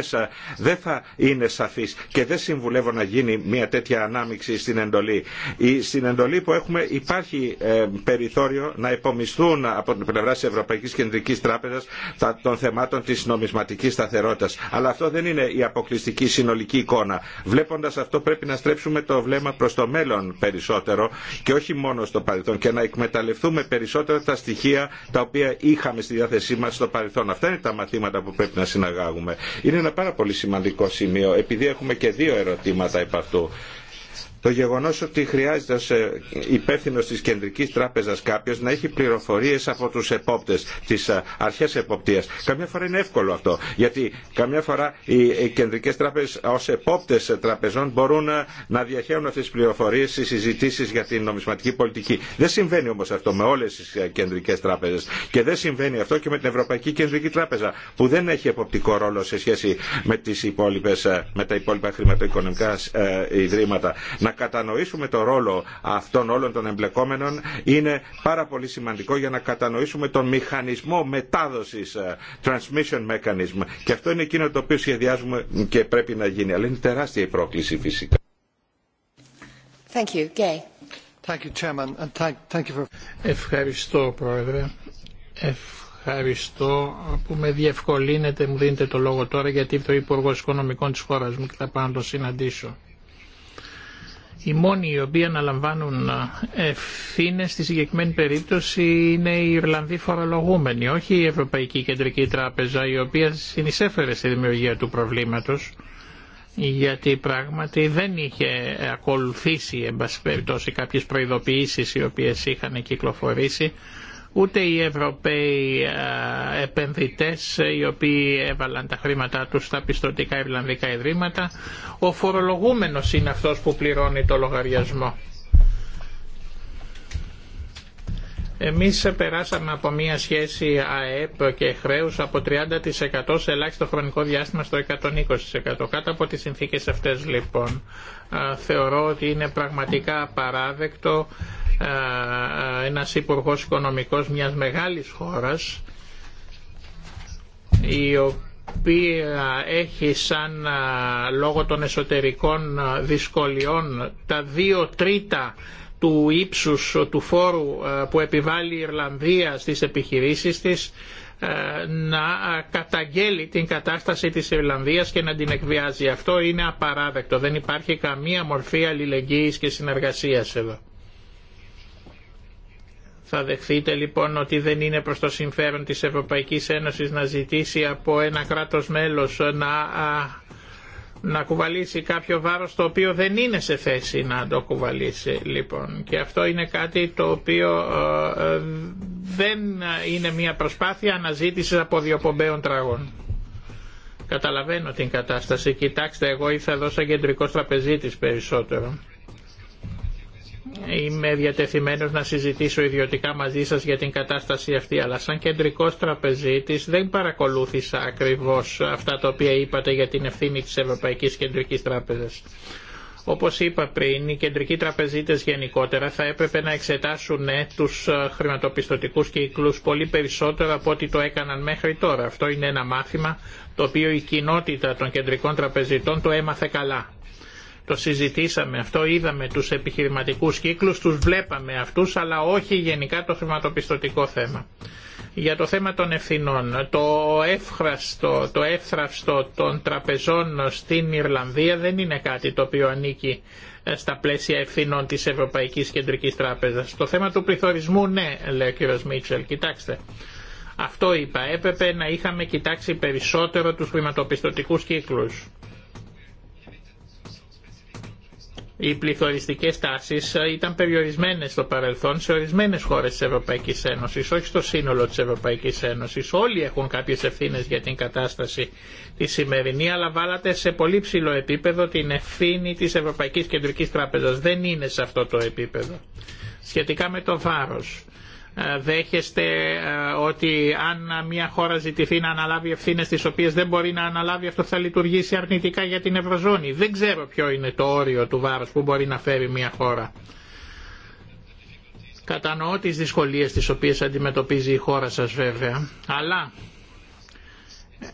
δεν θα είναι σαφεί και δεν συμβουλεύω να γίνει μια τέτοια ανάμειξη στην εντολή. Στην εντολή που έχουμε υπάρχει ε, περιθώριο να υπομισθούν από την πλευρά τη Ευρωπαϊκή Κεντρική Τράπεζα των θεμάτων τη νομισματική σταθερότητα. Αλλά αυτό δεν είναι η αποκλειστική συνολική εικόνα. Βλέποντα αυτό πρέπει να στρέψουμε το βλέμμα προ το μέλλον περισσότερο και όχι μόνο στο παρελθόν και να εκμεταλλευτούμε περισσότερο τα στοιχεία τα οποία είχαμε στη διάθεσή μα στο παρελθόν. Αυτά είναι τα μαθήματα που πρέπει να συναγάγουμε. Είναι ένα πάρα πολύ σημαντικό σημείο, επειδή έχουμε και δύο ερωτήματα επ' αυτού. Το γεγονό ότι χρειάζεται ω ε, υπεύθυνο τη Κεντρική Τράπεζα κάποιο να έχει πληροφορίε από του επόπτε, τι ε, αρχέ εποπτεία. Καμιά φορά είναι εύκολο αυτό, γιατί καμιά φορά οι κεντρικέ τράπεζε ω επόπτε τραπεζών μπορούν ε, να διαχέουν αυτέ τι πληροφορίε στι συζητήσει για την νομισματική πολιτική. Δεν συμβαίνει όμω αυτό με όλε τι κεντρικέ τράπεζε. Και δεν συμβαίνει αυτό και με την Ευρωπαϊκή Κεντρική Τράπεζα, που δεν έχει εποπτικό ρόλο σε σχέση με, τις με τα υπόλοιπα χρηματοοικονομικά ιδρύματα κατανοήσουμε το ρόλο αυτών όλων των εμπλεκόμενων είναι πάρα πολύ σημαντικό για να κατανοήσουμε τον μηχανισμό μετάδοσης ε, transmission mechanism και αυτό είναι εκείνο το οποίο σχεδιάζουμε και πρέπει να γίνει αλλά είναι τεράστια η πρόκληση φυσικά. Thank you. Gay. Thank you, Chairman. And thank you for... Ευχαριστώ Πρόεδρε. Ευχαριστώ που με διευκολύνετε, μου δίνετε το λόγο τώρα γιατί ήρθε ο Υπουργό Οικονομικών της χώρας μου και θα πάω να το συναντήσω. Οι μόνοι οι οποίοι αναλαμβάνουν ευθύνε στη συγκεκριμένη περίπτωση είναι οι Ιρλανδοί φορολογούμενοι, όχι η Ευρωπαϊκή Κεντρική Τράπεζα, η οποία συνεισέφερε στη δημιουργία του προβλήματος, γιατί πράγματι δεν είχε ακολουθήσει, εν πάση κάποιες προειδοποιήσεις οι οποίες είχαν κυκλοφορήσει ούτε οι Ευρωπαίοι επενδυτές ε, οι οποίοι έβαλαν τα χρήματά τους στα πιστοτικά Ιρλανδικά Ιδρύματα. Ο φορολογούμενος είναι αυτός που πληρώνει το λογαριασμό. Εμείς περάσαμε από μια σχέση ΑΕΠ και χρέους από 30% σε ελάχιστο χρονικό διάστημα στο 120%. Κάτω από τις συνθήκες αυτές λοιπόν θεωρώ ότι είναι πραγματικά απαράδεκτο ένας υπουργός οικονομικός μιας μεγάλης χώρας η οποία έχει σαν λόγω των εσωτερικών δυσκολιών τα δύο τρίτα του ύψους του φόρου ε, που επιβάλλει η Ιρλανδία στις επιχειρήσεις της ε, να καταγγέλει την κατάσταση της Ιρλανδίας και να την εκβιάζει. Αυτό είναι απαράδεκτο. Δεν υπάρχει καμία μορφή αλληλεγγύης και συνεργασίας εδώ. Θα δεχθείτε λοιπόν ότι δεν είναι προς το συμφέρον της Ευρωπαϊκής Ένωσης να ζητήσει από ένα κράτος μέλος να να κουβαλήσει κάποιο βάρος το οποίο δεν είναι σε θέση να το κουβαλήσει λοιπόν και αυτό είναι κάτι το οποίο ε, ε, δεν είναι μια προσπάθεια αναζήτησης από διοπομπέων τραγών. Καταλαβαίνω την κατάσταση. Κοιτάξτε, εγώ ήρθα εδώ σαν κεντρικός τραπεζίτης περισσότερο. Είμαι διατεθειμένος να συζητήσω ιδιωτικά μαζί σας για την κατάσταση αυτή, αλλά σαν κεντρικός τραπεζίτης δεν παρακολούθησα ακριβώς αυτά τα οποία είπατε για την ευθύνη της Ευρωπαϊκής Κεντρικής Τράπεζας. Όπως είπα πριν, οι κεντρικοί τραπεζίτες γενικότερα θα έπρεπε να εξετάσουν ε, τους ε, χρηματοπιστωτικούς κύκλους πολύ περισσότερο από ό,τι το έκαναν μέχρι τώρα. Αυτό είναι ένα μάθημα το οποίο η κοινότητα των κεντρικών τραπεζιτών το έμαθε καλά το συζητήσαμε αυτό, είδαμε τους επιχειρηματικούς κύκλους, τους βλέπαμε αυτούς, αλλά όχι γενικά το χρηματοπιστωτικό θέμα. Για το θέμα των ευθυνών, το εύχραστο, το εύθραυστο των τραπεζών στην Ιρλανδία δεν είναι κάτι το οποίο ανήκει ε, στα πλαίσια ευθυνών της Ευρωπαϊκής Κεντρικής Τράπεζας. Το θέμα του πληθωρισμού, ναι, λέει ο κ. Μίτσελ, κοιτάξτε. Αυτό είπα, έπρεπε να είχαμε κοιτάξει περισσότερο τους χρηματοπιστωτικούς κύκλους Οι πληθωριστικές τάσεις ε, ήταν περιορισμένες στο παρελθόν σε ορισμένες χώρες της Ευρωπαϊκής Ένωσης, όχι στο σύνολο της Ευρωπαϊκής Ένωσης. Όλοι έχουν κάποιες ευθύνες για την κατάσταση τη σημερινή, αλλά βάλατε σε πολύ ψηλό επίπεδο την ευθύνη της Ευρωπαϊκής Κεντρικής Τράπεζας. Δεν είναι σε αυτό το επίπεδο. Σχετικά με το βάρος. Ε, δέχεστε ε, ότι αν μια χώρα ζητηθεί να αναλάβει ευθύνες τις οποίες δεν μπορεί να αναλάβει αυτό θα λειτουργήσει αρνητικά για την Ευρωζώνη. Δεν ξέρω ποιο είναι το όριο του βάρους που μπορεί να φέρει μια χώρα. Κατανοώ τις δυσκολίες τις οποίες αντιμετωπίζει η χώρα σας βέβαια, αλλά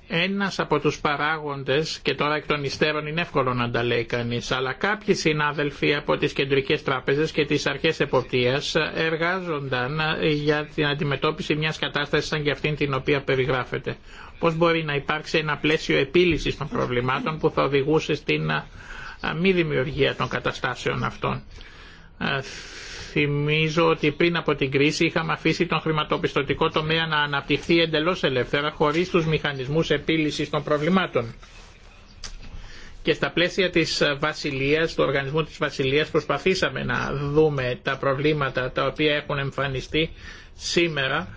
ένας από τους παράγοντες, και τώρα εκ των υστέρων είναι εύκολο να τα λέει κανείς, αλλά κάποιοι συνάδελφοι από τις κεντρικές τράπεζες και τις αρχές εποπτείας εργάζονταν για την αντιμετώπιση μιας κατάστασης σαν και αυτήν την οποία περιγράφεται. Πώς μπορεί να υπάρξει ένα πλαίσιο επίλυσης των προβλημάτων που θα οδηγούσε στην μη δημιουργία των καταστάσεων αυτών θυμίζω ότι πριν από την κρίση είχαμε αφήσει τον χρηματοπιστωτικό τομέα να αναπτυχθεί εντελώς ελεύθερα χωρίς τους μηχανισμούς επίλυσης των προβλημάτων. Και στα πλαίσια της Βασιλείας, του οργανισμού της Βασιλείας προσπαθήσαμε να δούμε τα προβλήματα τα οποία έχουν εμφανιστεί σήμερα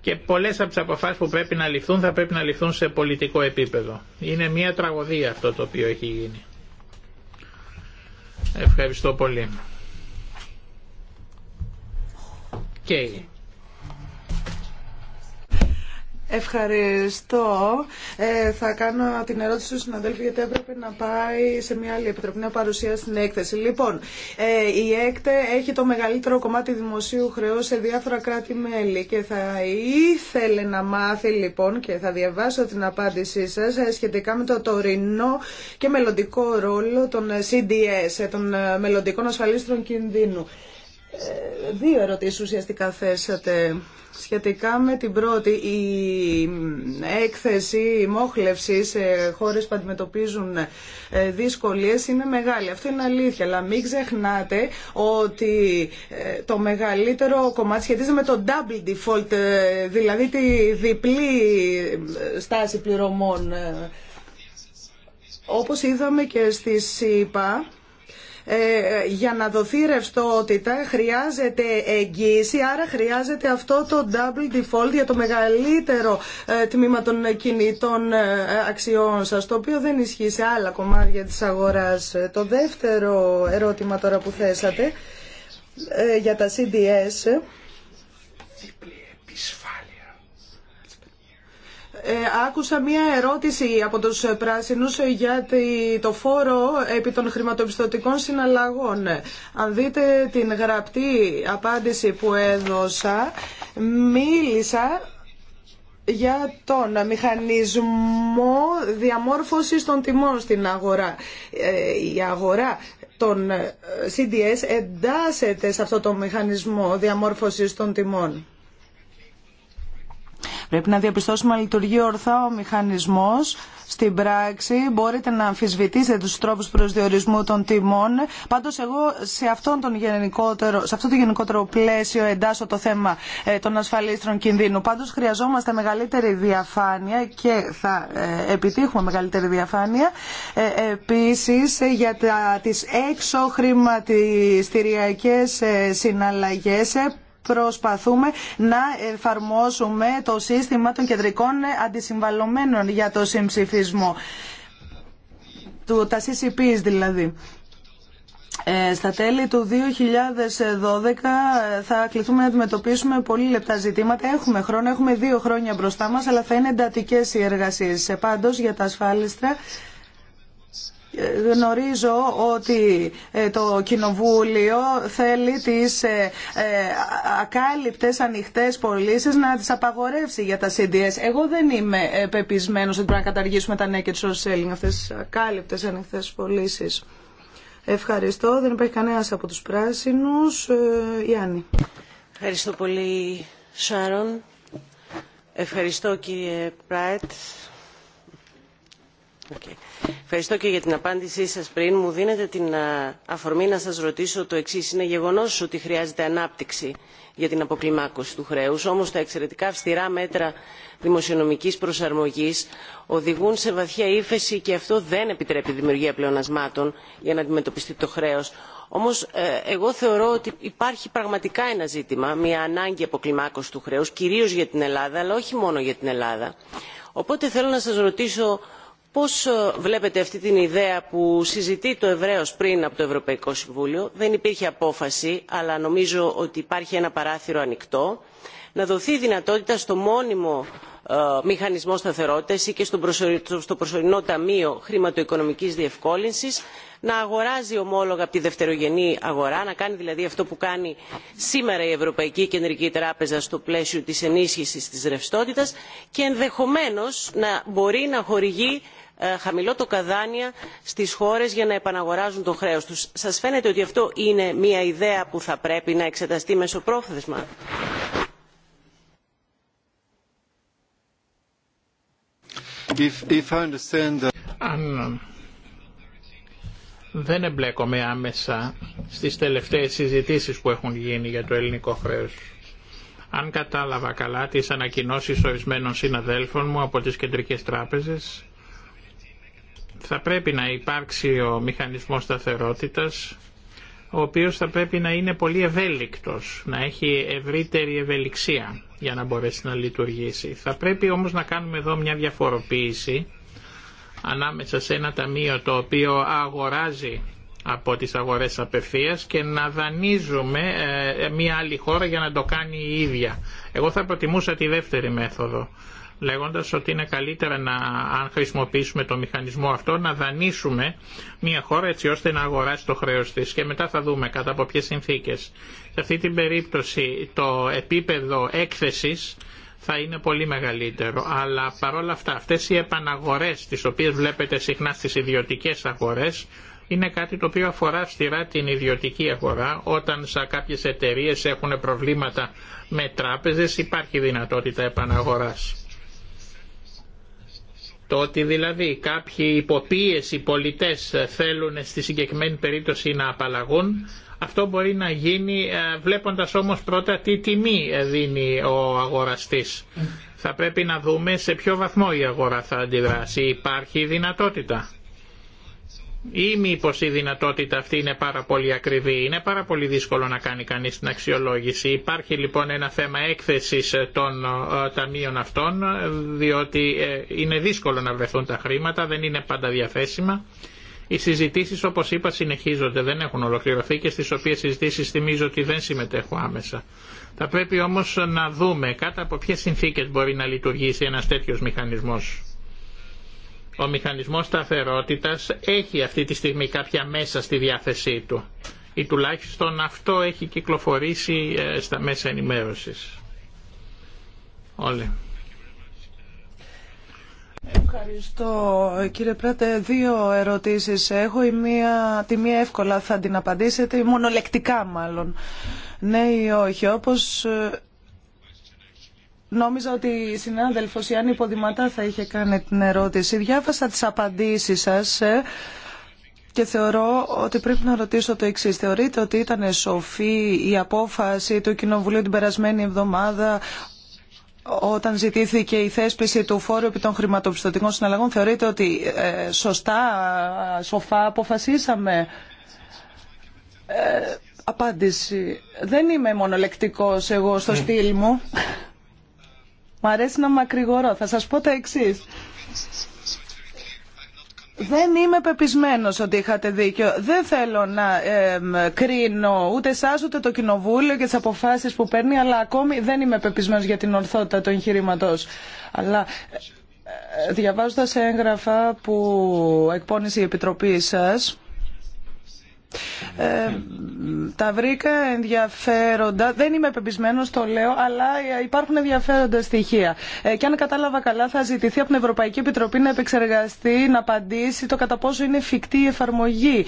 και πολλές από τις αποφάσεις που πρέπει να ληφθούν θα πρέπει να ληφθούν σε πολιτικό επίπεδο. Είναι μια τραγωδία αυτό το οποίο έχει γίνει. Ευχαριστώ πολύ. Ευχαριστώ. Ε, θα κάνω την ερώτηση του συναδέλφου γιατί έπρεπε να πάει σε μια άλλη επιτροπή να παρουσιάσει την έκθεση. Λοιπόν, ε, η ΕΚΤΕ έχει το μεγαλύτερο κομμάτι δημοσίου χρέου σε διάφορα κράτη-μέλη και θα ήθελε να μάθει λοιπόν και θα διαβάσω την απάντησή σας ε, σχετικά με το τωρινό και μελλοντικό ρόλο των ε, CDS, ε, των μελλοντικών ασφαλίστρων κινδύνου. Ε, δύο ερωτήσεις ουσιαστικά θέσατε. Σχετικά με την πρώτη, η έκθεση η μόχλευση σε χώρες που αντιμετωπίζουν ε, δυσκολίες είναι μεγάλη. Αυτό είναι αλήθεια, αλλά μην ξεχνάτε ότι ε, το μεγαλύτερο κομμάτι σχετίζεται με το double default, δηλαδή τη διπλή στάση πληρωμών. Όπως είδαμε και στη ΣΥΠΑ, ε, για να δοθεί ρευστότητα χρειάζεται εγγύηση, άρα χρειάζεται αυτό το double default για το μεγαλύτερο ε, τμήμα των κινητών ε, αξιών σας, το οποίο δεν ισχύει σε άλλα κομμάτια της αγοράς. Το δεύτερο ερώτημα τώρα που θέσατε για τα CDS Ε, άκουσα μία ερώτηση από τους πράσινους για το φόρο επί των χρηματοπιστωτικών συναλλαγών. Αν δείτε την γραπτή απάντηση που έδωσα, μίλησα για τον μηχανισμό διαμόρφωσης των τιμών στην αγορά. Ε, η αγορά των CDS εντάσσεται σε αυτό το μηχανισμό διαμόρφωσης των τιμών. Πρέπει να διαπιστώσουμε αν λειτουργεί ορθά ο μηχανισμός στην πράξη. Μπορείτε να αμφισβητήσετε τους τρόπους προσδιορισμού των τιμών. Πάντως εγώ σε, αυτόν τον γενικότερο, σε αυτό το γενικότερο πλαίσιο εντάσσω το θέμα ε, των ασφαλίστρων κινδύνου. Πάντως χρειαζόμαστε μεγαλύτερη διαφάνεια και θα ε, επιτύχουμε μεγαλύτερη διαφάνεια. Ε, επίσης για τις έξω συναλλαγές προσπαθούμε να εφαρμόσουμε το σύστημα των κεντρικών αντισυμβαλωμένων για το συμψηφισμό. Του, τα CCPs δηλαδή. Ε, στα τέλη του 2012 ε, θα κληθούμε να αντιμετωπίσουμε πολύ λεπτά ζητήματα. Έχουμε χρόνο, έχουμε δύο χρόνια μπροστά μας, αλλά θα είναι εντατικέ οι εργασίες. Ε, πάντως για τα ασφάλιστρα Γνωρίζω ότι ε, το Κοινοβούλιο θέλει τις ε, ε, ακάλυπτες ανοιχτές πωλήσει να τις απαγορεύσει για τα CDS. Εγώ δεν είμαι πεπισμένος ότι πρέπει να καταργήσουμε τα naked ναι short selling, αυτές τις ακάλυπτες ανοιχτές πωλήσει. Ευχαριστώ. Δεν υπάρχει κανένας από τους πράσινους. Γιάννη. Ευχαριστώ πολύ, Σάρον. Ευχαριστώ, κύριε Πράιτ. Ευχαριστώ και για την απάντησή σα πριν. Μου δίνετε την αφορμή να σα ρωτήσω το εξή, Είναι γεγονός ότι χρειάζεται ανάπτυξη για την αποκλιμάκωση του χρέου. Όμω τα εξαιρετικά αυστηρά μέτρα δημοσιονομική προσαρμογή οδηγούν σε βαθιά ύφεση και αυτό δεν επιτρέπει δημιουργία πλεονασμάτων για να αντιμετωπιστεί το χρέο. Όμως ε, εγώ θεωρώ ότι υπάρχει πραγματικά ένα ζήτημα, μια ανάγκη αποκλιμάκωση του χρέου, κυρίω για την Ελλάδα, αλλά όχι μόνο για την Ελλάδα. Οπότε θέλω να σα ρωτήσω Πώς ε, βλέπετε αυτή την ιδέα που συζητεί το Εβραίος πριν από το Ευρωπαϊκό Συμβούλιο, δεν υπήρχε απόφαση, αλλά νομίζω ότι υπάρχει ένα παράθυρο ανοιχτό, να δοθεί δυνατότητα στο μόνιμο ε, μηχανισμό σταθερότητας ή και στο προσωρινό ταμείο χρηματοοικονομικής διευκόλυνσης να αγοράζει ομόλογα από τη δευτερογενή αγορά να κάνει δηλαδή αυτό που κάνει σήμερα η ευρωπαϊκή κεντρική τράπεζα στο πλαίσιο της ενίσχυσης της ρευστότητας και ενδεχομένως να μπορεί να χορηγεί ε, το δάνεια στις χώρες για να επαναγοράζουν το χρέος τους. σας φαίνεται ότι αυτό είναι μια ιδέα που θα πρέπει να εξεταστεί μεσοπρόθεσμα; δεν εμπλέκομαι άμεσα στις τελευταίες συζητήσεις που έχουν γίνει για το ελληνικό χρέος. Αν κατάλαβα καλά τις ανακοινώσεις ορισμένων συναδέλφων μου από τις κεντρικές τράπεζες, θα πρέπει να υπάρξει ο μηχανισμός σταθερότητας, ο οποίος θα πρέπει να είναι πολύ ευέλικτος, να έχει ευρύτερη ευελιξία για να μπορέσει να λειτουργήσει. Θα πρέπει όμως να κάνουμε εδώ μια διαφοροποίηση ανάμεσα σε ένα ταμείο το οποίο αγοράζει από τις αγορές απευθείας και να δανείζουμε ε, μια άλλη χώρα για να το κάνει η ίδια. Εγώ θα προτιμούσα τη δεύτερη μέθοδο λέγοντας ότι είναι καλύτερα να, αν χρησιμοποιήσουμε το μηχανισμό αυτό, να δανείσουμε μια χώρα έτσι ώστε να αγοράσει το χρέος της και μετά θα δούμε κατά από ποιες συνθήκες. Σε αυτή την περίπτωση το επίπεδο έκθεσης θα είναι πολύ μεγαλύτερο. Αλλά παρόλα αυτά αυτές οι επαναγορές τις οποίες βλέπετε συχνά στις ιδιωτικές αγορές είναι κάτι το οποίο αφορά αυστηρά την ιδιωτική αγορά. Όταν σε κάποιες εταιρείες έχουν προβλήματα με τράπεζες υπάρχει δυνατότητα επαναγοράς. Το ότι δηλαδή κάποιοι υποπίεση πολιτές θέλουν στη συγκεκριμένη περίπτωση να απαλλαγούν αυτό μπορεί να γίνει ε, βλέποντας όμως πρώτα τι τιμή ε, δίνει ο αγοραστής. Θα πρέπει να δούμε σε ποιο βαθμό η αγορά θα αντιδράσει. Υπάρχει δυνατότητα. Ή μήπω η δυνατότητα αυτή είναι πάρα πολύ ακριβή. Είναι πάρα πολύ δύσκολο να κάνει κανείς την αξιολόγηση. Υπάρχει λοιπόν ένα θέμα έκθεσης ε, των ταμείων αυτών, διότι είναι δύσκολο να βρεθούν τα χρήματα, δεν είναι πάντα διαθέσιμα οι συζητήσει, όπως είπα συνεχίζονται, δεν έχουν ολοκληρωθεί και στις οποίες συζητήσει θυμίζω ότι δεν συμμετέχω άμεσα. Θα πρέπει όμως να δούμε κάτω από ποιες συνθήκες μπορεί να λειτουργήσει ένας τέτοιος μηχανισμός. Ο μηχανισμός σταθερότητας έχει αυτή τη στιγμή κάποια μέσα στη διάθεσή του ή τουλάχιστον αυτό έχει κυκλοφορήσει ε, στα μέσα ενημέρωσης. Όλοι. Ευχαριστώ κύριε Πράτε. Δύο ερωτήσεις έχω. Η μία, τη μία εύκολα θα την απαντήσετε, μονολεκτικά μάλλον. Ναι ή όχι. Όπως ε, Νόμιζα ότι η συνάδελφος Ιάννη Ποδηματά θα είχε κάνει την ερώτηση. Διάβασα τις απαντήσεις σας ε, και θεωρώ ότι πρέπει να ρωτήσω το εξής. Θεωρείτε ότι ήταν σοφή η απόφαση του Κοινοβουλίου την περασμένη εβδομάδα όταν ζητήθηκε η θέσπιση του φόρου επί των χρηματοπιστωτικών συναλλαγών θεωρείτε ότι ε, σωστά, σοφά αποφασίσαμε. Ε, απάντηση. Δεν είμαι μονολεκτικός εγώ στο ναι. στυλ μου. Μ' αρέσει να μακρηγορώ. Θα σας πω τα εξής. Δεν είμαι πεπισμένο ότι είχατε δίκιο. Δεν θέλω να κρίνω ούτε εσά ούτε το Κοινοβούλιο και τι αποφάσει που παίρνει, αλλά ακόμη δεν είμαι πεπισμένο για την ορθότητα του εγχειρήματο. Αλλά ε, ε, διαβάζοντας έγγραφα που εκπώνησε η Επιτροπή σα. Ε, τα βρήκα ενδιαφέροντα. Δεν είμαι πεπισμένο, το λέω, αλλά ε, υπάρχουν ενδιαφέροντα στοιχεία. Ε, και αν κατάλαβα καλά, θα ζητηθεί από την Ευρωπαϊκή Επιτροπή να επεξεργαστεί, να απαντήσει το κατά πόσο είναι εφικτή η εφαρμογή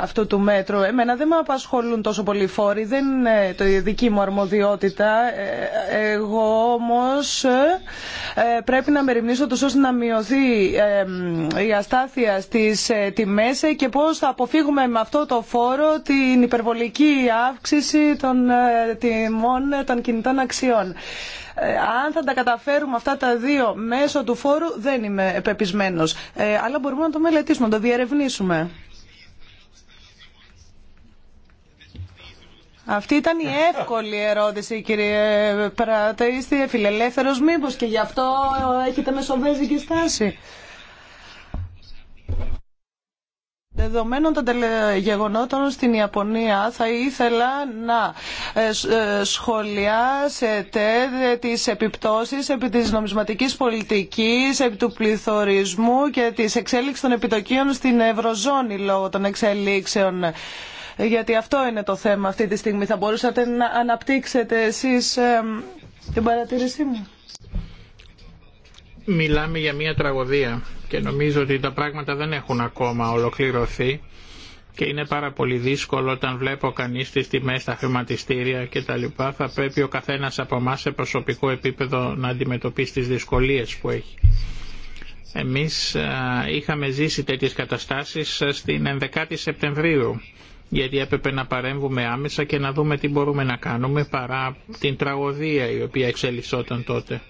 αυτού του μέτρου. Εμένα δεν με απασχολούν τόσο πολλοί φόροι, δεν είναι το δική μου αρμοδιότητα. εγώ όμω πρέπει να μεριμνήσω τόσο ώστε να μειωθεί η αστάθεια στι τιμέ και πώ θα αποφύγουμε με αυτό το φόρο την υπερβολική αύξηση των ε, τιμών ε, των κινητών αξιών. Ε, αν θα τα καταφέρουμε αυτά τα δύο μέσω του φόρου δεν είμαι επεπισμένος. Αλλά μπορούμε να το μελετήσουμε, να το διερευνήσουμε. Αυτή ήταν η εύκολη ερώτηση, κύριε Πρατείστη. Φιλελεύθερος μήπως και γι' αυτό έχετε μεσοβέζικη στάση. Δεδομένων των γεγονότων στην Ιαπωνία θα ήθελα να ε, ε, σχολιάσετε τις επιπτώσεις επί της νομισματικής πολιτικής, επί του πληθωρισμού και της εξέλιξης των επιτοκίων στην Ευρωζώνη λόγω των εξελίξεων. Γιατί αυτό είναι το θέμα αυτή τη στιγμή. Θα μπορούσατε να αναπτύξετε εσείς ε, την παρατήρησή μου. Μιλάμε για μια τραγωδία και νομίζω ότι τα πράγματα δεν έχουν ακόμα ολοκληρωθεί και είναι πάρα πολύ δύσκολο όταν βλέπω κανείς τις τιμές στα χρηματιστήρια και τα λοιπά θα πρέπει ο καθένας από εμά σε προσωπικό επίπεδο να αντιμετωπίσει τις δυσκολίες που έχει. Εμείς είχαμε ζήσει τέτοιες καταστάσεις στην 11η Σεπτεμβρίου γιατί έπρεπε να παρέμβουμε άμεσα και να δούμε τι μπορούμε να κάνουμε παρά την τραγωδία η οποία εξελισσόταν τότε.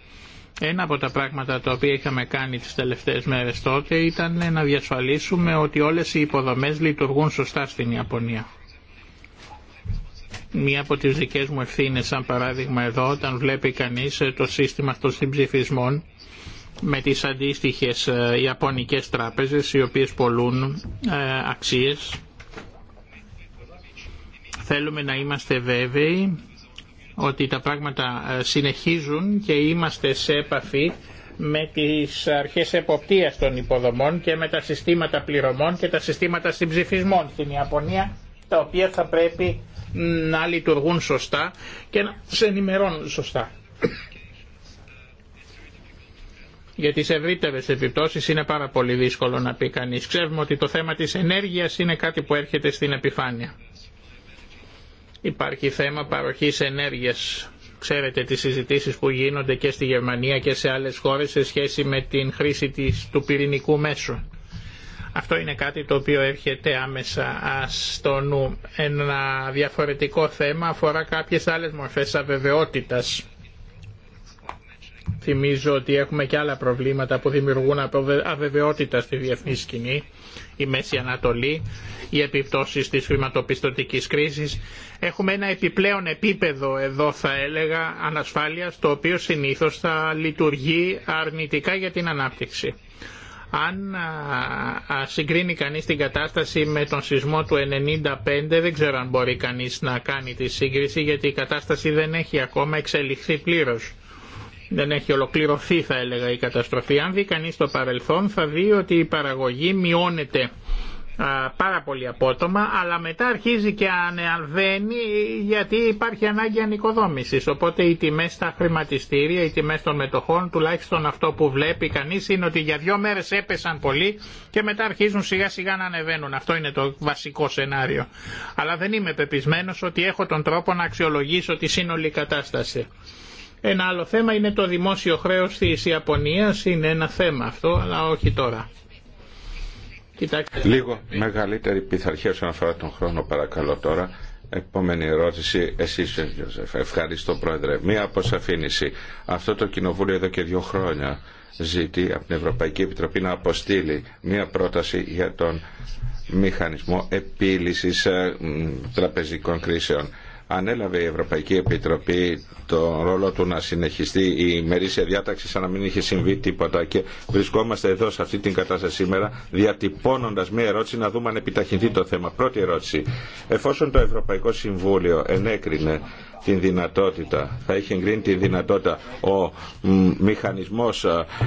Ένα από τα πράγματα τα οποία είχαμε κάνει τις τελευταίες μέρες τότε ήταν να διασφαλίσουμε ότι όλες οι υποδομές λειτουργούν σωστά στην Ιαπωνία. Μία από τις δικές μου ευθύνες, σαν παράδειγμα εδώ, όταν βλέπει κανείς ε, το σύστημα των συμψηφισμών με τις αντίστοιχες ε, Ιαπωνικές τράπεζες οι οποίες πολλούν ε, αξίες. Θέλουμε να είμαστε βέβαιοι ότι τα πράγματα ε, συνεχίζουν και είμαστε σε επαφή με τις αρχές εποπτείας των υποδομών και με τα συστήματα πληρωμών και τα συστήματα συμψηφισμών στην Ιαπωνία τα οποία θα πρέπει να λειτουργούν σωστά και να σε ενημερώνουν σωστά. Για τις ευρύτερες επιπτώσεις είναι πάρα πολύ δύσκολο να πει κανείς. Ξέρουμε ότι το θέμα της ενέργειας είναι κάτι που έρχεται στην επιφάνεια. Υπάρχει θέμα παροχής ενέργειας. Ξέρετε τις συζητήσεις που γίνονται και στη Γερμανία και σε άλλες χώρες σε σχέση με την χρήση του πυρηνικού μέσου. Αυτό είναι κάτι το οποίο έρχεται άμεσα στο νου. Ένα διαφορετικό θέμα αφορά κάποιες άλλες μορφές αβεβαιότητας. Θυμίζω ότι έχουμε και άλλα προβλήματα που δημιουργούν αβεβαιότητα στη διεθνή σκηνή η Μέση Ανατολή, οι επιπτώσει της χρηματοπιστωτική κρίσης. Έχουμε ένα επιπλέον επίπεδο εδώ θα έλεγα ανασφάλειας το οποίο συνήθως θα λειτουργεί αρνητικά για την ανάπτυξη. Αν συγκρίνει κανείς την κατάσταση με τον σεισμό του 95 δεν ξέρω αν μπορεί κανείς να κάνει τη σύγκριση γιατί η κατάσταση δεν έχει ακόμα εξελιχθεί πλήρως δεν έχει ολοκληρωθεί θα έλεγα η καταστροφή. Αν δει κανείς το παρελθόν θα δει ότι η παραγωγή μειώνεται πάρα πολύ απότομα αλλά μετά αρχίζει και ανεβαίνει γιατί υπάρχει ανάγκη ανοικοδόμησης οπότε οι τιμές στα χρηματιστήρια, οι τιμές των μετοχών τουλάχιστον αυτό που βλέπει κανείς είναι ότι για δύο μέρες έπεσαν πολύ και μετά αρχίζουν σιγά σιγά να ανεβαίνουν αυτό είναι το βασικό σενάριο αλλά δεν είμαι πεπισμένος ότι έχω τον τρόπο να αξιολογήσω τη σύνολη κατάσταση ένα άλλο θέμα είναι το δημόσιο χρέος της Ιαπωνίας, είναι ένα θέμα αυτό, αλλά όχι τώρα. Κοιτάξτε. Λίγο μεγαλύτερη πειθαρχία όσον αφορά τον χρόνο παρακαλώ τώρα. Επόμενη ερώτηση, εσύ, Γιώζεφ. Ευχαριστώ, Πρόεδρε. Μία αποσαφήνιση. Αυτό το κοινοβούλιο εδώ και δύο χρόνια ζητεί από την Ευρωπαϊκή Επιτροπή να αποστείλει μία πρόταση για τον μηχανισμό επίλυσης ε, τραπεζικών κρίσεων ανέλαβε η Ευρωπαϊκή Επιτροπή τον ρόλο του να συνεχιστεί η μερίσια διάταξη σαν να μην είχε συμβεί τίποτα και βρισκόμαστε εδώ σε αυτή την κατάσταση σήμερα διατυπώνοντας μία ερώτηση να δούμε αν επιταχυνθεί το θέμα. Πρώτη ερώτηση. Εφόσον το Ευρωπαϊκό Συμβούλιο ενέκρινε την δυνατότητα, θα έχει εγκρίνει την δυνατότητα ο μηχανισμός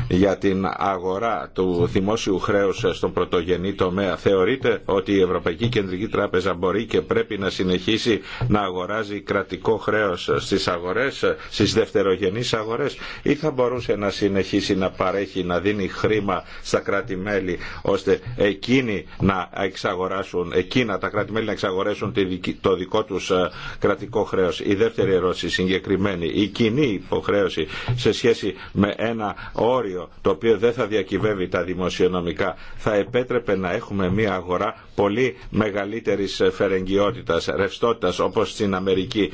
για την αγορά του δημόσιου χρέους στον πρωτογενή τομέα. Θεωρείται ότι η Ευρωπαϊκή Κεντρική Τράπεζα μπορεί και πρέπει να συνεχίσει να αγοράζει κρατικό χρέος στις αγορές, στις δευτερογενείς αγορές ή θα μπορούσε να συνεχίσει να παρέχει, να δίνει χρήμα στα κράτη-μέλη ώστε εκείνοι να εξαγοράσουν, εκείνα τα κράτη-μέλη να εξαγορέσουν το δικό τους κρατικό χρέος. η θα μπορουσε να συνεχισει να παρεχει να δινει χρημα στα κρατη μελη ωστε εκεινοι να εξαγορασουν εκεινα τα κρατη μελη να εξαγορεσουν το δικο τους κρατικο χρεος δεύτερη ερώτηση συγκεκριμένη. Η κοινή υποχρέωση σε σχέση με ένα όριο το οποίο δεν θα διακυβεύει τα δημοσιονομικά θα επέτρεπε να έχουμε μια αγορά πολύ μεγαλύτερη φερεγγιότητα, ρευστότητα όπω στην Αμερική,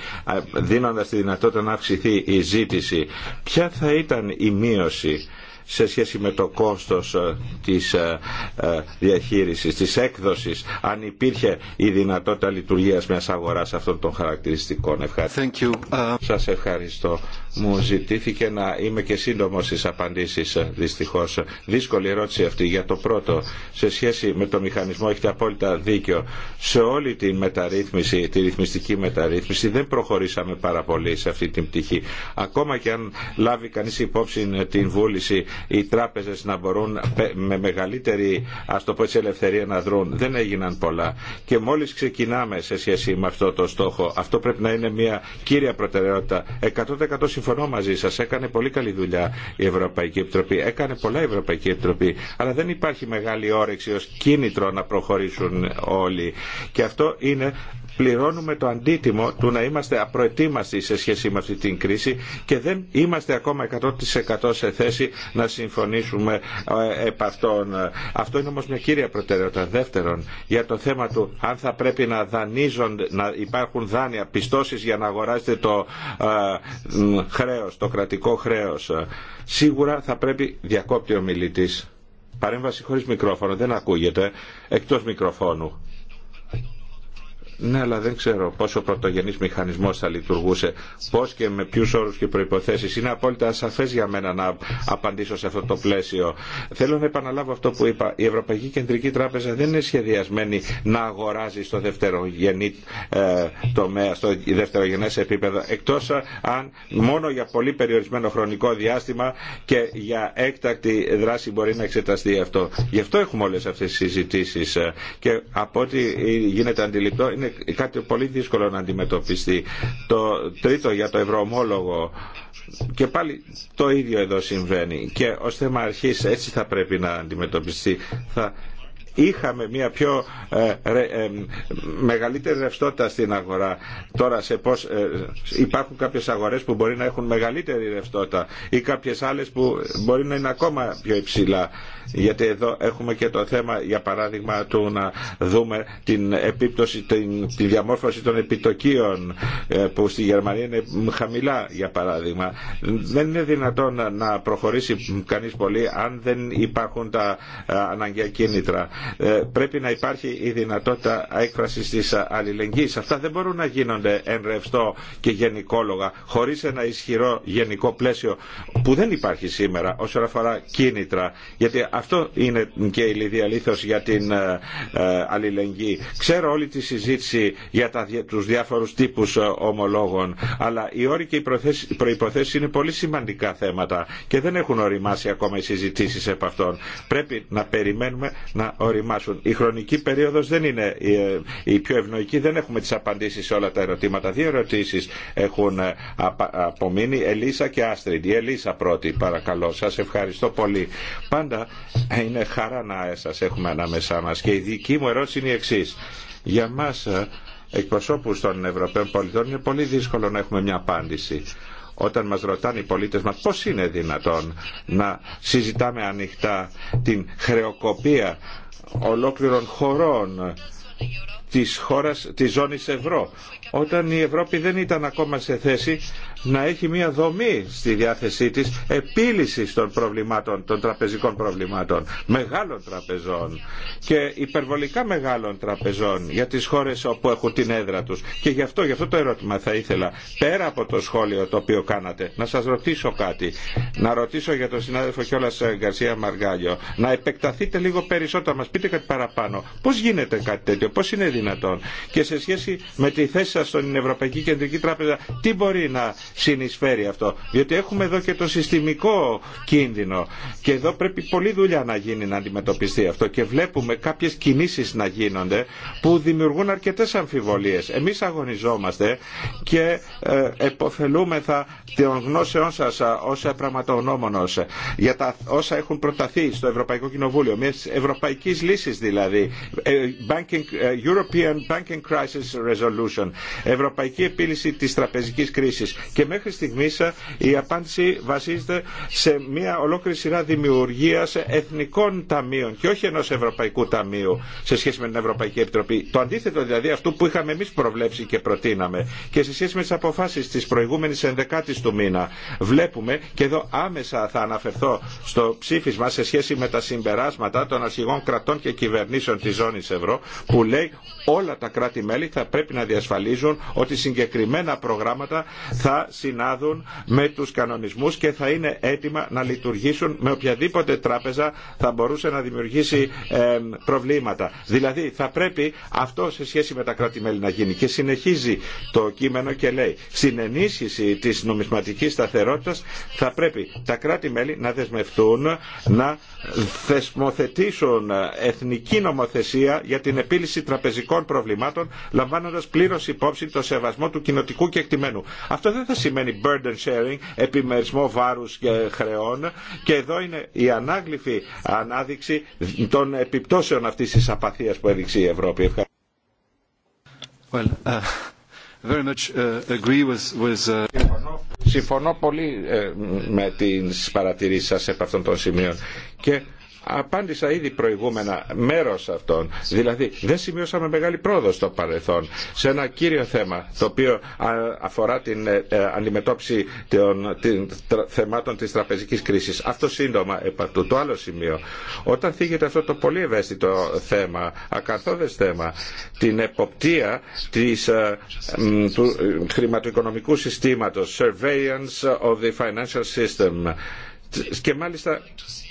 δίνοντα τη δυνατότητα να αυξηθεί η ζήτηση. Ποια θα ήταν η μείωση σε σχέση με το κόστος ε, της ε, ε, διαχείρισης, της έκδοσης, αν υπήρχε η δυνατότητα λειτουργίας μιας αγοράς αυτών των χαρακτηριστικών. Ευχαριστώ. Σας ευχαριστώ. Μου ζητήθηκε να είμαι και σύντομο στις απαντήσεις, δυστυχώς. Δύσκολη ερώτηση αυτή για το πρώτο. Σε σχέση με το μηχανισμό έχετε απόλυτα δίκιο. Σε όλη τη μεταρρύθμιση, τη ρυθμιστική μεταρρύθμιση δεν προχωρήσαμε πάρα πολύ σε αυτή την πτυχή. Ακόμα και αν λάβει κανείς υπόψη την βούληση οι τράπεζες να μπορούν με μεγαλύτερη ας το πω ελευθερία να δρουν. Δεν έγιναν πολλά. Και μόλις ξεκινάμε σε σχέση με αυτό το στόχο, αυτό πρέπει να είναι μια κύρια προτεραιότητα. 100% συμφωνώ μαζί σας. Έκανε πολύ καλή δουλειά η Ευρωπαϊκή Επιτροπή. Έκανε πολλά η Ευρωπαϊκή Επιτροπή. Αλλά δεν υπάρχει μεγάλη όρεξη ως κίνητρο να προχωρήσουν όλοι. Και αυτό είναι πληρώνουμε το αντίτιμο του να είμαστε απροετοίμαστοι σε σχέση με αυτή την κρίση και δεν είμαστε ακόμα 100% σε θέση να συμφωνήσουμε ε, επ' αυτών. Αυτό είναι όμως μια κύρια προτεραιότητα. Δεύτερον, για το θέμα του αν θα πρέπει να δανείζονται, να υπάρχουν δάνεια, πιστώσεις για να αγοράσετε το ε, χρέος, το κρατικό χρέος. Σίγουρα θα πρέπει, διακόπτει ο μιλητής, παρέμβαση χωρίς μικρόφωνο, δεν ακούγεται, εκτός μικροφώνου. Ναι, αλλά δεν ξέρω πόσο πρωτογενή μηχανισμό θα λειτουργούσε, πώ και με ποιου όρου και προποθέσει. Είναι απόλυτα ασαφέ για μένα να απαντήσω σε αυτό το πλαίσιο. Θέλω να επαναλάβω αυτό που είπα. Η Ευρωπαϊκή Κεντρική Τράπεζα δεν είναι σχεδιασμένη να αγοράζει στο δευτερογενή ε, τομέα, στο δευτερογενέ επίπεδο, εκτό αν μόνο για πολύ περιορισμένο χρονικό διάστημα και για έκτακτη δράση μπορεί να εξεταστεί αυτό. Γι' αυτό έχουμε όλε αυτέ τι συζητήσει ε, και από ό,τι γίνεται αντιληπτό είναι κάτι πολύ δύσκολο να αντιμετωπιστεί. Το τρίτο για το ευρωομόλογο και πάλι το ίδιο εδώ συμβαίνει και ως θέμα αρχής έτσι θα πρέπει να αντιμετωπιστεί. Θα είχαμε μια πιο ε, ε, μεγαλύτερη ρευστότητα στην αγορά. Τώρα σε πώς, ε, υπάρχουν κάποιες αγορές που μπορεί να έχουν μεγαλύτερη ρευστότητα ή κάποιες άλλες που μπορεί να είναι ακόμα πιο υψηλά. Γιατί εδώ έχουμε και το θέμα, για παράδειγμα, του να δούμε την επίπτωση, την, τη διαμόρφωση των επιτοκίων που στη Γερμανία είναι χαμηλά, για παράδειγμα. Δεν είναι δυνατόν να προχωρήσει κανείς πολύ αν δεν υπάρχουν τα αναγκαία κίνητρα. Ε, πρέπει να υπάρχει η δυνατότητα έκφραση τη αλληλεγγύη. Αυτά δεν μπορούν να γίνονται εν ρευστό και γενικόλογα, χωρί ένα ισχυρό γενικό πλαίσιο που δεν υπάρχει σήμερα όσον αφορά κίνητρα. Γιατί αυτό είναι και η λίθο για την ε, ε, αλληλεγγύη. Ξέρω όλη τη συζήτηση για του διάφορου τύπου τύπους ομολόγων, αλλά οι όροι και οι προποθέσει είναι πολύ σημαντικά θέματα και δεν έχουν οριμάσει ακόμα οι συζητήσει επ' αυτών. Πρέπει να περιμένουμε να οριμάσουν. Η χρονική περίοδο δεν είναι ε, η πιο ευνοϊκή, δεν έχουμε τι απαντήσει σε όλα τα ερωτήματα. Δύο ερωτήσει έχουν ε, απομείνει, Ελίσα και Άστριντ. Η Ελίσα πρώτη, παρακαλώ. σα ευχαριστώ πολύ. Πάντα είναι χαρά να ε, σα έχουμε ανάμεσά μα και η δική μου ερώτηση είναι η εξή. Για μας εκπροσώπου των Ευρωπαίων πολιτών είναι πολύ δύσκολο να έχουμε μια απάντηση όταν μας ρωτάνε οι πολίτες μας πώς είναι δυνατόν να συζητάμε ανοιχτά την χρεοκοπία ολόκληρων χωρών της χώρας της ζώνης ευρώ όταν η Ευρώπη δεν ήταν ακόμα σε θέση να έχει μια δομή στη διάθεσή της επίλυσης των προβλημάτων, των τραπεζικών προβλημάτων, μεγάλων τραπεζών και υπερβολικά μεγάλων τραπεζών για τις χώρες όπου έχουν την έδρα τους. Και γι' αυτό, γι' αυτό το ερώτημα θα ήθελα, πέρα από το σχόλιο το οποίο κάνατε, να σας ρωτήσω κάτι, να ρωτήσω για τον συνάδελφο κιόλας ε, Γκαρσία Μαργάλιο, να επεκταθείτε λίγο περισσότερο, μας πείτε κάτι παραπάνω. Πώς γίνεται κάτι τέτοιο, πώς είναι δυνατόν και σε σχέση με τη θέση σας στην Ευρωπαϊκή Κεντρική Τράπεζα, τι μπορεί να συνεισφέρει αυτό. Διότι έχουμε εδώ και το συστημικό κίνδυνο και εδώ πρέπει πολλή δουλειά να γίνει να αντιμετωπιστεί αυτό και βλέπουμε κάποιε κινήσει να γίνονται που δημιουργούν αρκετέ αμφιβολίες. Εμεί αγωνιζόμαστε και ε, εποφελούμεθα των γνώσεών σα ω πραγματογνωμονο για τα όσα έχουν προταθεί στο Ευρωπαϊκό Κοινοβούλιο, μια ευρωπαϊκή λύση δηλαδή, ε, banking, ε, European Banking Crisis Resolution, ευρωπαϊκή επίλυση τη τραπεζική κρίση και μέχρι στιγμή ε, η απάντηση βασίζεται σε μια ολόκληρη σειρά δημιουργία εθνικών ταμείων και όχι ενό Ευρωπαϊκού Ταμείου σε σχέση με την Ευρωπαϊκή Επιτροπή. Το αντίθετο δηλαδή αυτού που είχαμε εμεί προβλέψει και προτείναμε και σε σχέση με τι αποφάσει, τη προηγούμενη ενδεκάτη του μήνα βλέπουμε και εδώ άμεσα θα αναφερθώ στο ψήφισμα σε σχέση με τα συμπεράσματα των αρχηγών κρατών και κυβερνήσεων τη ζώνη ευρώ που λέει όλα τα κράτη-μέλη θα πρέπει να διασφαλίζουν ότι συγκεκριμένα προγράμματα θα συνάδουν με τους κανονισμούς και θα είναι έτοιμα να λειτουργήσουν με οποιαδήποτε τράπεζα θα μπορούσε να δημιουργήσει ε, προβλήματα. Δηλαδή θα πρέπει αυτό σε σχέση με τα κράτη-μέλη να γίνει. Και συνεχίζει το κείμενο και λέει στην ενίσχυση της νομισματικής σταθερότητας θα πρέπει τα κράτη-μέλη να δεσμευτούν να θεσμοθετήσουν εθνική νομοθεσία για την επίλυση τραπεζικών προβλημάτων λαμβάνοντας πλήρως υπόψη το σεβασμό του κοινοτικού κεκτημένου. Αυτό σημαίνει burden sharing, επιμερισμό βάρους και χρεών και εδώ είναι η ανάγλυφη ανάδειξη των επιπτώσεων αυτής της απαθίας που έδειξε η Ευρώπη. Well, uh, very much, uh, agree with, with, uh... Συμφωνώ, πολύ ε, με τις παρατηρήσεις σας επ' αυτών των σημείων και Απάντησα ήδη προηγούμενα μέρος αυτών. Δηλαδή δεν σημειώσαμε μεγάλη πρόοδο στο παρελθόν σε ένα κύριο θέμα το οποίο αφορά την ε, ε, αντιμετώπιση των θεμάτων της τραπεζικής κρίσης. Αυτό σύντομα επ' Το άλλο σημείο. Όταν θίγεται αυτό το πολύ ευαίσθητο θέμα, ακαθόδες θέμα, την εποπτεία της, ε, του χρηματοοικονομικού συστήματος, surveillance of the financial system, και μάλιστα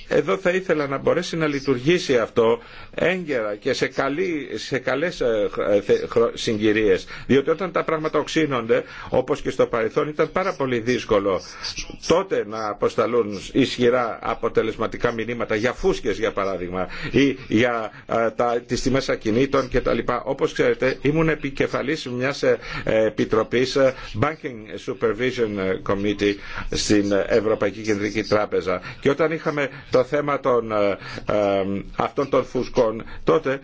εδώ θα ήθελα να μπορέσει να λειτουργήσει αυτό έγκαιρα και σε, καλή, σε καλές ε, ε, συγκυρίες. Διότι όταν τα πράγματα οξύνονται, όπως και στο παρελθόν, ήταν πάρα πολύ δύσκολο τότε να αποσταλούν ισχυρά αποτελεσματικά μηνύματα για φούσκες για παράδειγμα ή για ε, τα, τις τιμές ακινήτων κτλ. Όπως ξέρετε ήμουν επικεφαλής μιας επιτροπής Banking Supervision Committee στην Ευρωπαϊκή Κεντρική Τράπεζα και όταν είχαμε το θέμα των, ε, ε, αυτών των φουσκών τότε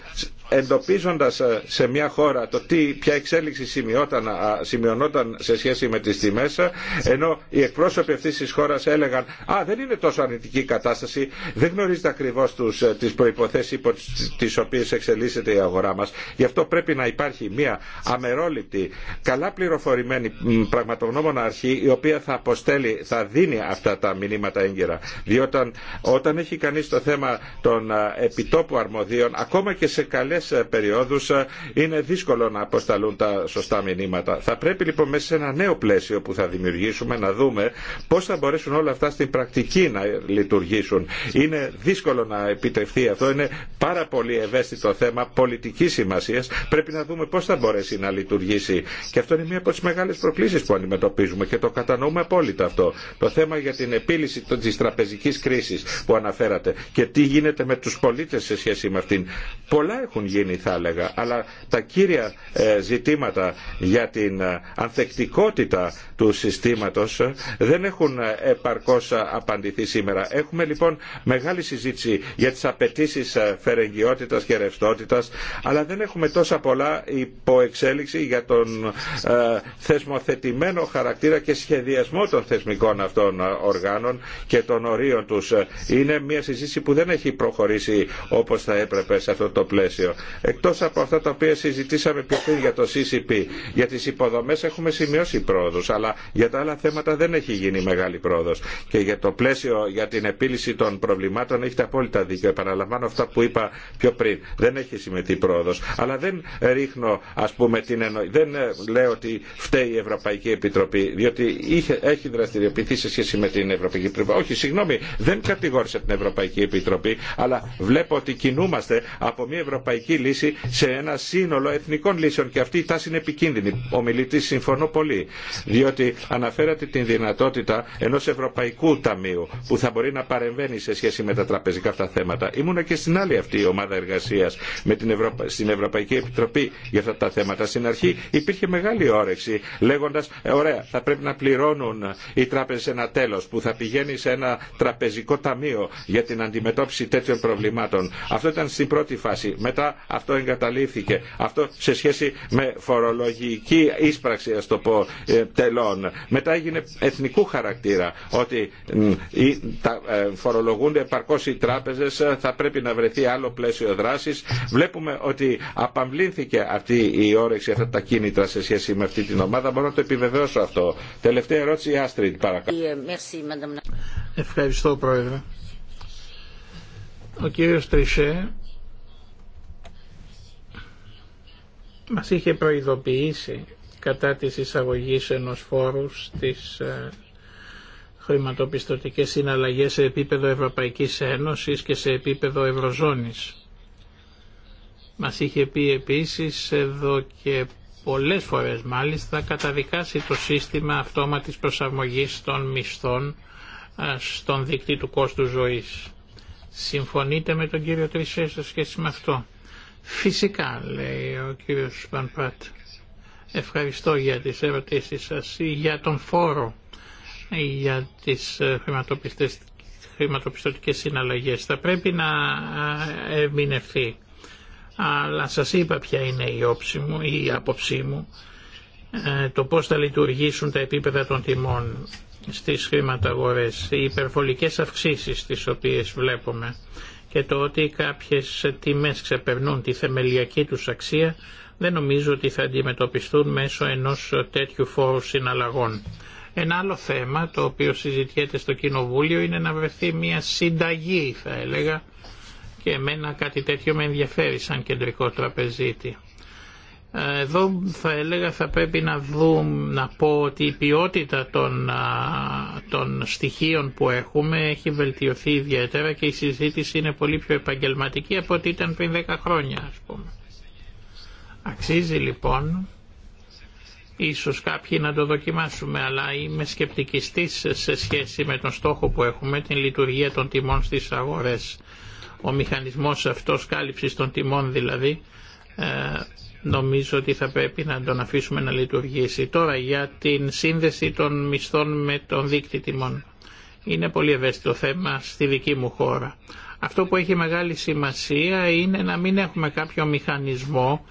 εντοπίζοντας ε, σε μια χώρα το τι, ποια εξέλιξη σημειώταν, σημειωνόταν σε σχέση με τις τιμές, ε, ενώ οι εκπρόσωποι αυτής της χώρας έλεγαν «Α, δεν είναι τόσο αρνητική η κατάσταση, δεν γνωρίζετε ακριβώς τους, ε, τις προϋποθέσεις υπό τις οποίες εξελίσσεται η αγορά μας». Γι' αυτό πρέπει να υπάρχει μια αμερόληπτη, καλά πληροφορημένη πραγματογνώμονα αρχή, η οποία θα αποστέλει, θα δίνει αυτά τα μηνύματα έγκαιρα. Διότι όταν, έχει κανείς το θέμα των επιτόπου αρμοδίων, ακόμα και σε καλέ ε, περιόδους ε, είναι δύσκολο να αποσταλούν τα σωστά μηνύματα. Θα πρέπει λοιπόν μέσα σε ένα νέο πλαίσιο που θα δημιουργήσουμε να δούμε πώς θα μπορέσουν όλα αυτά στην πρακτική να λειτουργήσουν. Είναι δύσκολο να επιτευχθεί αυτό, είναι πάρα πολύ ευαίσθητο θέμα πολιτική σημασία. Πρέπει να δούμε πώ θα μπορέσει να λειτουργήσει. Και αυτό είναι μία από τι μεγάλε προκλήσει που αντιμετωπίζουμε και το κατανοούμε απόλυτα αυτό. Το θέμα για την επίλυση τη τραπεζική κρίση που αναφέρατε και τι γίνεται με του πολίτε σε σχέση με αυτήν. Πολλά έχουν γίνει θα έλεγα. Αλλά τα κύρια ε, ζητήματα για την ε, ανθεκτικότητα του συστήματος ε, δεν έχουν επαρκώς απαντηθεί σήμερα. Έχουμε λοιπόν μεγάλη συζήτηση για τις απαιτήσει φερεγγιότητας και ρευστότητας, αλλά δεν έχουμε τόσα πολλά υποεξέλιξη για τον θεσμοθετημένο χαρακτήρα και σχεδιασμό των θεσμικών αυτών οργάνων και των ορίων τους. Είναι μια συζήτηση που δεν έχει προχωρήσει όπως θα έπρεπε σε αυτό το πλαίσιο. Εκτό Εκτός από αυτά τα οποία συζητήσαμε πιο πριν για το CCP, για τις υποδομές έχουμε σημειώσει πρόοδος αλλά για τα άλλα θέματα δεν έχει γίνει μεγάλη πρόοδος. Και για το πλαίσιο για την επίλυση των προβλημάτων έχετε απόλυτα δίκιο. Επαναλαμβάνω αυτά που είπα πιο πριν. Δεν έχει συμμετεί πρόοδος. Αλλά δεν ρίχνω, ας πούμε, την εννοή. δεν ε, λέω ότι φταίει η Ευρωπαϊκή Επιτροπή, διότι είχε... έχει δραστηριοποιηθεί σε σχέση με την Ευρωπαϊκή Επιτροπή. Όχι, συγγνώμη, δεν κατηγόρησε την Ευρωπαϊκή Επιτροπή, αλλά βλέπω ότι κινούμαστε από μια Ευρωπαϊκή ευρωπαϊκή λύση σε ένα σύνολο εθνικών λύσεων και αυτή η τάση είναι επικίνδυνη. Ο μιλητή συμφωνώ πολύ, διότι αναφέρατε την δυνατότητα ενό ευρωπαϊκού ταμείου που θα μπορεί να παρεμβαίνει σε σχέση με τα τραπεζικά αυτά θέματα. Ήμουν και στην άλλη αυτή η ομάδα εργασία Ευρωπα... στην Ευρωπαϊκή Επιτροπή για αυτά τα θέματα. Στην αρχή υπήρχε μεγάλη όρεξη λέγοντα, «Ε, ωραία, θα πρέπει να πληρώνουν οι τράπεζε ένα τέλο που θα πηγαίνει σε ένα τραπεζικό ταμείο για την αντιμετώπιση τέτοιων προβλημάτων. Αυτό ήταν στην πρώτη φάση. Μετά αυτό εγκαταλείφθηκε. Αυτό σε σχέση με φορολογική ίσπραξη, α το πω, ε, τελών. Μετά έγινε εθνικού χαρακτήρα ότι ε, φορολογούνται επαρκώ οι τράπεζε, θα πρέπει να βρεθεί άλλο πλαίσιο δράση. Βλέπουμε ότι απαμβλήθηκε αυτή η όρεξη, αυτά τα κίνητρα σε σχέση με αυτή την ομάδα. Μπορώ να το επιβεβαιώσω αυτό. Τελευταία ερώτηση, η Άστριντ, παρακαλώ. Ε, Ευχαριστώ, Πρόεδρε. Ο κύριος Τρισέ Μας είχε προειδοποιήσει κατά της εισαγωγής ενός φόρου στις ε, χρηματοπιστωτικές συναλλαγές σε επίπεδο Ευρωπαϊκής Ένωσης και σε επίπεδο Ευρωζώνης. Μας είχε πει επίσης εδώ και πολλές φορές μάλιστα καταδικάσει το σύστημα αυτόματης προσαρμογής των μισθών ε, στον δίκτυ του κόστου ζωής. Συμφωνείτε με τον κύριο Τρισέ σε σχέση με αυτό. Φυσικά, λέει ο κύριος Πανπράτ. Ευχαριστώ για τις ερωτήσεις σας ή για τον φόρο για τις ε, χρηματοπιστωτικές συναλλαγές. Θα πρέπει να ε, ερμηνευθεί. Αλλά σας είπα ποια είναι η όψη μου ή η άποψή μου ε, το πώς θα λειτουργήσουν τα επίπεδα των τιμών στις χρηματαγορές, οι υπερβολικές αυξήσεις τις οποίες βλέπουμε και το ότι κάποιες τιμές ξεπερνούν τη θεμελιακή τους αξία δεν νομίζω ότι θα αντιμετωπιστούν μέσω ενός τέτοιου φόρου συναλλαγών. Ένα άλλο θέμα το οποίο συζητιέται στο Κοινοβούλιο είναι να βρεθεί μια συνταγή θα έλεγα και εμένα κάτι τέτοιο με ενδιαφέρει σαν κεντρικό τραπεζίτη. Εδώ θα έλεγα θα πρέπει να δούμε, να πω ότι η ποιότητα των, των στοιχείων που έχουμε έχει βελτιωθεί ιδιαίτερα και η συζήτηση είναι πολύ πιο επαγγελματική από ό,τι ήταν πριν 10 χρόνια ας πούμε. Αξίζει λοιπόν, ίσως κάποιοι να το δοκιμάσουμε, αλλά είμαι σκεπτικιστής σε σχέση με τον στόχο που έχουμε, την λειτουργία των τιμών στις αγορές. Ο μηχανισμός αυτός κάλυψης των τιμών δηλαδή, ε, νομίζω ότι θα πρέπει να τον αφήσουμε να λειτουργήσει. Τώρα για την σύνδεση των μισθών με τον δίκτυ τιμών. Είναι πολύ ευαίσθητο θέμα στη δική μου χώρα. Αυτό που έχει μεγάλη σημασία είναι να μην έχουμε κάποιο μηχανισμό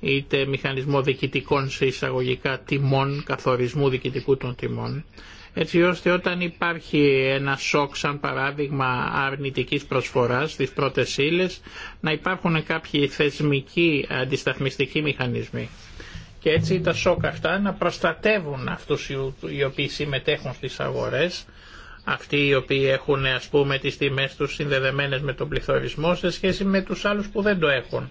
είτε μηχανισμό διοικητικών σε εισαγωγικά τιμών, καθορισμού διοικητικού των τιμών, έτσι ώστε όταν υπάρχει ένα σοκ σαν παράδειγμα αρνητικής προσφοράς στις πρώτες ύλες να υπάρχουν κάποιοι θεσμικοί αντισταθμιστικοί μηχανισμοί. Και έτσι τα σοκ αυτά να προστατεύουν αυτούς οι οποίοι συμμετέχουν στις αγορές, αυτοί οι οποίοι έχουν ας πούμε τις τιμές τους συνδεδεμένες με τον πληθωρισμό σε σχέση με τους άλλους που δεν το έχουν.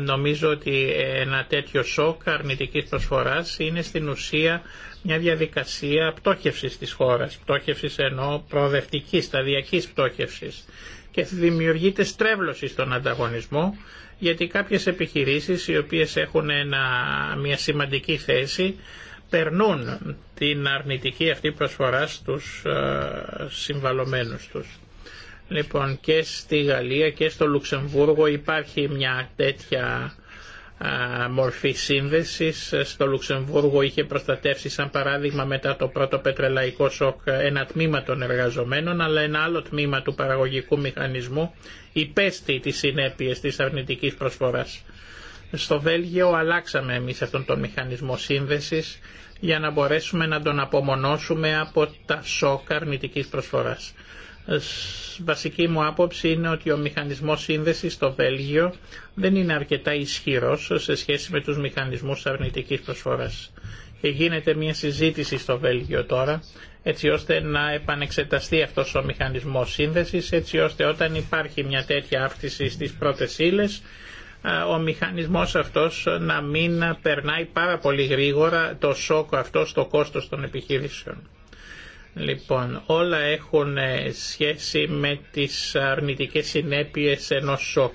Νομίζω ότι ε, ένα τέτοιο σοκ αρνητικής προσφοράς είναι στην ουσία μια διαδικασία πτώχευσης της χώρας, πτώχευσης ενώ προοδευτικής, σταδιακής πτώχευσης και δημιουργείται στρέβλωση στον ανταγωνισμό γιατί κάποιες επιχειρήσεις οι οποίες έχουν μια σημαντική θέση περνούν την αρνητική αυτή προσφορά στους ε, συμβαλωμένους τους. Λοιπόν και στη Γαλλία και στο Λουξεμβούργο υπάρχει μια τέτοια μορφή σύνδεσης. Στο Λουξεμβούργο είχε προστατεύσει σαν παράδειγμα μετά το πρώτο πετρελαϊκό σοκ ένα τμήμα των εργαζομένων αλλά ένα άλλο τμήμα του παραγωγικού μηχανισμού υπέστη τις συνέπειες της αρνητικής προσφοράς. Στο Βέλγιο αλλάξαμε εμείς αυτόν τον μηχανισμό σύνδεσης για να μπορέσουμε να τον απομονώσουμε από τα σοκ αρνητικής προσφοράς βασική μου άποψη είναι ότι ο μηχανισμός σύνδεσης στο Βέλγιο δεν είναι αρκετά ισχυρός σε σχέση με τους μηχανισμούς αρνητικής προσφοράς. Και γίνεται μια συζήτηση στο Βέλγιο τώρα, έτσι ώστε να επανεξεταστεί αυτός ο μηχανισμός σύνδεσης, έτσι ώστε όταν υπάρχει μια τέτοια αύξηση στις πρώτες ύλε, ο μηχανισμός αυτός να μην περνάει πάρα πολύ γρήγορα το σόκο αυτό στο κόστος των επιχειρήσεων. Λοιπόν, όλα έχουν ε, σχέση με τις αρνητικές συνέπειες ενός σοκ.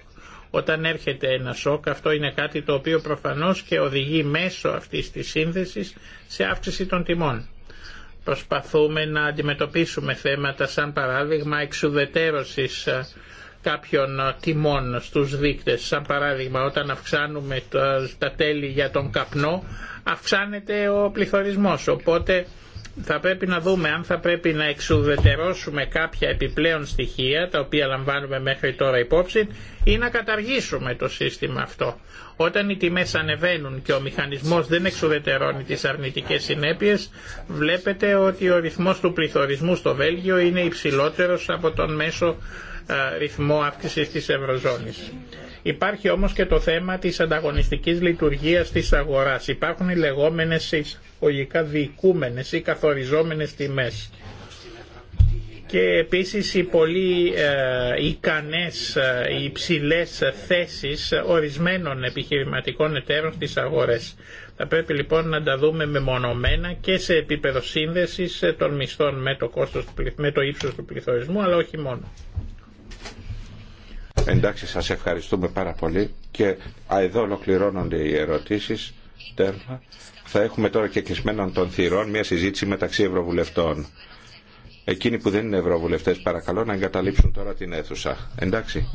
Όταν έρχεται ένα σοκ αυτό είναι κάτι το οποίο προφανώς και οδηγεί μέσω αυτής της σύνδεσης σε αύξηση των τιμών. Προσπαθούμε να αντιμετωπίσουμε θέματα σαν παράδειγμα εξουδετέρωσης ε, κάποιων ε, τιμών στους δείκτες. Σαν παράδειγμα όταν αυξάνουμε τα τέλη για τον καπνό αυξάνεται ο πληθωρισμός. Οπότε θα πρέπει να δούμε αν θα πρέπει να εξουδετερώσουμε κάποια επιπλέον στοιχεία τα οποία λαμβάνουμε μέχρι τώρα υπόψη ή να καταργήσουμε το σύστημα αυτό. Όταν οι τιμές ανεβαίνουν και ο μηχανισμός δεν εξουδετερώνει τις αρνητικές συνέπειες βλέπετε ότι ο ρυθμός του πληθωρισμού στο Βέλγιο είναι υψηλότερος από τον μέσο ε, ρυθμό αύξησης της Ευρωζώνης. Υπάρχει όμως και το θέμα της ανταγωνιστικής λειτουργίας της αγοράς. Υπάρχουν οι λεγόμενες εισαγωγικά διοικούμενες ή καθοριζόμενες τιμές. Και επίσης οι πολύ ε, ικανές, ε, οι υψηλές θέσεις ορισμένων επιχειρηματικών εταίρων στις αγορές. Θα πρέπει λοιπόν να τα δούμε μεμονωμένα και σε επίπεδο σύνδεσης των μισθών με το, κόστος, με το ύψος του πληθωρισμού, αλλά όχι μόνο. Εντάξει, σας ευχαριστούμε πάρα πολύ και εδώ ολοκληρώνονται οι ερωτήσεις. Τέρμα. Θα έχουμε τώρα και κλεισμένων των θυρών μια συζήτηση μεταξύ ευρωβουλευτών. Εκείνοι που δεν είναι ευρωβουλευτές παρακαλώ να εγκαταλείψουν τώρα την αίθουσα. Εντάξει.